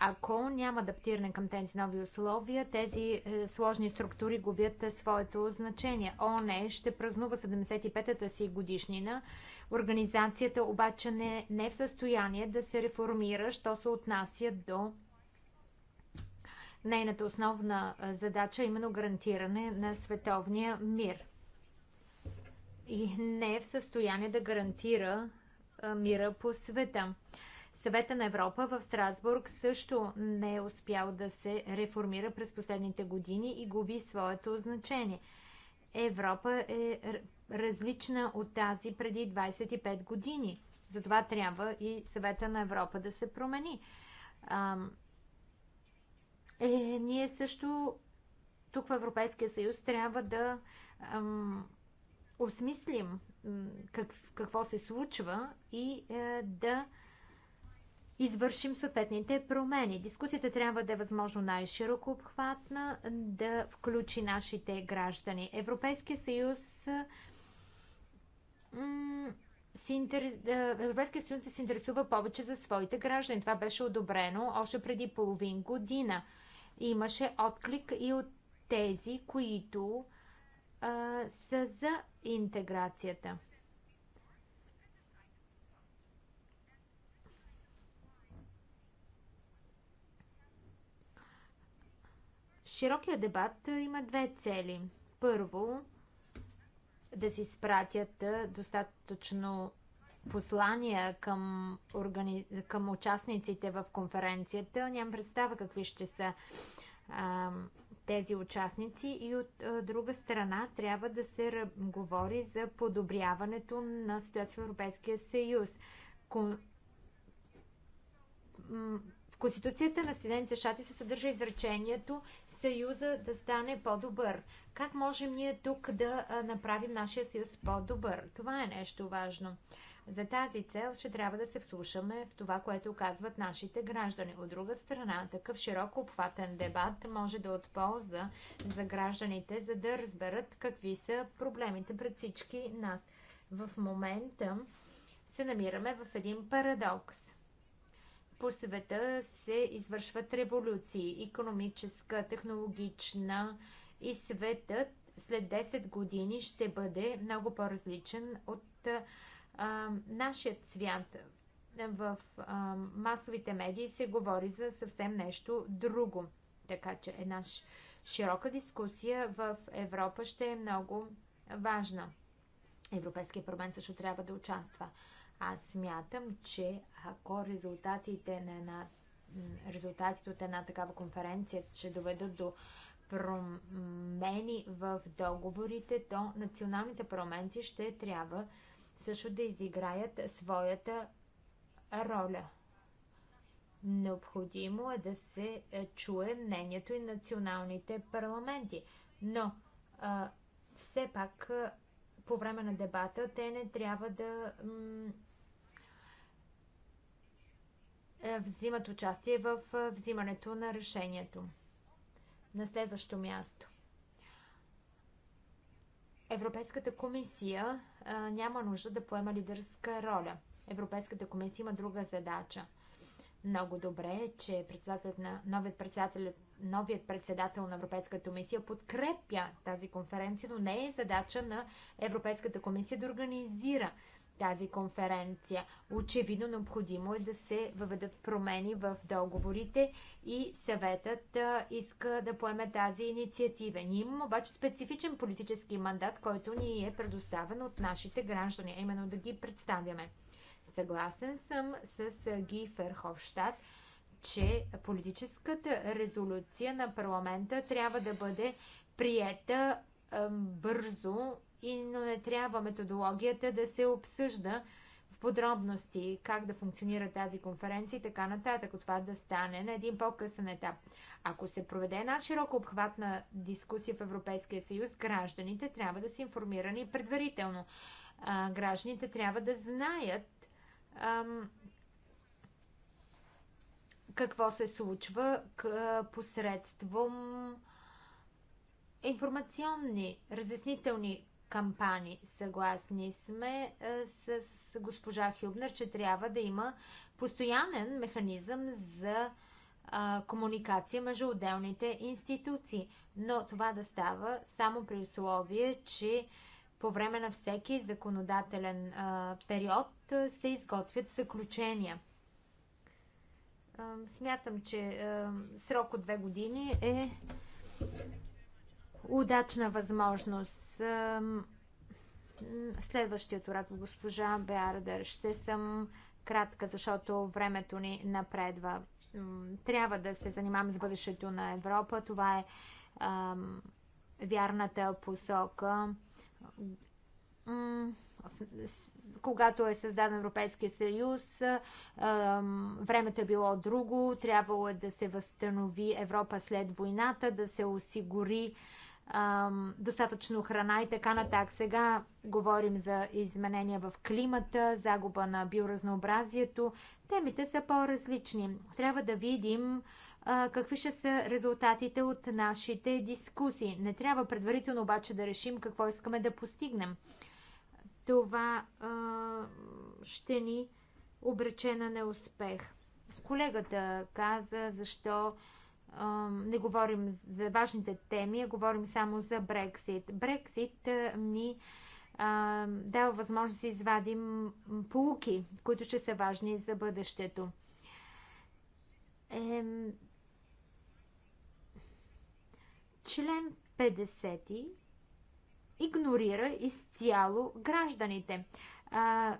Ако няма адаптиране към тези нови условия, тези е, сложни структури губят е, своето значение. ОНЕ ще празнува 75-та си годишнина. Организацията обаче не, не е в състояние да се реформира, що се отнася до Нейната основна задача е именно гарантиране на световния мир. И не е в състояние да гарантира мира по света. Съвета на Европа в Страсбург също не е успял да се реформира през последните години и губи своето значение. Европа е различна от тази преди 25 години. Затова трябва и съвета на Европа да се промени е, ние също тук в Европейския съюз трябва да ам, осмислим как, какво се случва и е, да извършим съответните промени. Дискусията трябва да е възможно най-широко обхватна, да включи нашите граждани. Европейския съюз е, Европейския съюз да се интересува повече за своите граждани. Това беше одобрено още преди половин година. Имаше отклик и от тези, които а, са за интеграцията. Широкия дебат има две цели. Първо, да се спратят достатъчно послания към, органи... към участниците в конференцията. Нямам представа какви ще са а, тези участници и от а, друга страна трябва да се говори за подобряването на ситуация в Европейския съюз. Кон... В Конституцията на Съединените щати се съдържа изречението Съюза да стане по-добър. Как можем ние тук да направим нашия съюз по-добър? Това е нещо важно. За тази цел ще трябва да се вслушаме в това, което казват нашите граждани. От друга страна, такъв широко обхватен дебат може да отполза за гражданите, за да разберат какви са проблемите пред всички нас. В момента се намираме в един парадокс. По света се извършват революции, економическа, технологична и светът след 10 години ще бъде много по-различен от нашият свят в а, масовите медии се говори за съвсем нещо друго. Така че една широка дискусия в Европа ще е много важна. Европейския парламент също трябва да участва. Аз смятам, че ако резултатите на една резултатите от една такава конференция ще доведат до промени в договорите, то националните парламенти ще трябва също да изиграят своята роля. Необходимо е да се е, чуе мнението и националните парламенти, но а, все пак а, по време на дебата те не трябва да е, взимат участие в е, взимането на решението. На следващо място. Европейската комисия няма нужда да поема лидерска роля. Европейската комисия има друга задача. Много добре е, че на, новият, председател, новият председател на Европейската комисия подкрепя тази конференция, но не е задача на Европейската комисия да организира тази конференция. Очевидно необходимо е да се въведат промени в договорите и съветът иска да поеме тази инициатива. Ние имаме обаче специфичен политически мандат, който ни е предоставен от нашите граждани, а именно да ги представяме. Съгласен съм с Ги Ферховщад, че политическата резолюция на парламента трябва да бъде приета бързо и но не трябва методологията да се обсъжда в подробности как да функционира тази конференция и така нататък. От това да стане на един по-късен етап. Ако се проведе една широко обхватна дискусия в Европейския съюз, гражданите трябва да са информирани предварително. А, гражданите трябва да знаят ам, какво се случва къ, посредством информационни, разяснителни кампани. Съгласни сме е, с госпожа Хюбнер, че трябва да има постоянен механизъм за комуникация между отделните институции. Но това да става само при условие, че по време на всеки законодателен период е, се изготвят заключения. смятам, че срок от две години е удачна възможност. Следващият урок, госпожа Беардер, ще съм кратка, защото времето ни напредва. Трябва да се занимавам с бъдещето на Европа. Това е ам, вярната посока. Когато е създаден Европейския съюз, времето е било друго. Трябвало е да се възстанови Европа след войната, да се осигури достатъчно храна и така нататък. Сега говорим за изменения в климата, загуба на биоразнообразието. Темите са по-различни. Трябва да видим а, какви ще са резултатите от нашите дискусии. Не трябва предварително обаче да решим какво искаме да постигнем. Това а, ще ни обрече на неуспех. Колегата каза защо не говорим за важните теми, а говорим само за Брексит. Брексит ни дава възможност да извадим полуки, които ще са важни за бъдещето. член 50 игнорира изцяло гражданите. А,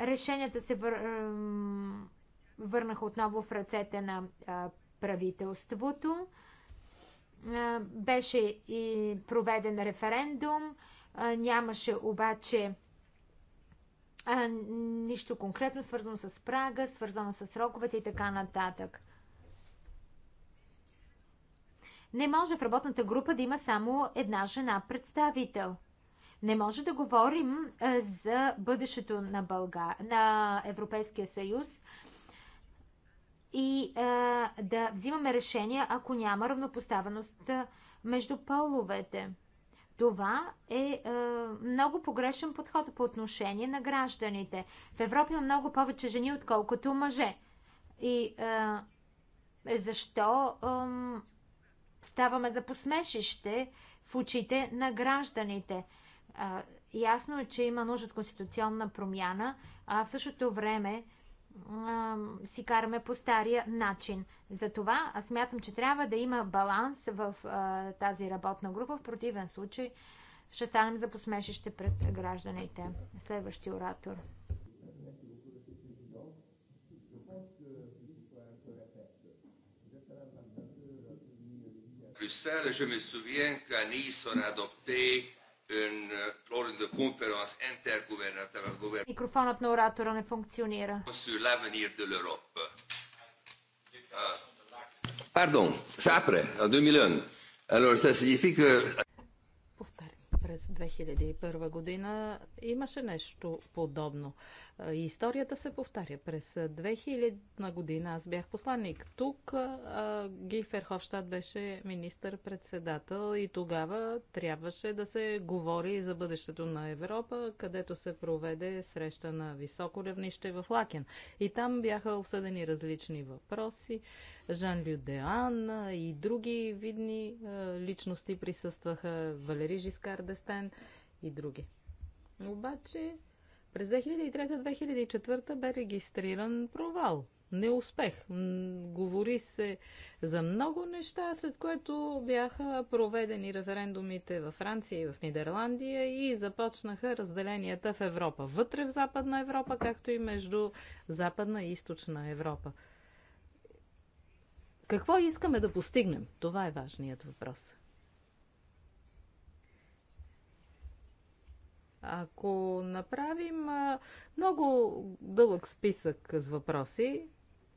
решенията се вър... върнаха отново в ръцете на а, правителството. Беше и проведен референдум, нямаше обаче нищо конкретно, свързано с прага, свързано с сроковете и така нататък. Не може в работната група да има само една жена представител. Не може да говорим за бъдещето на, Бълга... на Европейския съюз и а, да взимаме решения, ако няма равнопоставеност между половете. Това е, е много погрешен подход по отношение на гражданите. В Европа има много повече жени, отколкото мъже. И е, защо е, ставаме за посмешище в очите на гражданите? Е, ясно е, че има нужда от конституционна промяна, а в същото време си караме по стария начин. Затова аз смятам, че трябва да има баланс в а, тази работна група. В противен случай ще станем за посмешище пред гражданите. Следващи оратор. Bruxelles, je me souviens qu'à Nice, on a adopté în rolul de conference interguvernamentală. Microfonul на оратора не функционира. Sur l'avenir de l'Europe. Pardon, s'apre, en 2001. Alors, ça signifie que... Повтарям, през 2001 година имаше нещо подобно. Историята се повтаря. През 2000 година аз бях посланник. Тук Ги Ферховщад беше министър-председател и тогава трябваше да се говори за бъдещето на Европа, където се проведе среща на високо равнище в Лакен. И там бяха обсъдени различни въпроси. Жан Людеан и други видни личности присъстваха. Валери Жискар Дестен и други. Обаче през 2003-2004 бе регистриран провал, неуспех. Говори се за много неща, след което бяха проведени референдумите във Франция и в Нидерландия и започнаха разделенията в Европа. Вътре в Западна Европа, както и между Западна и Източна Европа. Какво искаме да постигнем? Това е важният въпрос. Ако направим много дълъг списък с въпроси,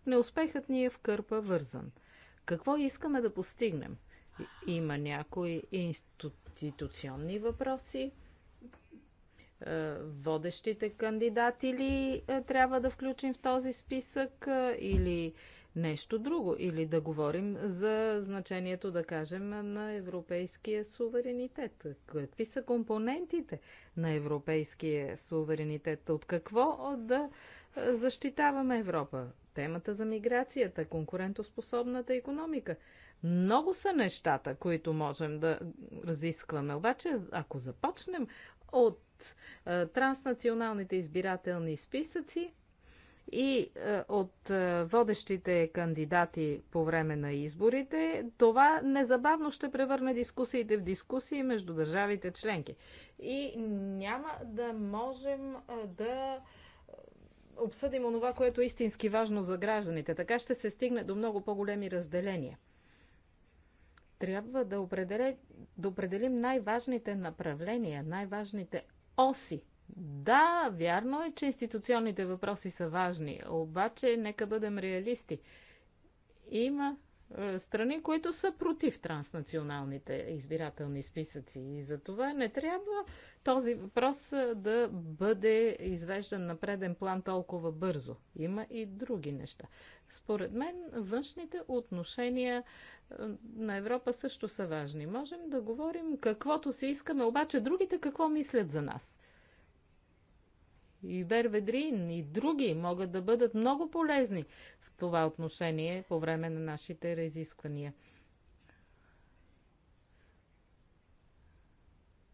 неуспехът ни е в кърпа вързан. Какво искаме да постигнем? Има някои институционни въпроси. Водещите кандидати ли трябва да включим в този списък или нещо друго или да говорим за значението, да кажем, на европейския суверенитет. Какви са компонентите на европейския суверенитет? От какво да защитаваме Европа? Темата за миграцията, конкурентоспособната економика. Много са нещата, които можем да разискваме. Обаче, ако започнем от транснационалните избирателни списъци, и е, от е, водещите кандидати по време на изборите, това незабавно ще превърне дискусиите в дискусии между държавите членки. И няма да можем е, да обсъдим онова, което е истински важно за гражданите. Така ще се стигне до много по-големи разделения. Трябва да, определя, да определим най-важните направления, най-важните оси да, вярно е, че институционните въпроси са важни, обаче нека бъдем реалисти. Има е, страни, които са против транснационалните избирателни списъци. И за това не трябва този въпрос е, да бъде извеждан на преден план толкова бързо. Има и други неща. Според мен, външните отношения е, на Европа също са важни. Можем да говорим каквото си искаме, обаче другите какво мислят за нас и Верведрин и други могат да бъдат много полезни в това отношение по време на нашите разисквания.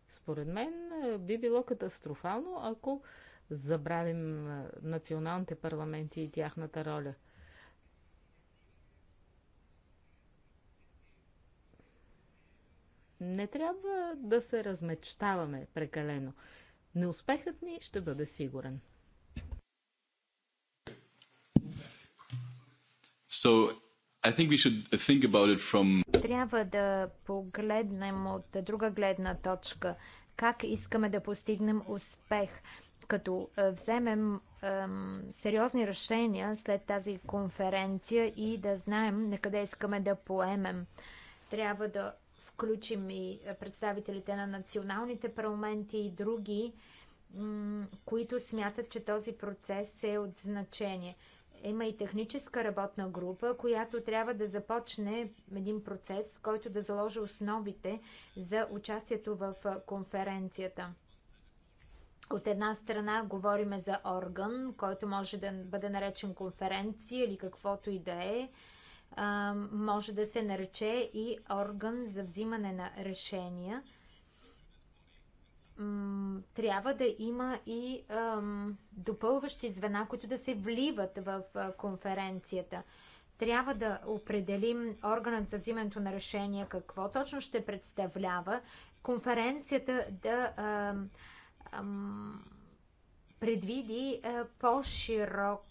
Според мен би било катастрофално, ако забравим националните парламенти и тяхната роля. Не трябва да се размечтаваме прекалено неуспехът ни ще бъде сигурен. So, I think we should think about it from... Трябва да погледнем от друга гледна точка как искаме да постигнем успех, като е, вземем ем, сериозни решения след тази конференция и да знаем на къде искаме да поемем. Трябва да включим и представителите на националните парламенти и други, които смятат, че този процес е от значение. Има и техническа работна група, която трябва да започне един процес, който да заложи основите за участието в конференцията. От една страна говориме за орган, който може да бъде наречен конференция или каквото и да е може да се нарече и орган за взимане на решения. Трябва да има и допълващи звена, които да се вливат в конференцията. Трябва да определим органът за взимането на решение, какво точно ще представлява. Конференцията да предвиди по-широк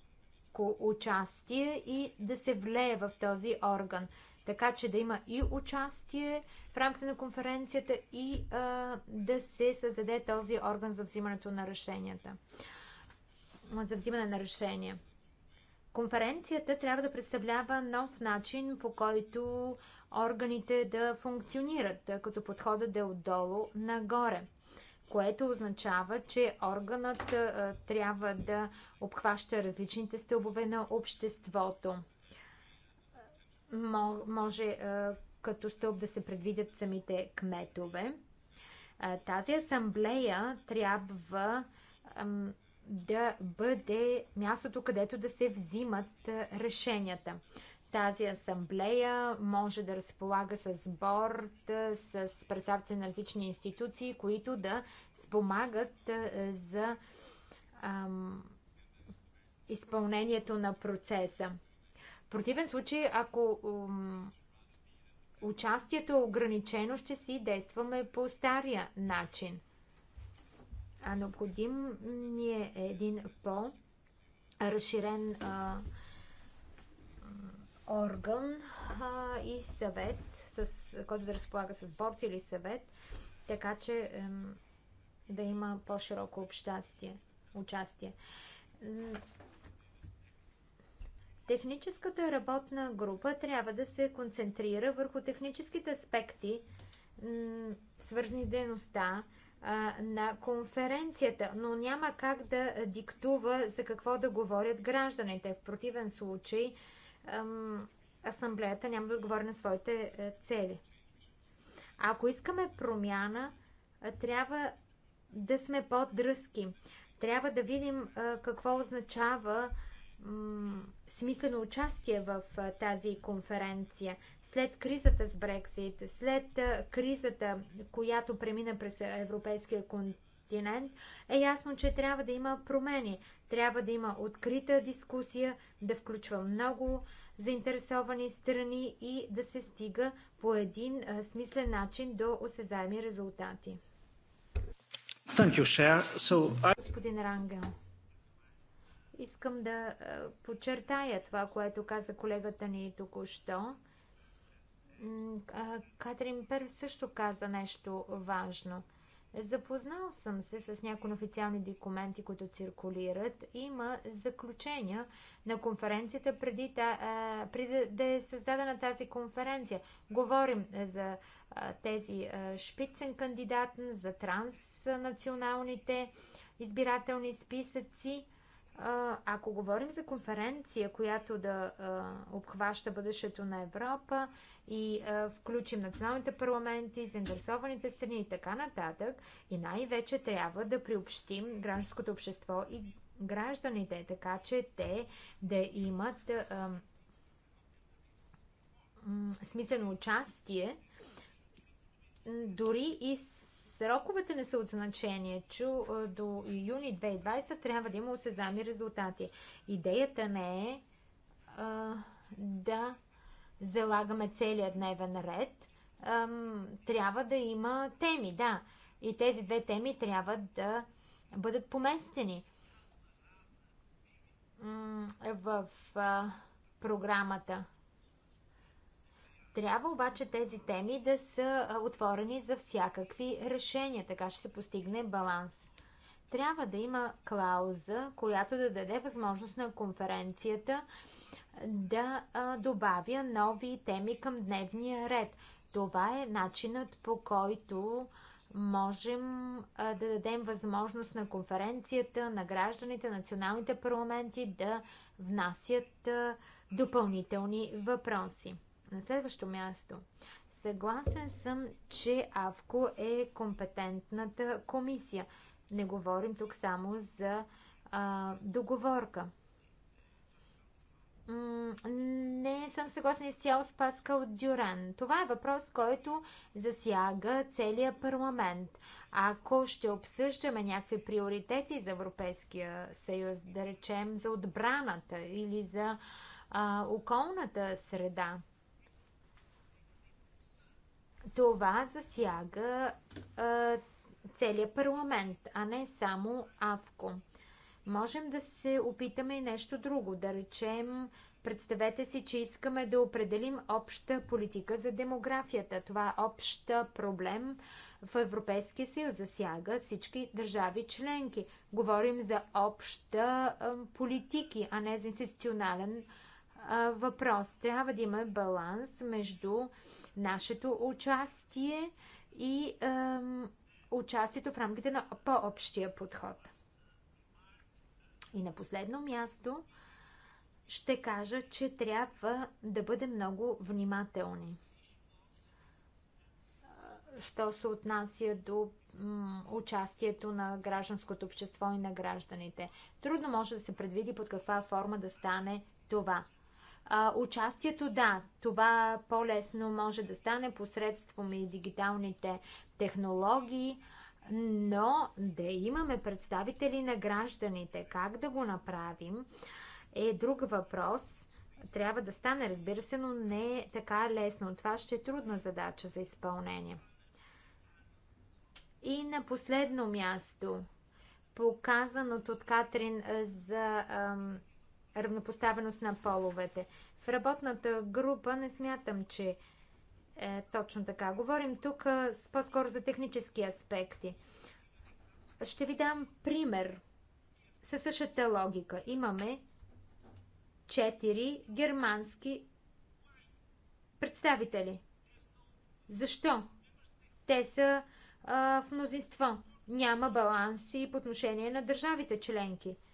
пряко участие и да се влее в този орган. Така че да има и участие в рамките на конференцията и а, да се създаде този орган за взимането на решенията. За взимане на решения. Конференцията трябва да представлява нов начин, по който органите да функционират, като подходът да е отдолу нагоре което означава, че органът трябва да обхваща различните стълбове на обществото. Може като стълб да се предвидят самите кметове. тази асамблея трябва да бъде мястото, където да се взимат решенията. Тази асамблея може да разполага с борд, с представители на различни институции, които да спомагат за ам, изпълнението на процеса. В противен случай, ако ам, участието е ограничено, ще си действаме по стария начин. А необходим ни е един по-разширен орган а, и съвет, с, който да разполага с борт или съвет, така че е, да има по-широко общастие, участие. Техническата работна група трябва да се концентрира върху техническите аспекти, свързани с дейността на конференцията, но няма как да диктува за какво да говорят гражданите. В противен случай, асамблеята няма да отговори на своите е, цели. ако искаме промяна, е, трябва да сме по-дръзки. Трябва да видим е, какво означава смислено участие в тази конференция. След кризата с Брексит, след кризата, която премина през европейския континент, континент, е ясно, че трябва да има промени. Трябва да има открита дискусия, да включва много заинтересовани страни и да се стига по един а, смислен начин до осезаеми резултати. Thank you, So, I... Господин Рангел, искам да подчертая това, което каза колегата ни току-що. Катрин Пер също каза нещо важно – Запознал съм се с някои официални документи, които циркулират. Има заключения на конференцията преди, та, а, преди да е създадена тази конференция. Говорим за а, тези а, шпицен кандидат, за транснационалните избирателни списъци. Ако говорим за конференция, която да обхваща бъдещето на Европа и включим националните парламенти, заинтересованите страни и така нататък, и най-вече трябва да приобщим гражданското общество и гражданите, така че те да имат смислено участие дори и Сроковете не са от значение. Чу до юни 2020 трябва да има осезами резултати. Идеята не е а, да залагаме целият дневен ред. А, трябва да има теми, да. И тези две теми трябва да бъдат поместени в а, програмата. Трябва обаче тези теми да са отворени за всякакви решения, така ще се постигне баланс. Трябва да има клауза, която да даде възможност на конференцията да добавя нови теми към дневния ред. Това е начинът по който можем да дадем възможност на конференцията, на гражданите, националните парламенти да внасят допълнителни въпроси. На следващо място. Съгласен съм, че АВКО е компетентната комисия. Не говорим тук само за а, договорка. не съм съгласна изцяло с Паскал Дюран. Това е въпрос, който засяга целия парламент. Ако ще обсъждаме някакви приоритети за Европейския съюз, да речем за отбраната или за а, околната среда, това засяга а, целият парламент, а не само АВКО. Можем да се опитаме и нещо друго. Да речем, представете си, че искаме да определим обща политика за демографията. Това е обща проблем в Европейския съюз. Засяга всички държави членки. Говорим за обща а, политики, а не за институционален а, въпрос. Трябва да има баланс между а, нашето участие и ем, участието в рамките на по-общия подход. И на последно място ще кажа, че трябва да бъдем много внимателни. Що се отнася до участието на гражданското общество и на гражданите. Трудно може да се предвиди под каква форма да стане това. А, участието, да, това по-лесно може да стане посредством и дигиталните технологии, но да имаме представители на гражданите, как да го направим, е друг въпрос. Трябва да стане, разбира се, но не е така лесно. Това ще е трудна задача за изпълнение. И на последно място, показаното от Катрин за. Ам, равнопоставеност на половете. В работната група не смятам, че е точно така. Говорим тук по-скоро за технически аспекти. Ще ви дам пример със същата логика. Имаме четири германски представители. Защо? Те са а, в мнозинство. Няма баланси по отношение на държавите членки –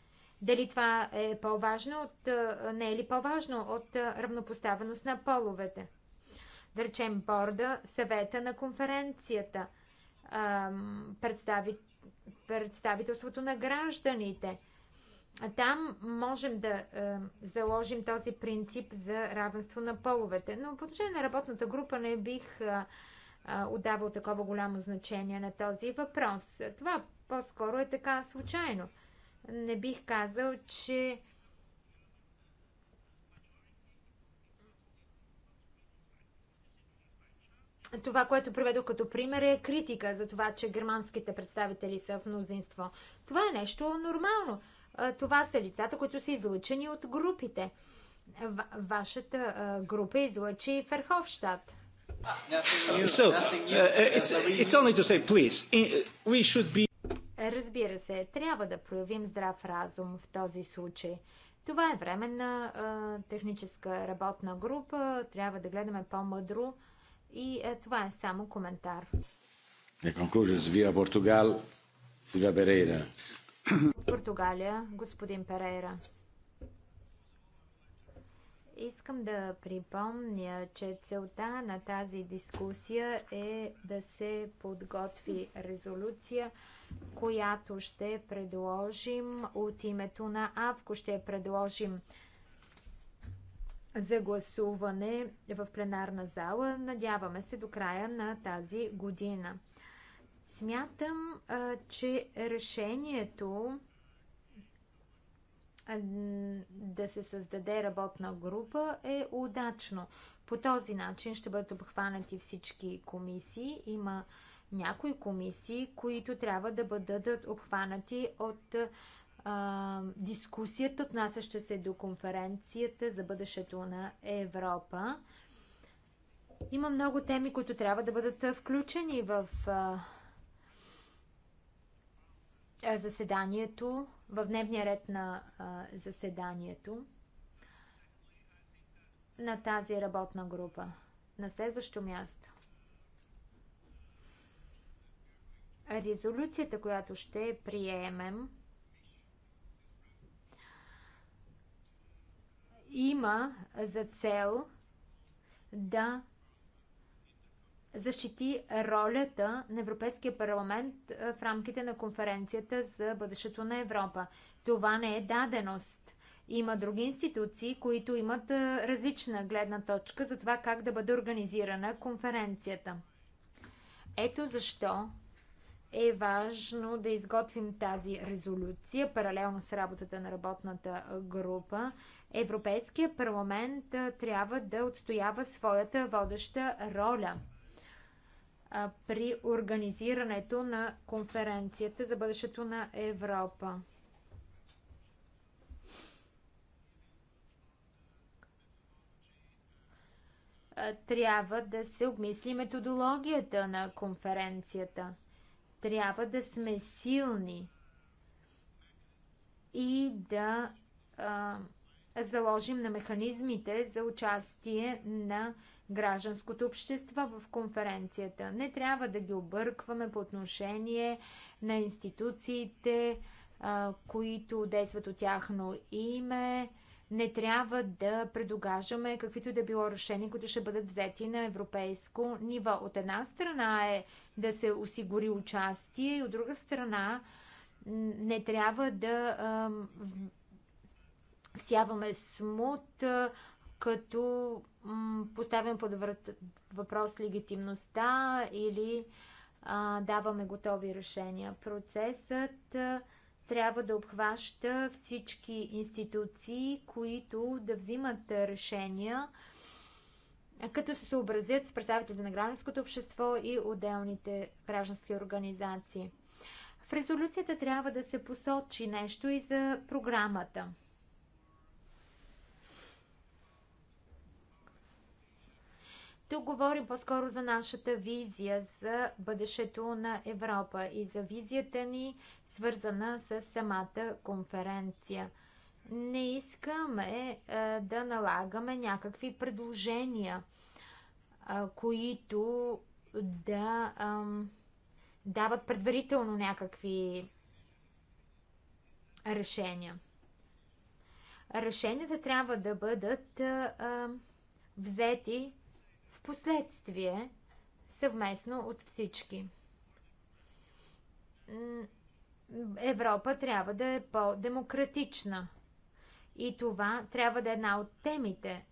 дали това е по-важно от, не е ли по-важно от равнопоставеност на половете? Да речем борда, съвета на конференцията, представи, представителството на гражданите. Там можем да заложим този принцип за равенство на половете. Но по отношение на работната група не бих отдавал такова голямо значение на този въпрос. Това по-скоро е така случайно не бих казал, че това, което приведох като пример е критика за това, че германските представители са в мнозинство. Това е нещо нормално. Това са лицата, които са излъчени от групите. вашата група излъчи Ферховщад. So, uh, it's, it's only to say, please, uh, we should be... Разбира се, трябва да проявим здрав разум в този случай. Това е временна а, техническа работна група. Трябва да гледаме по-мъдро. И а, това е само коментар. Е конклюже с Португал, Сива Перейра. Португалия, господин Перейра. Искам да припомня, че целта на тази дискусия е да се подготви резолюция, която ще предложим от името на АВКО. Ще предложим за гласуване в пленарна зала. Надяваме се до края на тази година. Смятам, че решението да се създаде работна група е удачно. По този начин ще бъдат обхванати всички комисии. Има някои комисии, които трябва да бъдат обхванати от а, дискусията, отнасяща се до конференцията за бъдещето на Европа. Има много теми, които трябва да бъдат включени в а, заседанието в дневния ред на а, заседанието на тази работна група. На следващо място. Резолюцията, която ще приемем, има за цел да защити ролята на Европейския парламент е, в рамките на конференцията за бъдещето на Европа. Това не е даденост. Има други институции, които имат е, различна гледна точка за това как да бъде организирана конференцията. Ето защо е важно да изготвим тази резолюция паралелно с работата на работната група. Европейския парламент е, трябва да отстоява своята водеща роля – при организирането на конференцията за бъдещето на Европа. Трябва да се обмисли методологията на конференцията. Трябва да сме силни и да а, заложим на механизмите за участие на гражданското общество в конференцията. Не трябва да ги объркваме по отношение на институциите, които действат от тяхно име. Не трябва да предугажаме каквито да било решения, които ще бъдат взети на европейско ниво. От една страна е да се осигури участие, и от друга страна не трябва да всяваме смут, като поставям под въпрос легитимността или а, даваме готови решения. Процесът а, трябва да обхваща всички институции, които да взимат решения, като се съобразят с представителите на гражданското общество и отделните граждански организации. В резолюцията трябва да се посочи нещо и за програмата – Тук говорим по-скоро за нашата визия за бъдещето на Европа и за визията ни, свързана с самата конференция. Не искаме е, да налагаме някакви предложения, е, които да е, дават предварително някакви решения. Решенията трябва да бъдат взети в последствие съвместно от всички. Европа трябва да е по-демократична. И това трябва да е една от темите,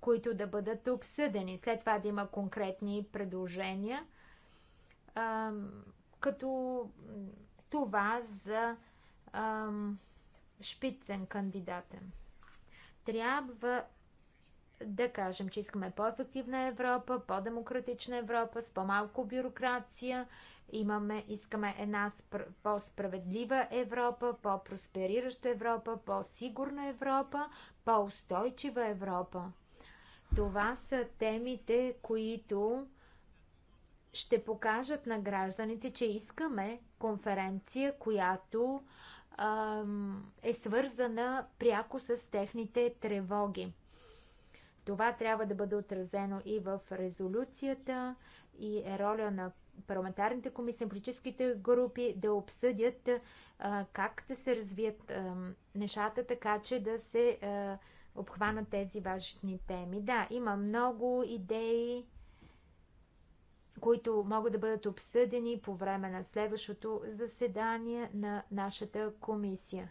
които да бъдат обсъдени. След това да има конкретни предложения, като това за шпицен кандидатен. Трябва да кажем, че искаме по-ефективна Европа, по-демократична Европа, с по-малко бюрокрация. Имаме, искаме една спр- по-справедлива Европа, по-просперираща Европа, по-сигурна Европа, по-устойчива Европа. Това са темите, които ще покажат на гражданите, че искаме конференция, която е свързана пряко с техните тревоги. Това трябва да бъде отразено и в резолюцията и е роля на парламентарните комисии, на политическите групи да обсъдят а, как да се развият а, нещата, така че да се а, обхванат тези важни теми. Да, има много идеи, които могат да бъдат обсъдени по време на следващото заседание на нашата комисия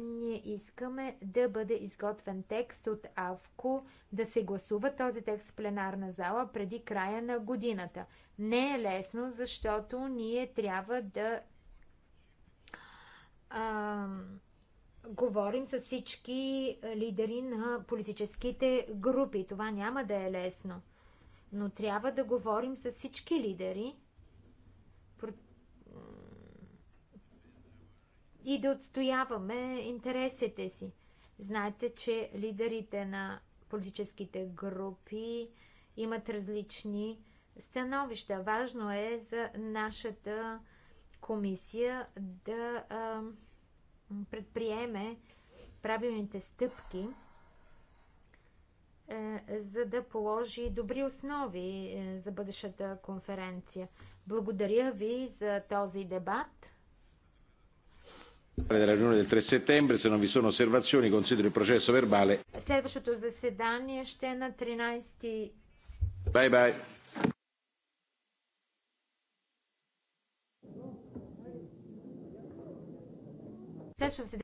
ние искаме да бъде изготвен текст от АВКО, да се гласува този текст в пленарна зала преди края на годината. Не е лесно, защото ние трябва да а, говорим с всички лидери на политическите групи. Това няма да е лесно. Но трябва да говорим с всички лидери и да отстояваме интересите си. Знаете, че лидерите на политическите групи имат различни становища. Важно е за нашата комисия да а, предприеме правилните стъпки, а, е, за да положи добри основи е, за бъдещата конференция. Благодаря ви за този дебат. Следващото заседание ще е на 13 Bye bye. Следващото заседание